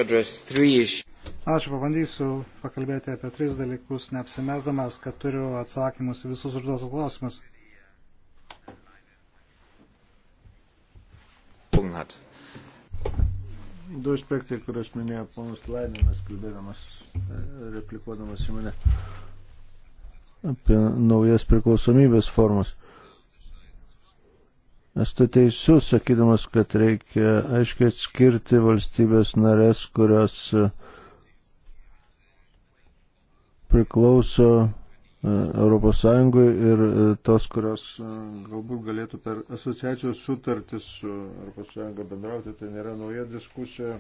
Speaker 3: Ačiū,
Speaker 2: pabandysiu pakalbėti apie tris dalykus, neapsimesdamas, kad turiu atsakymus visus užduotus klausimus.
Speaker 1: Punkt. Du aspektai, kuriuos minėjo ponas Laininas, kalbėdamas, replikuodamas į mane apie naujas priklausomybės formas. Esate tai teisus, sakydamas, kad reikia aiškiai atskirti valstybės narės, kurios e, priklauso e, Europos Sąjungui ir e, tos, kurios galbūt galėtų per asociacijos sutartis su Europos Sąjunga bendrauti, tai nėra nauja diskusija.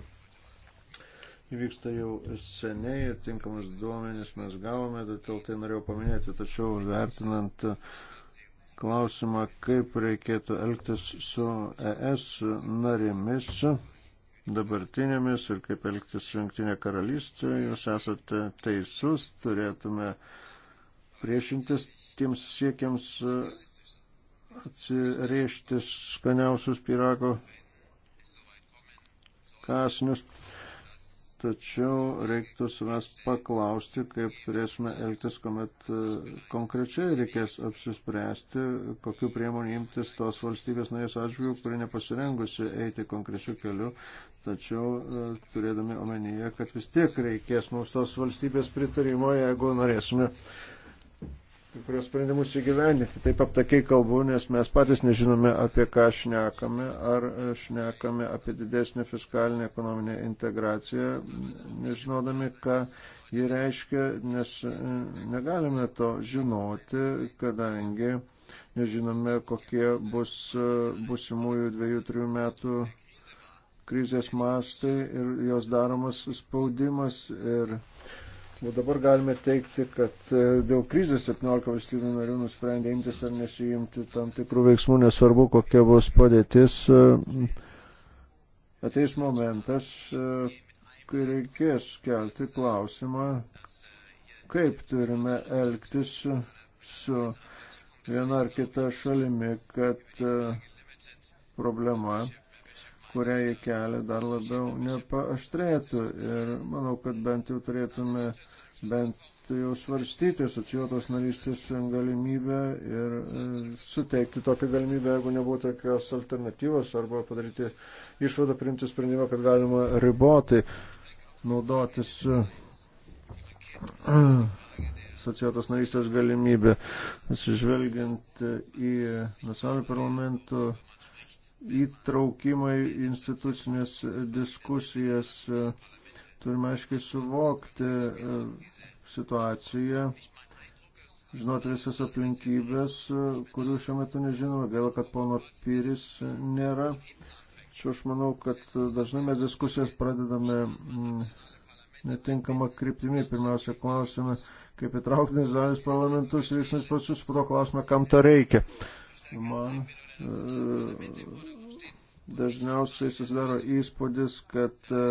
Speaker 1: Įvyksta jau seniai ir tinkamus duomenis mes gavome, dėl tai norėjau paminėti, tačiau vertinant uh, klausimą, kaip reikėtų elgtis su ES narimis dabartinėmis ir kaip elgtis su Junktinė karalystė. Jūs esate teisus, turėtume priešintis tiems siekiams atsirėžti skaniausius pirago kasnius. Tačiau reiktų savęs paklausti, kaip turėsime elgtis, kuomet e, konkrečiai reikės apsispręsti, kokiu priemonių imtis tos valstybės narės atžvilgių, kuri nepasirengusi eiti konkrečiu keliu. Tačiau e, turėdami omenyje, kad vis tiek reikės mums tos valstybės pritarimo, jeigu norėsime kai kurios sprendimus įgyvendinti. Taip aptakiai kalbu, nes mes patys nežinome, apie ką šnekame, ar šnekame apie didesnį fiskalinę ekonominę integraciją, nežinodami, ką ji reiškia, nes e, negalime to žinoti, kadangi nežinome, kokie bus e, busimųjų dviejų, trijų metų krizės mastai ir jos daromas spaudimas ir O dabar galime teikti, kad e, dėl krizės 17 valstybių narių nusprendė imtis ar nesijimti tam tikrų veiksmų, nesvarbu, kokia bus padėtis. E, ateis momentas, e, kai reikės kelti klausimą, kaip turime elgtis su viena ar kita šalimi, kad problema kurią jie kelia, dar labiau nepaaštrėtų. Ir manau, kad bent jau turėtume bent jau svarstyti asociuotos narystės galimybę ir e, suteikti tokią galimybę, jeigu nebūtų tokios alternatyvos, arba padaryti išvadą, priimti sprendimą, kad galima ribotai naudotis e, asociuotos narystės galimybę, atsižvelgiant į nacionalinių parlamentų įtraukimai į institucinės diskusijas. Turime aiškiai suvokti e, situaciją, žinoti visas aplinkybės, e, kurių šiuo metu nežinome. Gaila, kad pono Pyris nėra. Čia aš manau, kad dažnai mes diskusijas pradedame mm, netinkamą kryptimį. Pirmiausia, klausime, kaip įtraukti nacionalinius parlamentus ir veiksmus pasus, po to klausime, kam to reikia. Man E, dažniausiai susidaro įspūdis, kad e,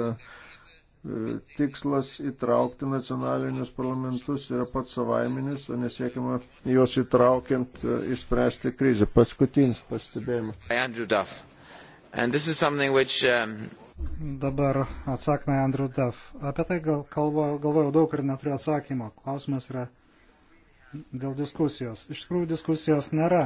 Speaker 1: tikslas įtraukti nacionalinius parlamentus yra pats savaiminis, o nesiekiama juos įtraukiant e, išspręsti krizę. Paskutinis pastebėjimas. Which, um...
Speaker 2: Dabar atsakymai Andrew Duff. Apie tai gal, kalvo, galvojau daug ir neturiu atsakymo. Klausimas yra dėl diskusijos. Iš tikrųjų diskusijos nėra.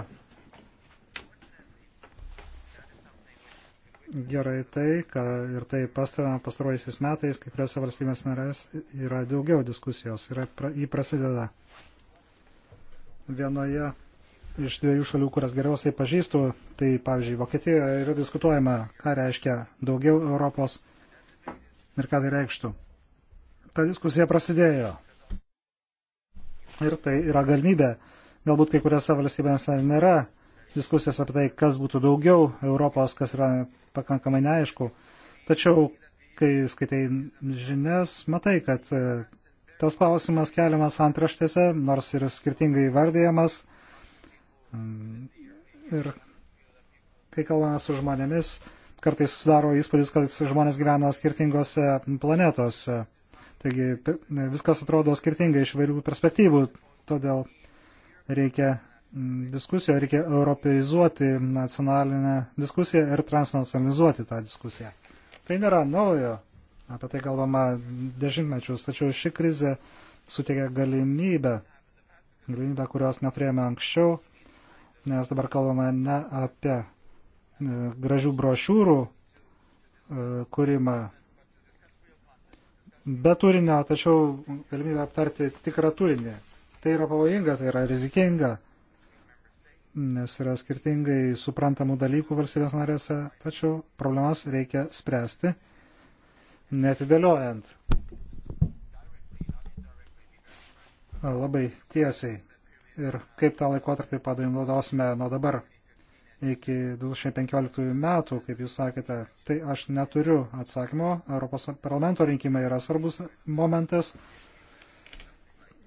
Speaker 2: gerai tai, kad ir tai pastaruojaisiais metais kai kuriuose valstybės narės yra daugiau diskusijos, yra, jį prasideda. Vienoje iš dviejų šalių, kurias geriausiai pažįstu, tai pavyzdžiui, Vokietijoje yra diskutuojama, ką reiškia daugiau Europos ir ką tai reikštų. Ta diskusija prasidėjo. Ir tai yra galimybė. Galbūt kai kuriuose valstybėse nėra diskusijos apie tai, kas būtų daugiau Europos, kas yra pakankamai neaišku. Tačiau, kai skaitai žinias, matai, kad e, tas klausimas keliamas antraštėse, nors ir skirtingai vardėjamas. Mm, ir kai kalbame su žmonėmis, kartais susidaro įspūdis, kad žmonės gyvena skirtingose planetose. Taigi viskas atrodo skirtingai iš vairių perspektyvų, todėl reikia diskusijoje reikia europeizuoti nacionalinę diskusiją ir transnacionalizuoti tą diskusiją. Tai nėra naujo, apie tai kalbama dešimtmečius, tačiau ši krizė suteikia galimybę, galimybę, kurios neturėjome anksčiau, nes dabar kalbame ne apie e, gražių brošiūrų e, kūrimą be turinio, tačiau galimybę aptarti tikrą turinį. Tai yra pavojinga, tai yra rizikinga nes yra skirtingai suprantamų dalykų valstybės narėse, tačiau problemas reikia spręsti netidėliojant. Labai tiesiai. Ir kaip tą laikotarpį padainaudosime nuo dabar iki 2015 metų, kaip jūs sakėte, tai aš neturiu atsakymo. Europos parlamento rinkimai yra svarbus momentas.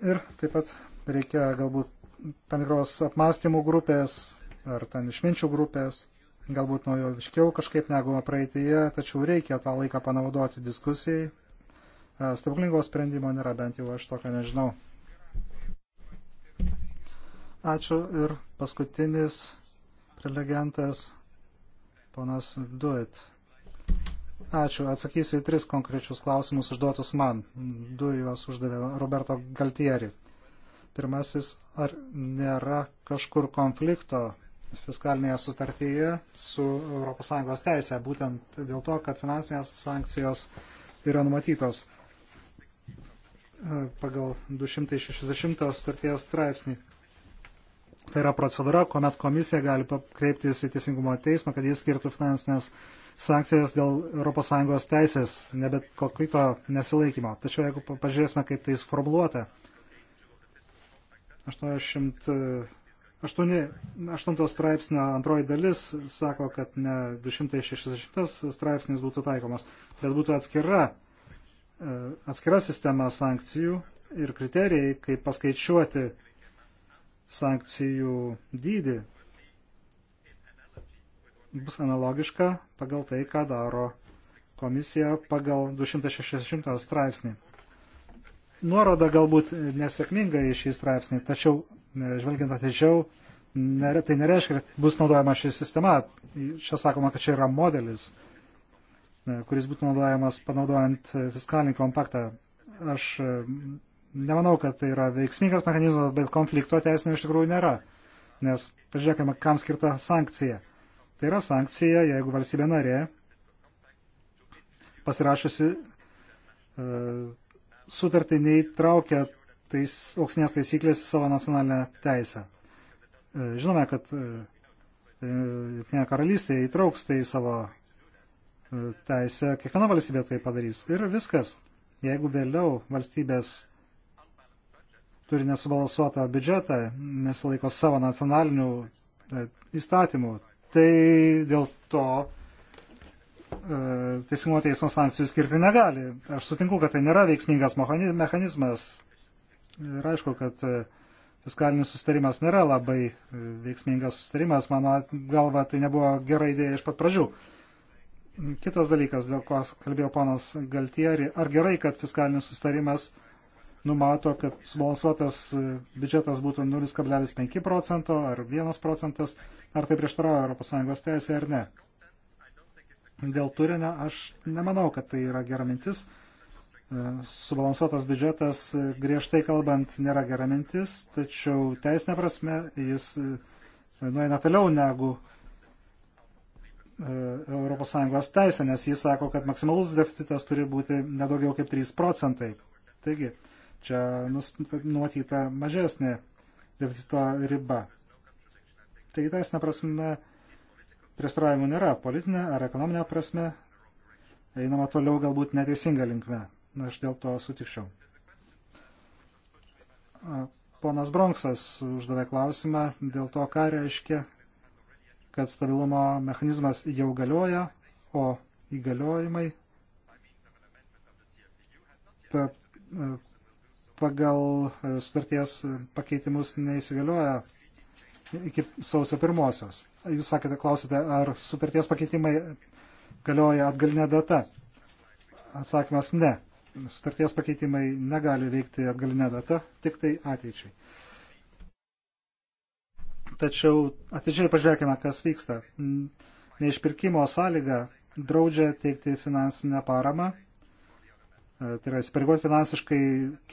Speaker 2: Ir taip pat reikia galbūt tam tikros apmąstymų grupės ar ten išminčių grupės, galbūt naujoviškiau kažkaip negu praeitėje, tačiau reikia tą laiką panaudoti diskusijai. Stebuklingo sprendimo nėra, bent jau aš tokio nežinau. Ačiū ir paskutinis prelegentas, ponas Duet. Ačiū. Atsakysiu į tris konkrečius klausimus užduotus man. Du juos uždavė Roberto Galtieri. Pirmasis, ar nėra kažkur konflikto fiskalinėje sutartyje su ES teisė, būtent dėl to, kad finansinės sankcijos yra numatytos e, pagal 260 sutarties straipsnį. Tai yra procedūra, kuomet komisija gali kreiptis į Teisingumo teismą, kad jis skirtų finansinės sankcijas dėl ES teisės, nebet kokio nesilaikymo. Tačiau jeigu pažiūrėsime, kaip tai suformuluota, 88 straipsnio antroji dalis sako, kad ne 260 straipsnis būtų taikomas, bet būtų atskira, e, atskira sistema sankcijų ir kriterijai, kaip paskaičiuoti sankcijų dydį, bus analogiška pagal tai, ką daro komisija pagal 260 straipsnį nuoroda galbūt nesėkminga į šį straipsnį, tačiau, e, žvelgiant atidžiau, tai nereiškia, kad bus naudojama ši sistema. Čia sakoma, kad čia yra modelis, e, kuris būtų naudojamas panaudojant e, fiskalinį kompaktą. Aš nemanau, kad tai yra veiksmingas mechanizmas, bet konflikto teisinio iš tikrųjų nėra. Nes, pažiūrėkime, kam skirta sankcija. Tai yra sankcija, jeigu valstybė narė pasirašusi uh, sutartį neįtraukia tais, auksinės taisyklės į savo nacionalinę teisę. E, žinome, kad e, e, Junktinė karalystė įtrauks tai į savo teisę, kiekviena valstybė tai padarys. Ir viskas. Jeigu vėliau valstybės turi nesubalansuotą biudžetą, nesilaiko savo nacionalinių įstatymų, tai dėl to E, teisingumo teismo sankcijų skirti negali. Aš sutinku, kad tai nėra veiksmingas mechanizmas. Ir aišku, kad e, fiskalinis sustarimas nėra labai e, veiksmingas sustarimas. Mano galva, tai nebuvo gera idėja iš pat pradžių. Kitas dalykas, dėl ko kalbėjo ponas Galtieri, ar gerai, kad fiskalinis sustarimas numato, kad subalansuotas biudžetas būtų 0,5 procento ar 1 procentas, ar tai prieštarauja ES teisė ar ne. Dėl turinio aš nemanau, kad tai yra gera mintis. E, subalansuotas biudžetas, e, griežtai kalbant, nėra gera mintis, tačiau teisinė prasme jis e, nueina toliau negu ES teisė, nes jis sako, kad maksimalus deficitas turi būti nedaugiau kaip 3 procentai. Taigi, čia numatyta mažesnė deficito riba. Taigi, teisinė prasme, prieštaravimų nėra politinė ar ekonominė prasme, einama toliau galbūt neteisinga linkme. Aš dėl to sutikčiau. Ponas Bronksas uždavė klausimą dėl to, ką reiškia, kad stabilumo mechanizmas jau galioja, o įgaliojimai pa, pagal sutarties pakeitimus neįsigalioja iki sausio pirmosios. Jūs sakėte, klausėte, ar sutarties pakeitimai galioja atgalinė data. Atsakymas ne. Sutarties pakeitimai negali veikti atgalinė data, tik tai ateičiai. Tačiau atidžiai pažiūrėkime, kas vyksta. Neišpirkimo sąlyga draudžia teikti finansinę paramą, e, tai yra įsipareigoti finansiškai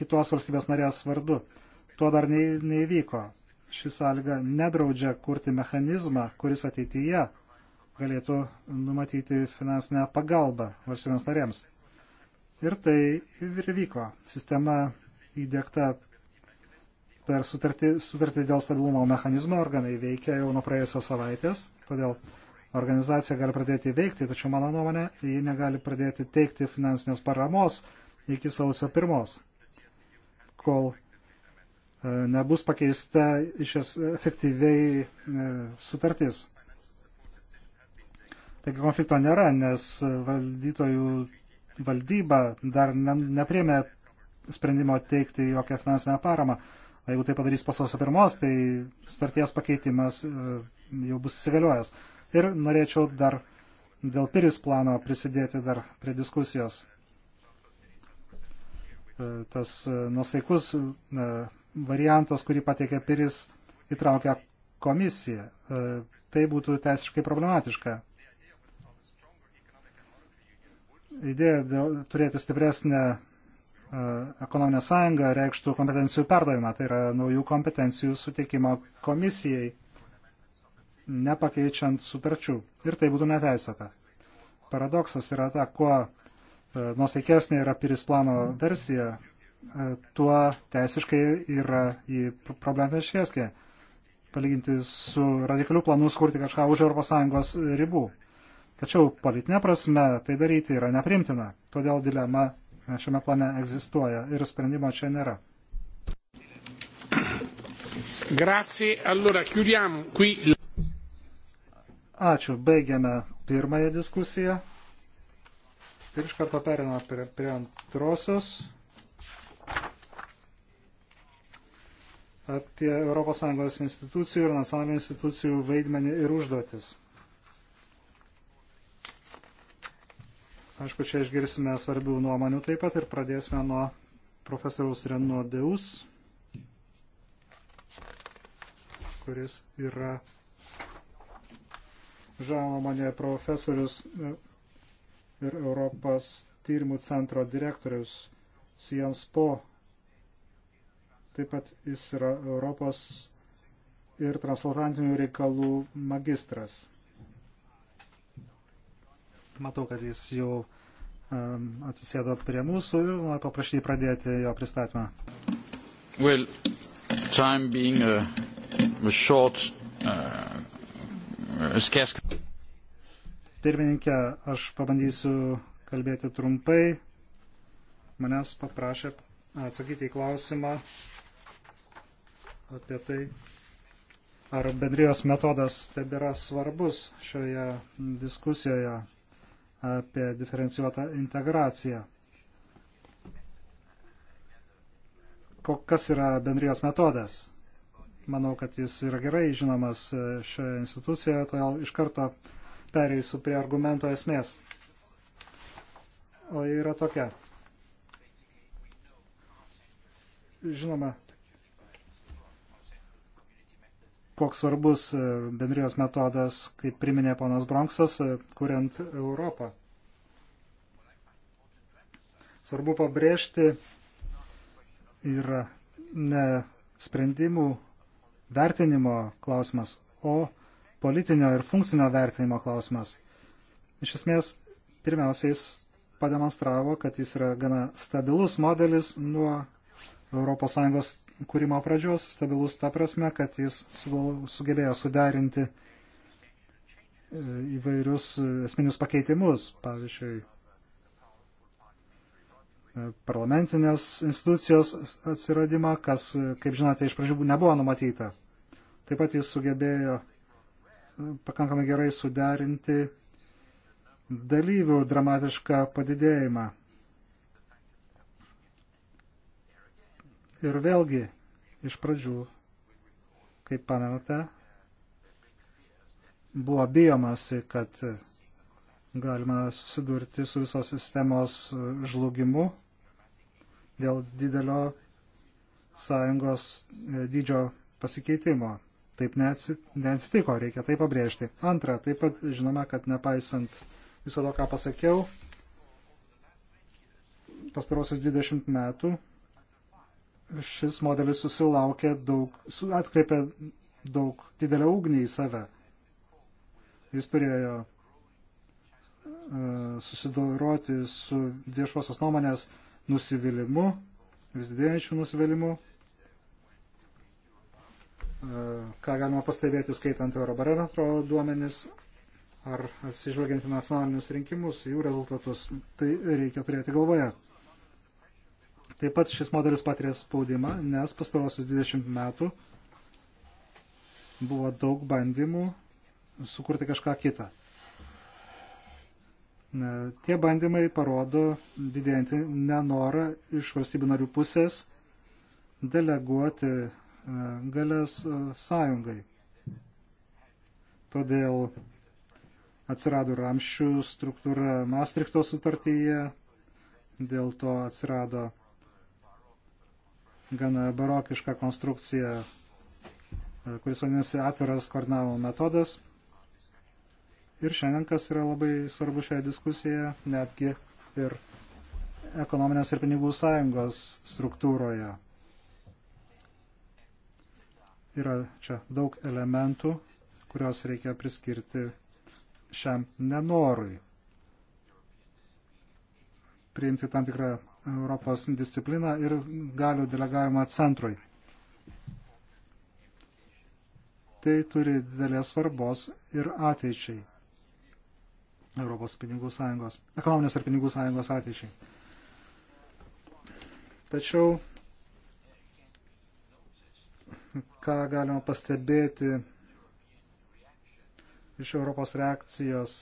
Speaker 2: kitos valstybės narės vardu. Tuo dar neįvyko ši sąlyga nedraudžia kurti mechanizmą, kuris ateityje galėtų numatyti finansinę pagalbą valstybėms narėms. Ir tai ir vyko. Sistema įdėkta per sutartį, sutartį dėl stabilumo mechanizmo, organai veikia jau nuo praėjusios savaitės, todėl organizacija gali pradėti veikti, tačiau mano nuomonė, ji negali pradėti teikti finansinės paramos iki sausio pirmos, kol E, nebus pakeista iš es efektyviai e, sutartis. Taigi konflikto nėra, nes valdytojų valdyba dar ne, neprėmė sprendimo teikti jokią finansinę paramą. O jeigu tai padarys po sausio pirmos, tai starties pakeitimas e, jau bus įsigaliojęs. Ir norėčiau dar dėl piris plano prisidėti dar prie diskusijos. Tas nusaikus variantas, kurį pateikė Piris, įtraukia komisiją. E, tai būtų teisiškai problematiška. Idėja dėl, turėti stipresnę e, ekonominę sąjungą reikštų kompetencijų perdavimą, tai yra naujų kompetencijų suteikimą komisijai, nepakeičiant sutarčių. Ir tai būtų neteisėta. Paradoksas yra ta, kuo e, nuosaikesnė yra piris plano versija, E, tuo teisiškai yra į problemę švieslė, palyginti su radikaliu planu skurti kažką už ES ribų. Tačiau politinė prasme tai daryti yra neprimtina, todėl dilema e, šiame plane egzistuoja ir sprendimo čia nėra. Grazie, allora chiudiamo qui. Ačiū, baigiame pirmąją diskusiją ir iš karto periname prie, prie antrosios. apie ES institucijų ir nacionalinių institucijų vaidmenį ir užduotis. Aišku, čia išgirsime svarbių nuomonių taip pat ir pradėsime nuo profesoriaus Reno Deus, kuris yra Žalomonė profesorius ir Europos tyrimų centro direktorius Sijans Po Taip pat jis yra Europos ir transatlantinių reikalų magistras. Matau, kad jis jau um, atsisėdo prie mūsų ir noriu paprašyti pradėti jo pristatymą. Well,
Speaker 3: time being a, a short, uh, a scarce...
Speaker 2: Pirmininkė, aš pabandysiu kalbėti trumpai. Manęs paprašė atsakyti į klausimą, apie tai, ar bendrijos metodas tebėra svarbus šioje diskusijoje apie diferencijuotą integraciją. Kas yra bendrijos metodas? Manau, kad jis yra gerai žinomas šioje institucijoje, todėl iš karto pereisiu prie argumento esmės. O yra tokia. Žinoma, koks svarbus e, bendrijos metodas, kaip priminė ponas Bronksas, e, kuriant Europą. Svarbu pabrėžti yra ne sprendimų vertinimo klausimas, o politinio ir funkcinio vertinimo klausimas. Iš esmės, pirmiausiais pademonstravo, kad jis yra gana stabilus modelis nuo ES kūrimo pradžios, stabilus ta prasme, kad jis sugebėjo suderinti e, įvairius e, esminius pakeitimus, pavyzdžiui, e, parlamentinės institucijos atsiradimą, kas, kaip žinote, iš pradžių nebuvo numatyta. Taip pat jis sugebėjo pakankamai gerai suderinti dalyvių dramatišką padidėjimą. Ir vėlgi, iš pradžių, kaip pamenate, buvo bijomasi, kad galima susidurti su visos sistemos žlugimu dėl didelio sąjungos e, dydžio pasikeitimo. Taip neatsitiko, reikia tai pabrėžti. Antra, taip pat žinome, kad nepaisant viso to, ką pasakiau, pastarosius 20 metų šis modelis susilaukė daug, su, atkreipė daug didelę ugnį į save. Jis turėjo e, susidoroti su viešosios nuomonės nusivylimu, vis didėjančiu nusivylimu, e, ką galima pastebėti skaitant Eurobarometro duomenis ar atsižvelgiant į nacionalinius rinkimus, jų rezultatus, tai reikia turėti galvoje. Taip pat šis modelis patiria spaudimą, nes pastarosius 20 metų buvo daug bandymų sukurti kažką kitą. Tie bandymai parodo didėjantį nenorą iš valstybių narių pusės deleguoti e, galės e, sąjungai. Todėl atsirado ramščių struktūra Maastrichto sutartyje, dėl to atsirado gana barokišką konstrukciją, e, kuris vadinasi atviras koordinavimo metodas. Ir šiandien, kas yra labai svarbu šioje diskusijoje, netgi ir ekonominės ir pinigų sąjungos struktūroje. Yra čia daug elementų, kuriuos reikia priskirti šiam nenorui priimti tam tikrą Europos discipliną ir galių delegavimą centrui. Tai turi didelės svarbos ir ateičiai. Europos pinigų sąjungos, ekonominės ir pinigų sąjungos ateičiai. Tačiau, ką galima pastebėti iš Europos reakcijos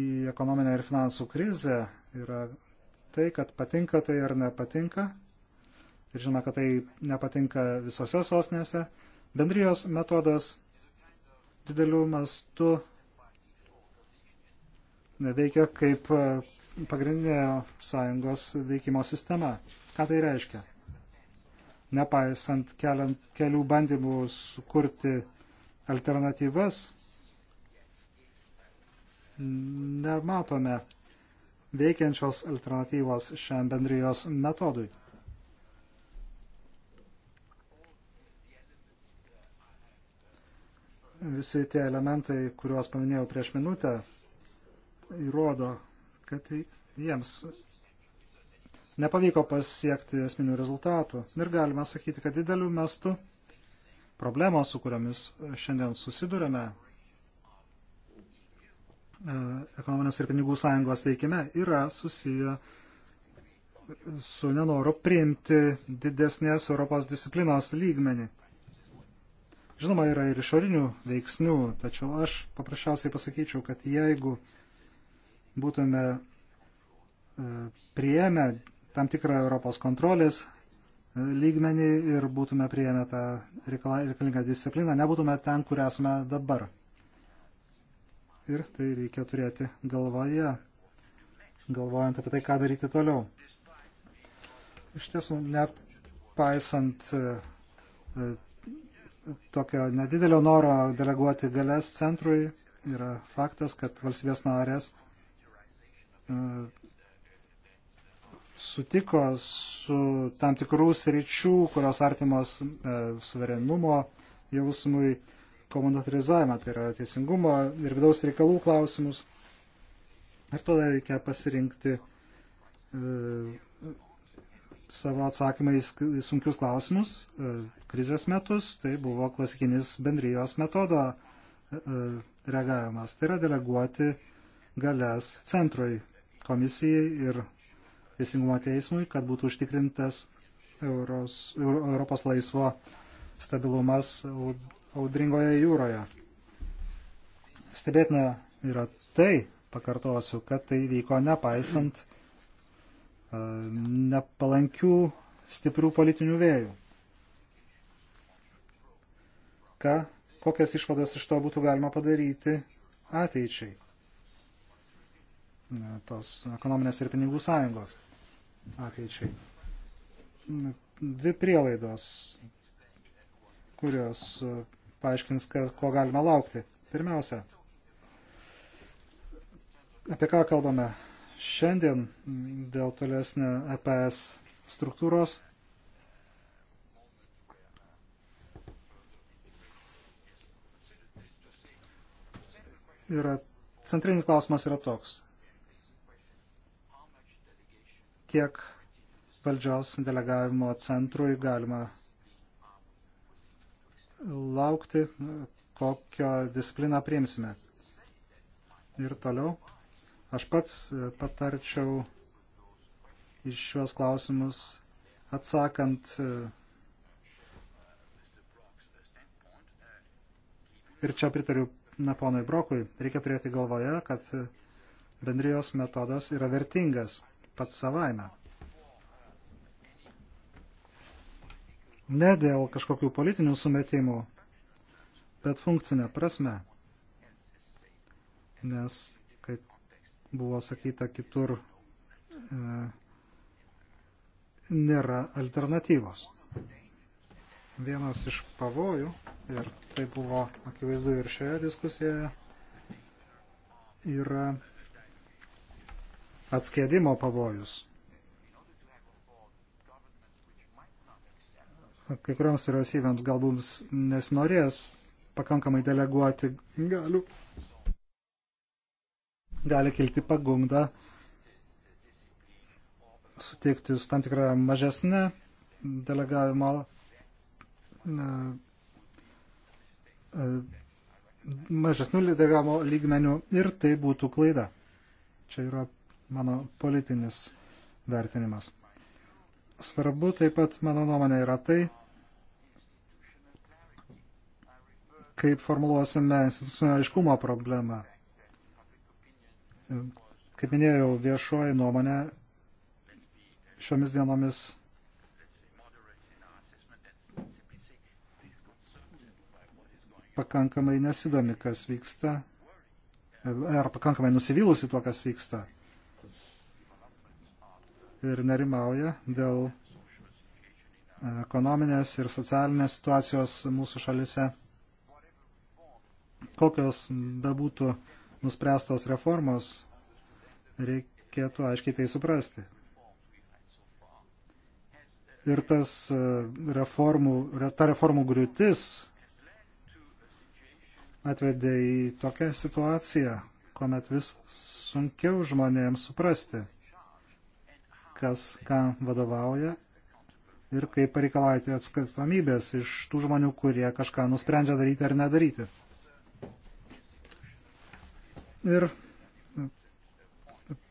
Speaker 2: į ekonominę ir finansų krizę, yra tai, kad patinka tai ar nepatinka. Ir žinoma, kad tai nepatinka visose sostinėse. Bendrijos metodas dideliu mastu veikia kaip pagrindinė sąjungos veikimo sistema. Ką tai reiškia? Nepaisant keliant, kelių bandymų sukurti alternatyvas, nematome veikiančios alternatyvos šiam bendrijos metodui. Visi tie elementai, kuriuos paminėjau prieš minutę, įrodo, kad jiems nepavyko pasiekti esminių rezultatų. Ir galima sakyti, kad didelių mestų problemos, su kuriamis šiandien susidurėme, E, ekonominės ir pinigų sąjungos veikime yra susiję su nenoru priimti didesnės Europos disciplinos lygmenį. Žinoma, yra ir išorinių veiksnių, tačiau aš paprasčiausiai pasakyčiau, kad jeigu būtume e, prieėmę tam tikrą Europos kontrolės e, lygmenį ir būtume prieėmę tą reikalingą discipliną, nebūtume ten, kur esame dabar ir tai reikia turėti galvoje, galvojant apie tai, ką daryti toliau. Iš tiesų, nepaisant e, e, tokio nedidelio noro deleguoti galės centrui, yra faktas, kad valstybės narės e, sutiko su tam tikrų sričių, kurios artimos suverenumo jausmui, komunitarizavimą, tai yra teisingumo ir vidaus reikalų klausimus. Ir tada reikia pasirinkti e, savo atsakymą į sunkius klausimus. E, krizės metus tai buvo klasikinis bendrijos metodo e, e reagavimas. Tai yra deleguoti galės centrui, komisijai ir teisingumo teismui, kad būtų užtikrintas Euros, Europos laisvo stabilumas audringoje jūroje. Stebėtina yra tai, pakartosiu, kad tai vyko nepaisant e, nepalankių stiprių politinių vėjų. Ką, kokias išvadas iš to būtų galima padaryti ateičiai tos ekonominės ir pinigų sąjungos ateičiai. Dvi prielaidos, kurios paaiškins, kad, ko galima laukti. Pirmiausia, apie ką kalbame šiandien dėl tolesnio EPS struktūros. Yra, centrinis klausimas yra toks. Kiek valdžios delegavimo centrui galima laukti, kokią discipliną priimsime. Ir toliau aš pats e, patarčiau iš šios klausimus atsakant e, ir čia pritariu na, ponui Brokui, reikia turėti galvoje, kad e, bendrijos metodas yra vertingas pats savaime. ne dėl kažkokių politinių sumetimų, bet funkcinė prasme. Nes, kaip buvo sakyta kitur, e, nėra alternatyvos. Vienas iš pavojų, ir tai buvo akivaizdu ir šioje diskusijoje, yra atskėdimo pavojus. kai kurioms vyriausybėms galbūt nesinorės pakankamai deleguoti galių. Gali kilti pagunda suteikti jūs tam tikrą mažesnę delegavimo e, mažesnių delegavimo lygmenių ir tai būtų klaida. Čia yra mano politinis vertinimas. Svarbu taip pat, mano nuomonė, yra tai, kaip formuluosime institucinio aiškumo problemą. Kaip minėjau, viešoji nuomonė šiomis dienomis pakankamai nesidomi, kas vyksta, ar pakankamai nusivylusi tuo, kas vyksta ir nerimauja dėl ekonominės ir socialinės situacijos mūsų šalise. Kokios bebūtų nuspręstos reformos, reikėtų aiškiai tai suprasti. Ir tas e, reformų, ta reformų griūtis atvedė į tokią situaciją, kuomet vis sunkiau žmonėms suprasti, kas ką vadovauja ir kaip pareikalauti atskaitomybės iš tų žmonių, kurie kažką nusprendžia daryti ar nedaryti. Ir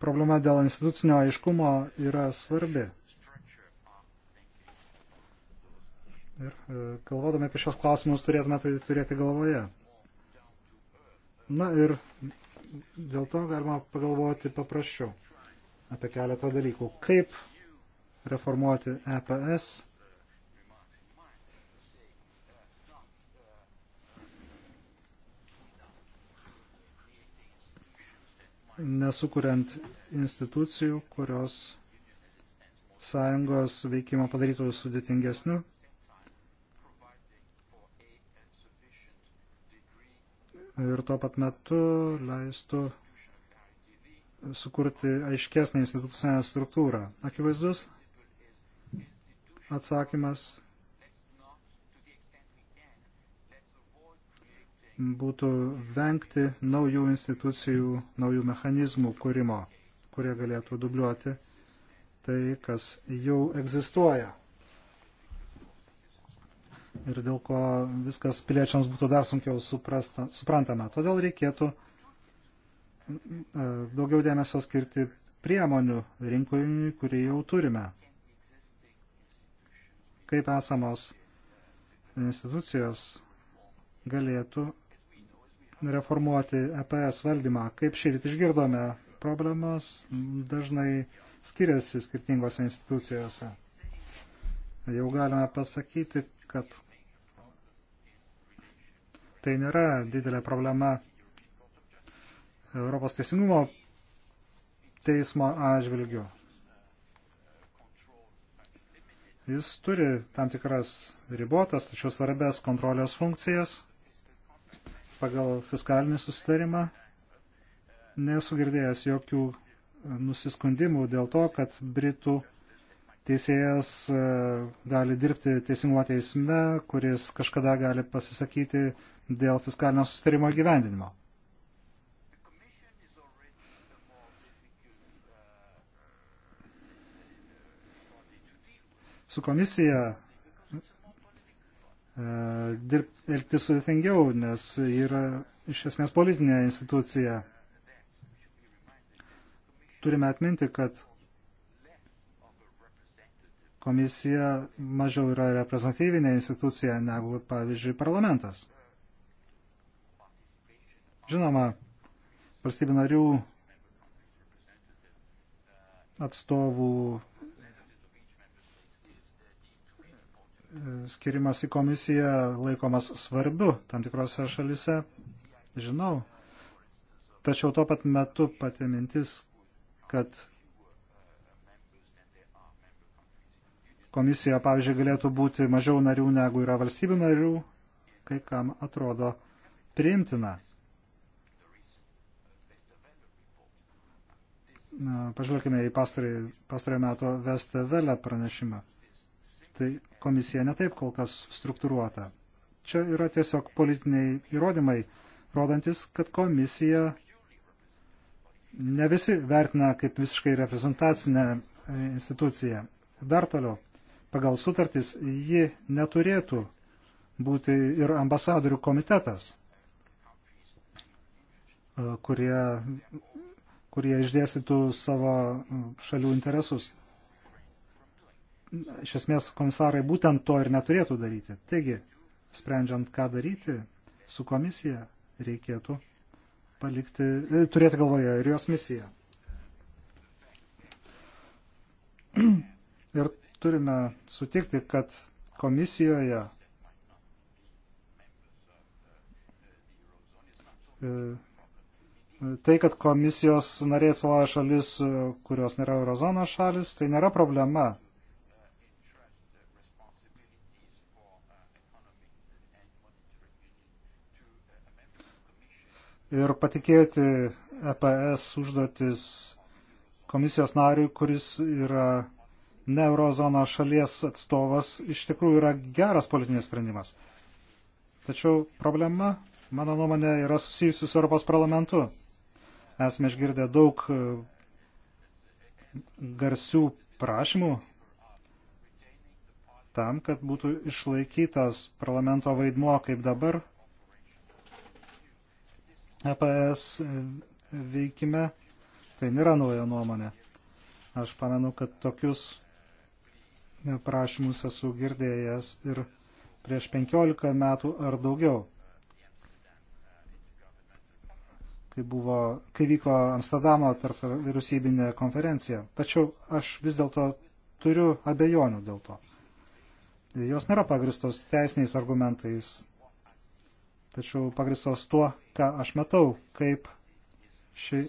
Speaker 2: problema dėl institucinio aiškumo yra svarbi. Ir e, galvodami apie šios klausimus turėtume tai turėti galvoje. Na ir dėl to galima pagalvoti paprasčiau apie keletą dalykų. Kaip reformuoti EPS? nesukuriant institucijų, kurios sąjungos veikimą padarytų sudėtingesniu. Ir tuo pat metu leistų sukurti aiškesnį institucinę struktūrą. Akivaizdus atsakymas būtų vengti naujų institucijų, naujų mechanizmų kūrimo, kurie galėtų dubliuoti tai, kas jau egzistuoja. Ir dėl ko viskas piliečiams būtų dar sunkiau suprasta, suprantama. Todėl reikėtų uh, E, daugiau dėmesio skirti priemonių rinkojimui, kurį jau turime. Kaip esamos institucijos galėtų reformuoti EPS valdymą. Kaip šįryt išgirdome, problemos dažnai skiriasi skirtingose institucijose. Jau galime pasakyti, kad tai nėra didelė problema Europos teisingumo teismo atžvilgiu. Jis turi tam tikras ribotas, tačiau svarbės kontrolės funkcijas pagal fiskalinį susitarimą. Nesu girdėjęs jokių nusiskundimų dėl to, kad Britų teisėjas e, gali dirbti teisingumo teisme, kuris kažkada gali pasisakyti dėl fiskalinio sustarimo gyvendinimo. su komisija e, elgti sudėtingiau, nes yra iš esmės politinė institucija. Turime atminti, kad komisija mažiau yra reprezentatyvinė institucija negu, pavyzdžiui, parlamentas. Žinoma, valstybių narių atstovų skirimas į komisiją laikomas svarbiu tam tikrose šalise, žinau. Tačiau tuo pat metu pati mintis, kad komisija, pavyzdžiui, galėtų būti mažiau narių negu yra valstybių narių, kai kam atrodo priimtina. Pažvelkime į pastarąjį metų Vestevelę pranešimą tai komisija netaip kol kas struktūruota. Čia yra tiesiog politiniai įrodymai, rodantis, kad komisija ne visi vertina kaip visiškai reprezentacinę e, instituciją. Dar toliau, pagal sutartis ji neturėtų būti ir ambasadorių komitetas, e, kurie, kurie išdėstytų savo šalių interesus iš esmės komisarai būtent to ir neturėtų daryti. Taigi, sprendžiant, ką daryti su komisija, reikėtų palikti, e, turėti galvoje ir jos misiją. Ir turime sutikti, kad komisijoje e, tai, kad komisijos narės savo šalis, kurios nėra eurozono šalis, tai nėra problema ir patikėti EPS užduotis komisijos nariui, kuris yra ne eurozono šalies atstovas, iš tikrųjų yra geras politinis sprendimas. Tačiau problema, mano nuomonė, yra susijusi su Europos parlamentu. Esame išgirdę daug e, garsių prašymų tam, kad būtų išlaikytas parlamento vaidmuo kaip dabar EPS veikime, tai nėra nauja nuomonė. Aš pamenu, kad tokius prašymus esu girdėjęs ir prieš 15 metų ar daugiau. Kai, buvo, kai vyko Amsterdamo tarp vyriausybinė konferencija. Tačiau aš vis dėlto turiu abejonių dėl to. Jos nėra pagristos teisiniais argumentais, tačiau pagristos tuo, ką aš matau, kaip ši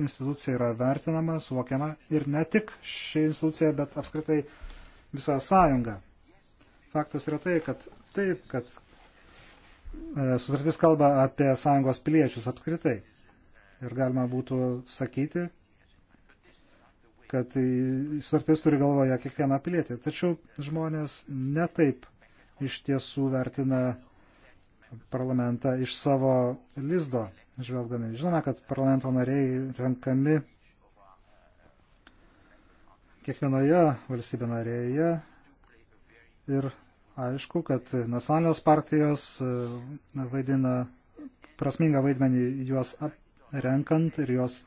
Speaker 2: institucija yra vertinama, suvokiama ir ne tik ši institucija, bet apskritai visa sąjunga. Faktas yra tai, kad taip, kad e, sutartis kalba apie sąjungos piliečius apskritai. Ir galima būtų sakyti, kad sutartis turi galvoje kiekvieną pilietį. Tačiau žmonės netaip iš tiesų vertina parlamentą iš savo lizdo žvelgdami. Žinome, kad parlamento nariai renkami kiekvienoje valstybė narėje ir aišku, kad nacionalinės partijos e, vaidina prasmingą vaidmenį juos renkant ir juos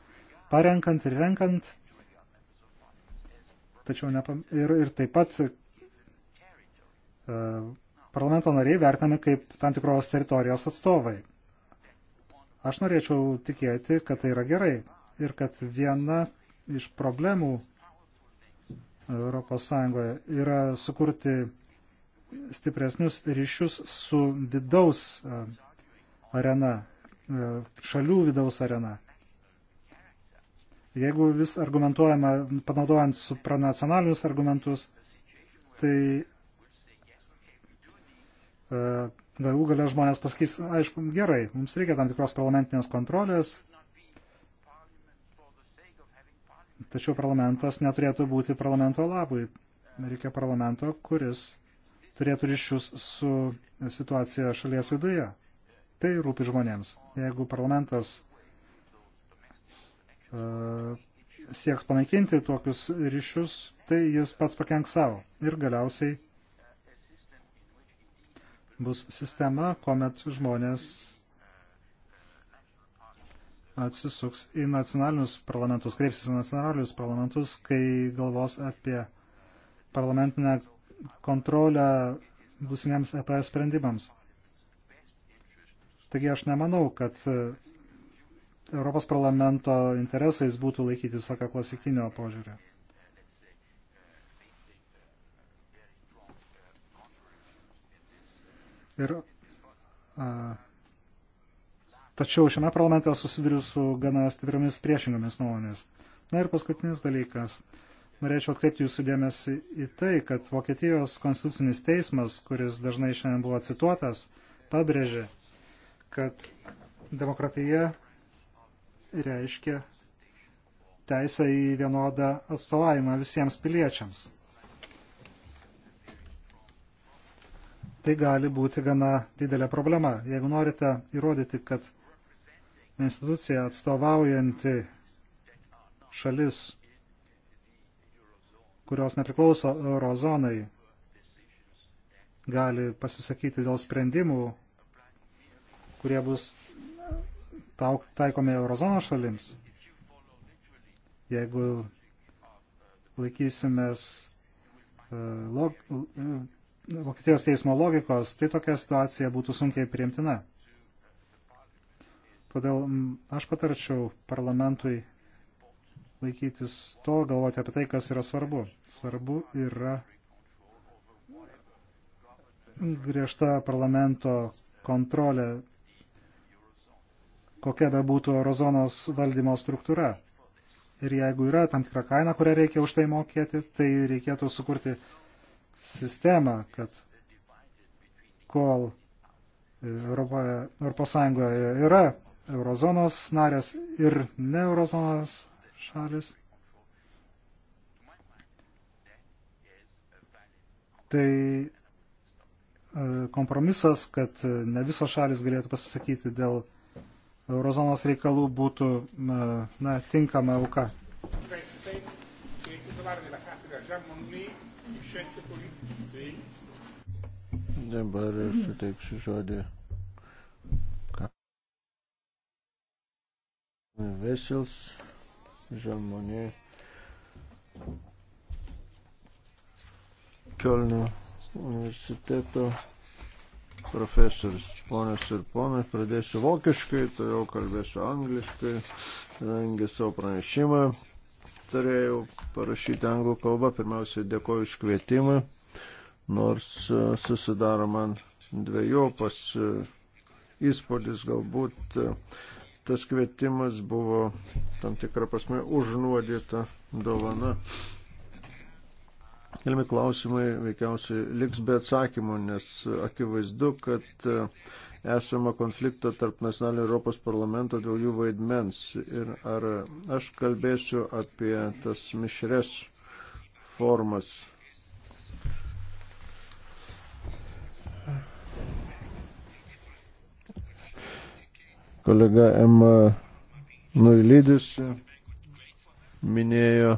Speaker 2: parenkant ir renkant. Tačiau nepam... ir, ir taip pat e, parlamento nariai vertinami kaip tam tikros teritorijos atstovai. Aš norėčiau tikėti, kad tai yra gerai ir kad viena iš problemų ES yra sukurti stipresnius ryšius su vidaus e, arena, e, šalių vidaus arena. Jeigu vis argumentuojama, panaudojant supranacionalinius argumentus, tai E, galų galę žmonės pasakys, aišku, gerai, mums reikia tam tikros parlamentinės kontrolės, tačiau parlamentas neturėtų būti parlamento labui. Reikia parlamento, kuris turėtų ryšius su situacija šalies viduje. Tai rūpi žmonėms. Jeigu parlamentas uh, sieks panaikinti tokius ryšius, tai jis pats pakenks savo. Ir galiausiai bus sistema, kuomet žmonės atsisuks į nacionalinius parlamentus, kreipsis į nacionalinius parlamentus, kai galvos apie parlamentinę kontrolę būsimiems EP sprendimams. Taigi aš nemanau, kad Europos parlamento interesais būtų laikytis tokio klasikinio požiūrio. Ir, a, tačiau šiame parlamente susiduriu su gana stipriamis priešingomis nuomonės. Na ir paskutinis dalykas. Norėčiau atkreipti jūsų dėmesį į tai, kad Vokietijos konstitucinis teismas, kuris dažnai šiandien buvo cituotas, pabrėžė, kad demokratija reiškia teisę į vienodą atstovavimą visiems piliečiams. tai gali būti gana didelė problema. Jeigu norite įrodyti, kad institucija atstovaujanti šalis, kurios nepriklauso eurozonai, gali pasisakyti dėl sprendimų, kurie bus taikomi eurozonos šalims. Jeigu laikysimės e, log, Vokietijos teismo logikos, tai tokia situacija būtų sunkiai priimtina. Todėl aš patarčiau parlamentui laikytis to, galvoti apie tai, kas yra svarbu. Svarbu yra griežta parlamento kontrolė, kokia be būtų eurozonos valdymo struktūra. Ir jeigu yra tam tikra kaina, kurią reikia už tai mokėti, tai reikėtų sukurti sistemą, kad kol e, Europoje, Europos Sąjungoje yra eurozonos narės ir ne eurozonos šalis, tai e, kompromisas, kad e, ne visos šalis galėtų pasisakyti dėl eurozonos reikalų būtų na, tinkama auka. Grazie.
Speaker 1: Dabar suteiksiu žodį. Vesels, Žalmonė, Kielno universiteto profesorius. Ponas ir ponai, pradėsiu vokiškai, toliau kalbėsiu angliškai, rengiu savo pranešimą turėjau parašyti anglų kalbą. Pirmiausia, dėkoju iš kvietimą, nors e, susidaro man dviejopas e, įspūdis galbūt. E, tas kvietimas buvo tam tikrą prasme užnuodyta dovana. Kelmi klausimai veikiausiai liks be atsakymų, nes akivaizdu, kad esamą konfliktą tarp nacionalinio Europos parlamento dėl jų vaidmens. Ir ar aš kalbėsiu apie tas mišres formas. Kolega M. Nuilydis minėjo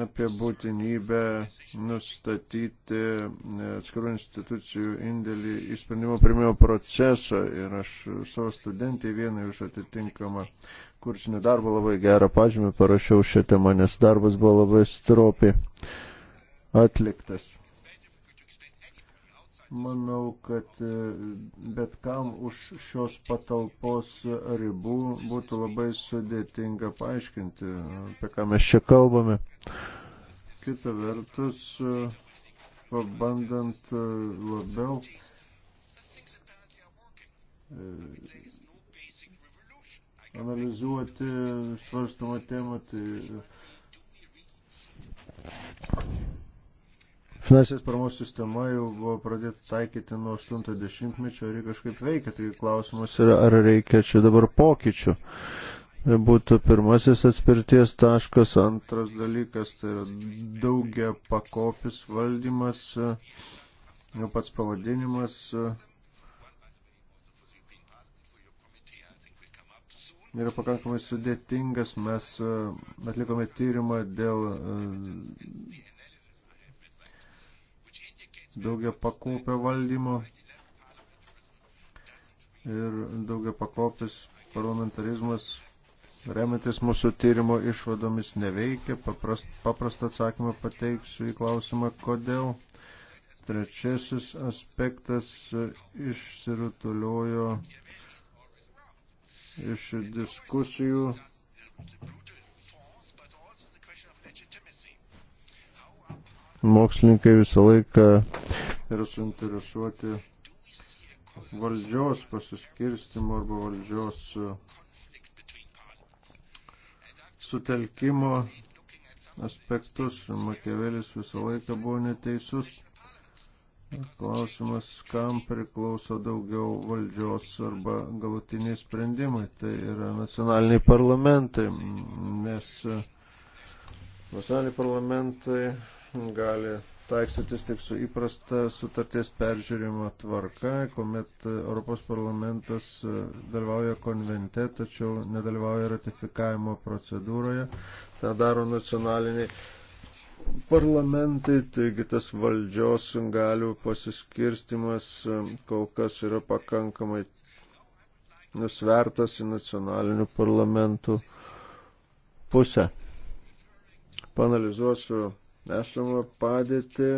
Speaker 1: apie būtinybę nustatyti e, atskirų institucijų indėlį į sprendimo primimo procesą ir aš savo studentai vienai už atitinkamą kursinį darbą labai gerą pažymį parašiau šią temą, nes darbas buvo labai stropi atliktas. Manau, kad e, bet kam už šios patalpos ribų būtų labai sudėtinga paaiškinti, apie ką mes čia kalbame. Kita vertus, e, pabandant e, labiau analizuoti svarstamą temą, tai Finansinės paramos sistema jau buvo pradėta taikyti nuo 80-mečio ir kažkaip veikia, tai klausimas yra, ar reikia čia dabar pokyčių. Tai būtų pirmasis atspirties taškas, antras dalykas tai yra daugia pakopis valdymas, pats pavadinimas yra pakankamai sudėtingas. Mes atlikome tyrimą dėl daugia pakopio valdymo ir daugia pakopis parlamentarizmas remiantis mūsų tyrimo išvadomis neveikia. Paprast, paprastą atsakymą pateiksiu į klausimą, kodėl. Trečiasis aspektas išsirutuliojo iš diskusijų mokslininkai visą laiką yra suinteresuoti valdžios pasiskirstimo arba valdžios e, sutelkimo aspektus. Makiavelis visą laiką buvo neteisus. Klausimas, kam priklauso daugiau valdžios arba galutiniai sprendimai, tai yra nacionaliniai parlamentai, nes e, nacionaliniai parlamentai gali taiksytis tik su įprasta sutarties peržiūrimo tvarka, kuomet Europos parlamentas e, dalyvauja konvente, tačiau nedalyvauja ratifikavimo procedūroje. Ta daro nacionaliniai parlamentai, taigi tas valdžios galių pasiskirstimas e, kol kas yra pakankamai nusvertas į nacionalinių parlamentų pusę. Panalizuosiu esamą padėtį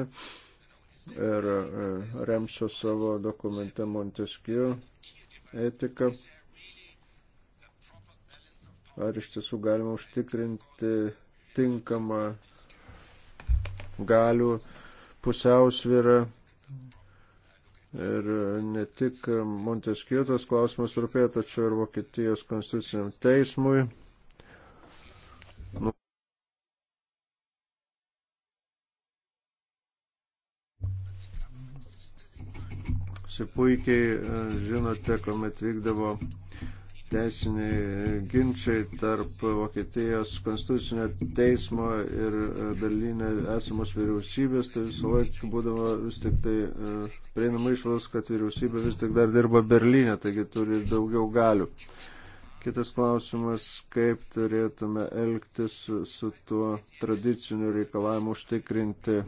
Speaker 1: ir e, remsiu savo dokumente Montesquieu etiką. Ar iš tiesų galima užtikrinti tinkamą galių pusiausvyrą ir e, ne tik Montesquieu tas klausimas rūpėjo, tačiau ir Vokietijos konstituciniam teismui. Visi puikiai e, žinote, kuomet vykdavo teisiniai e, ginčiai tarp Vokietijos konstitucinio teismo ir e, Berlyne esamos vyriausybės, tai visą laiką būdavo vis tik tai prieinama išvados, kad vyriausybė vis tik dar dirba Berlyne, taigi turi daugiau galių. Kitas klausimas, kaip turėtume elgtis su, su tuo tradiciniu reikalavimu užtikrinti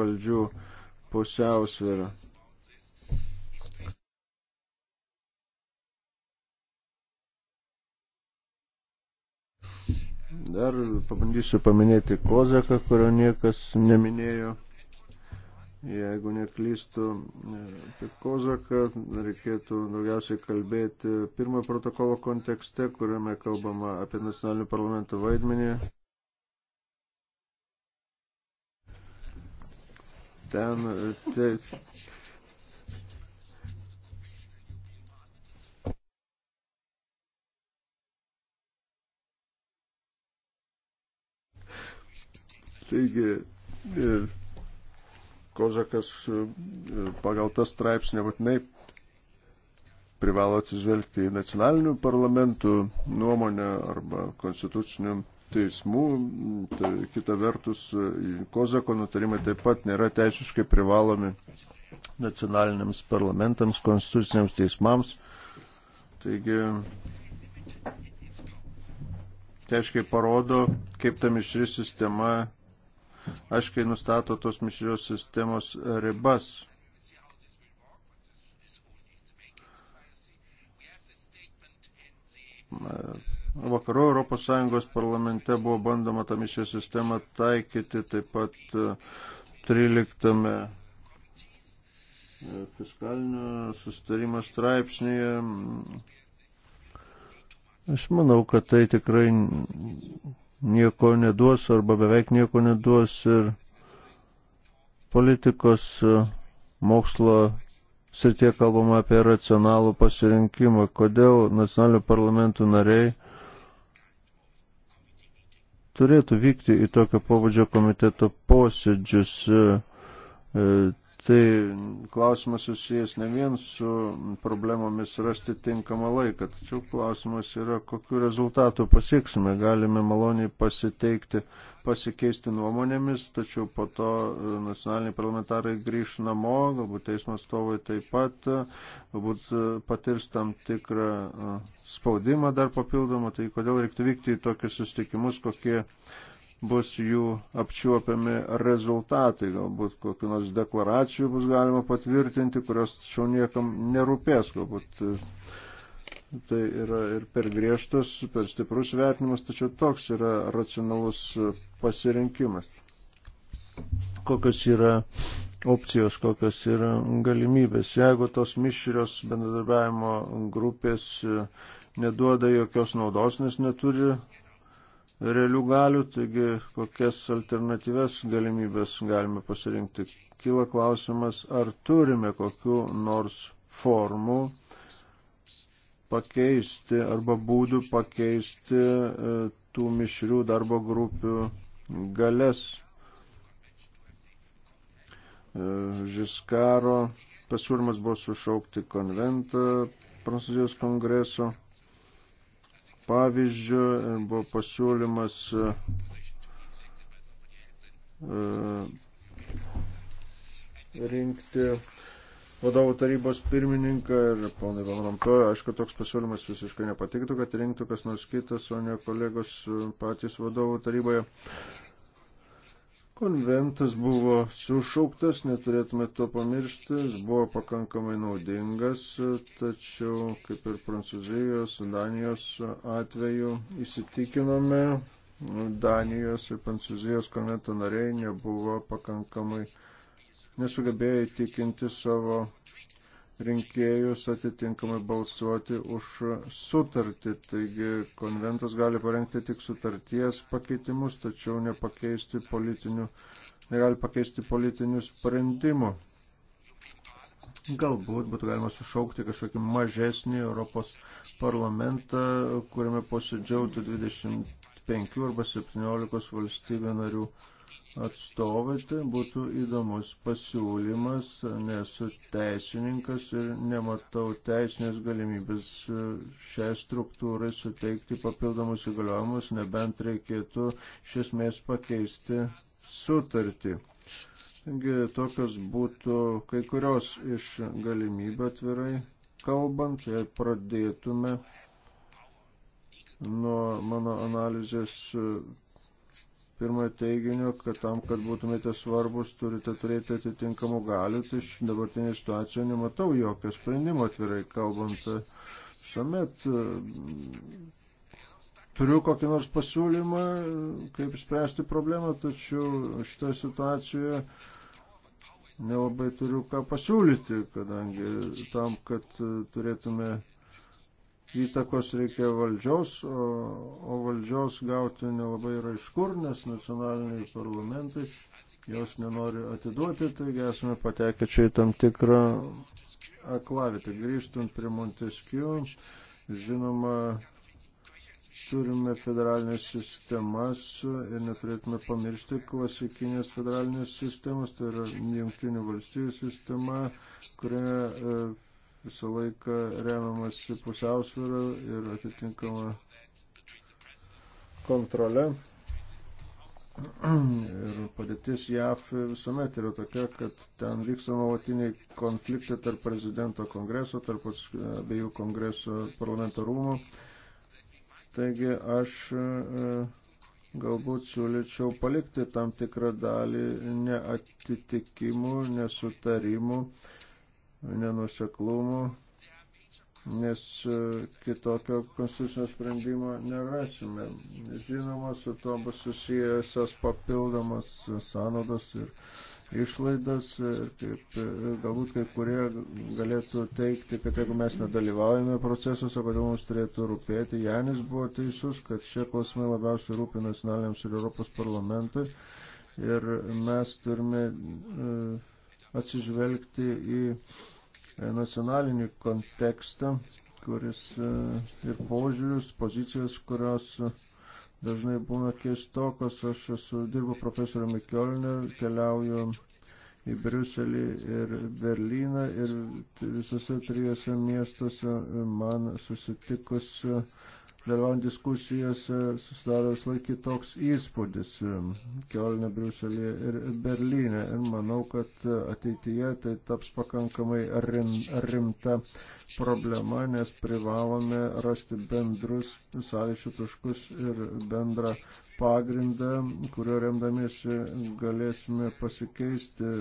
Speaker 1: valdžių pusiausvėrą. Dar pabandysiu paminėti Kozaką, kurio niekas neminėjo. Jeigu neklystu apie Kozaką, reikėtų daugiausiai kalbėti pirmojo protokolo kontekste, kuriame kalbama apie nacionalinių parlamentų vaidmenį. Ten te, Taigi, Kozakas e, pagal tas straipsnė būtinai privalo atsižvelgti į nacionalinių parlamentų nuomonę arba konstitucinių teismų. Tai kita vertus, e, Kozako nutarimai taip pat nėra teisiškai privalomi nacionaliniams parlamentams, konstituciniams teismams. Taigi, tai aiškiai parodo, kaip ta mišri sistema aiškiai nustato tos mišrios sistemos ribas. Vakarų Europos Sąjungos parlamente buvo bandoma tą mišę sistemą taikyti taip pat 13 e, e, fiskalinio sustarimo straipsnėje. Aš manau, kad tai tikrai nieko neduos arba beveik nieko neduos ir politikos e, mokslo srityje kalbama apie racionalų pasirinkimą. Kodėl nacionalinių parlamentų nariai turėtų vykti į tokio pobūdžio komiteto posėdžius? E, e, Tai klausimas susijęs ne vien su problemomis rasti tinkamą laiką, tačiau klausimas yra, kokiu rezultatu pasieksime. Galime maloniai pasiteikti, pasikeisti nuomonėmis, tačiau po to e, nacionaliniai parlamentarai grįž namo, galbūt teismo atstovai taip pat, e, galbūt e, patirs tam tikrą spaudimą dar papildomą, tai kodėl reiktų vykti į tokius sustikimus, kokie bus jų apčiuopiami rezultatai, galbūt kokiu nors deklaracijų bus galima patvirtinti, kurios šiau niekam nerūpės, galbūt e, tai yra ir per griežtas, per stiprus vertinimas, tačiau toks yra racionalus e, pasirinkimas. Kokios yra opcijos, kokios yra galimybės. Jeigu tos mišrios bendradarbiavimo grupės e, neduoda jokios naudos, nes neturi realių galių, taigi kokias alternatyves galimybės galime pasirinkti. Kyla klausimas, ar turime kokiu nors formų pakeisti arba būdų pakeisti e, tų mišrių darbo grupių galės. E, Žiskaro pasiūlymas buvo sušaukti konventą Prancūzijos kongreso pavyzdžių e, buvo pasiūlymas e, e, rinkti vadovų tarybos pirmininką ir ponai Valramtojo, aišku, toks pasiūlymas visiškai nepatiktų, kad rinktų kas nors kitas, o ne kolegos patys vadovų taryboje. Konventas buvo sušauktas, neturėtume to pamiršti, jis buvo pakankamai naudingas, tačiau kaip ir Prancūzijos, Danijos atveju įsitikinome, Danijos ir Prancūzijos konvento nariai nebuvo pakankamai nesugebėjo įtikinti savo rinkėjus atitinkamai balsuoti už sutartį. Taigi konventas gali parengti tik sutarties pakeitimus, tačiau nepakeisti politinių, negali pakeisti politinių sprendimų. Galbūt būtų galima sušaukti kažkokį mažesnį Europos parlamentą, kuriame posėdžiautų 25 arba 17 valstybių narių atstovai, tai būtų įdomus pasiūlymas, nesu teisininkas ir nematau teisinės galimybės e, šiai struktūrai suteikti papildomus įgaliojimus, nebent reikėtų iš esmės pakeisti sutartį. Taigi tokios būtų kai kurios iš galimybę atvirai kalbant, jei pradėtume nuo mano analizės pirmojo teiginio, kad tam, kad būtumėte svarbus, turite turėti atitinkamų galių, tai iš dabartinė situacija nematau jokio sprendimo atvirai kalbant. Samet e, turiu kokį nors pasiūlymą, kaip spręsti problemą, tačiau šitoje situacijoje nelabai turiu ką pasiūlyti, kadangi tam, kad e, turėtume įtakos reikia valdžios, o, o valdžios gauti nelabai yra iš kur, nes nacionaliniai parlamentai jos nenori atiduoti, taigi esame patekę čia į tam tikrą aklavitę. Grįžtant prie Montesquieu, žinoma, turime federalinės sistemas ir neturėtume pamiršti klasikinės federalinės sistemos, tai yra jungtinių valstybių sistema, kurioje visą laiką remiamasi pusiausvyrą ir atitinkamą kontrolę. Ir padėtis JAF visuomet yra tokia, kad ten vyksta nuolatiniai konfliktai tarp prezidento kongreso, tarp abiejų kongreso parlamento rūmų. Taigi aš e, galbūt siūlyčiau palikti tam tikrą dalį neatitikimų, nesutarimų nenuseklumų, nes e, kitokio konstitucinio sprendimo nerasime. Žinoma, su to bus susijęsios papildomas sąnaudos ir išlaidas ir e, kaip, e, galbūt kai kurie galėtų teikti, kad jeigu mes nedalyvaujame procesuose, kodėl mums turėtų rūpėti. Janis buvo teisus, kad šie klausimai labiausiai rūpi nacionaliniams ir Europos parlamentui ir mes turime. Uh, atsižvelgti į e, nacionalinį kontekstą, kuris e, ir požiūrius, pozicijas, kurios e, dažnai būna keistokos. Aš esu, dirbu profesoriumi Kielne, keliauju į Briuselį ir Berliną ir visose trijose miestuose man susitikus dalyvaujant diskusijose susidaro vis laik kitoks įspūdis Kielne, Briuselėje ir Berlyne. Ir manau, kad ateityje tai taps pakankamai rim, rimta problema, nes privalome rasti bendrus sąlyčių taškus ir bendrą pagrindą, kurio remdamiesi galėsime pasikeisti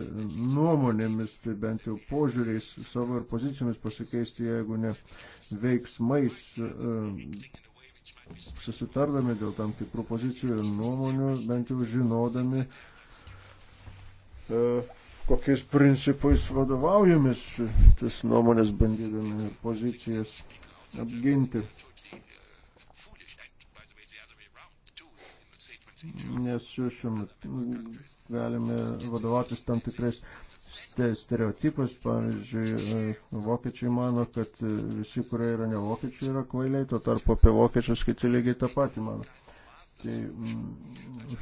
Speaker 1: nuomonėmis, tai bent jau požiūriais savo ir pozicijomis pasikeisti, jeigu ne veiksmais susitardami dėl tam tikrų pozicijų ir nuomonių, bent jau žinodami, e, kokiais principais vadovaujomis tas nuomonės bandydami ir pozicijas apginti. Nes šiuo metu galime vadovautis tam tikrais stereotipas, pavyzdžiui, e, vokiečiai mano, kad e, visi, kurie yra ne vokiečiai, yra kvailiai, tuo tarpu apie vokiečius kiti lygiai tą patį mano. Tai, mm,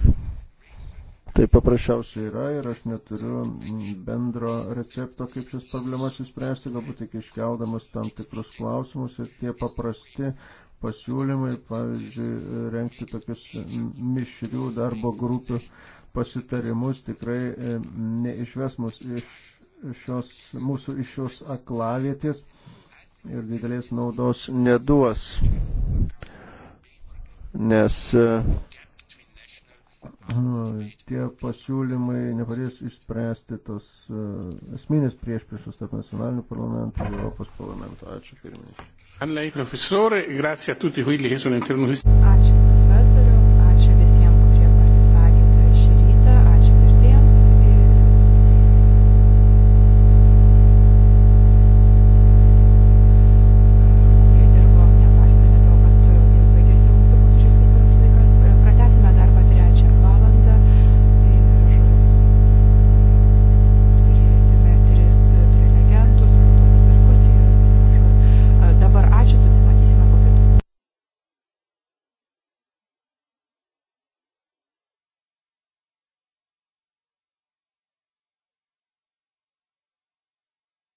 Speaker 1: tai paprasčiausiai yra ir aš neturiu mm, bendro recepto, kaip šis problemas įspręsti, galbūt tik iškeldamas tam tikrus klausimus ir tie paprasti pasiūlymai, pavyzdžiui, renkti tokius mm, mišrių darbo grupių pasitarimus tikrai e, neišves mus iš šios, mūsų iš šios aklavietės ir didelės naudos neduos. Nes e, nu, tie pasiūlymai nepadės išspręsti tos e, esminės priešpriešus tarp nacionalinių parlamentų ir Europos parlamento. Ačiū
Speaker 3: pirmininkai. Ačiū.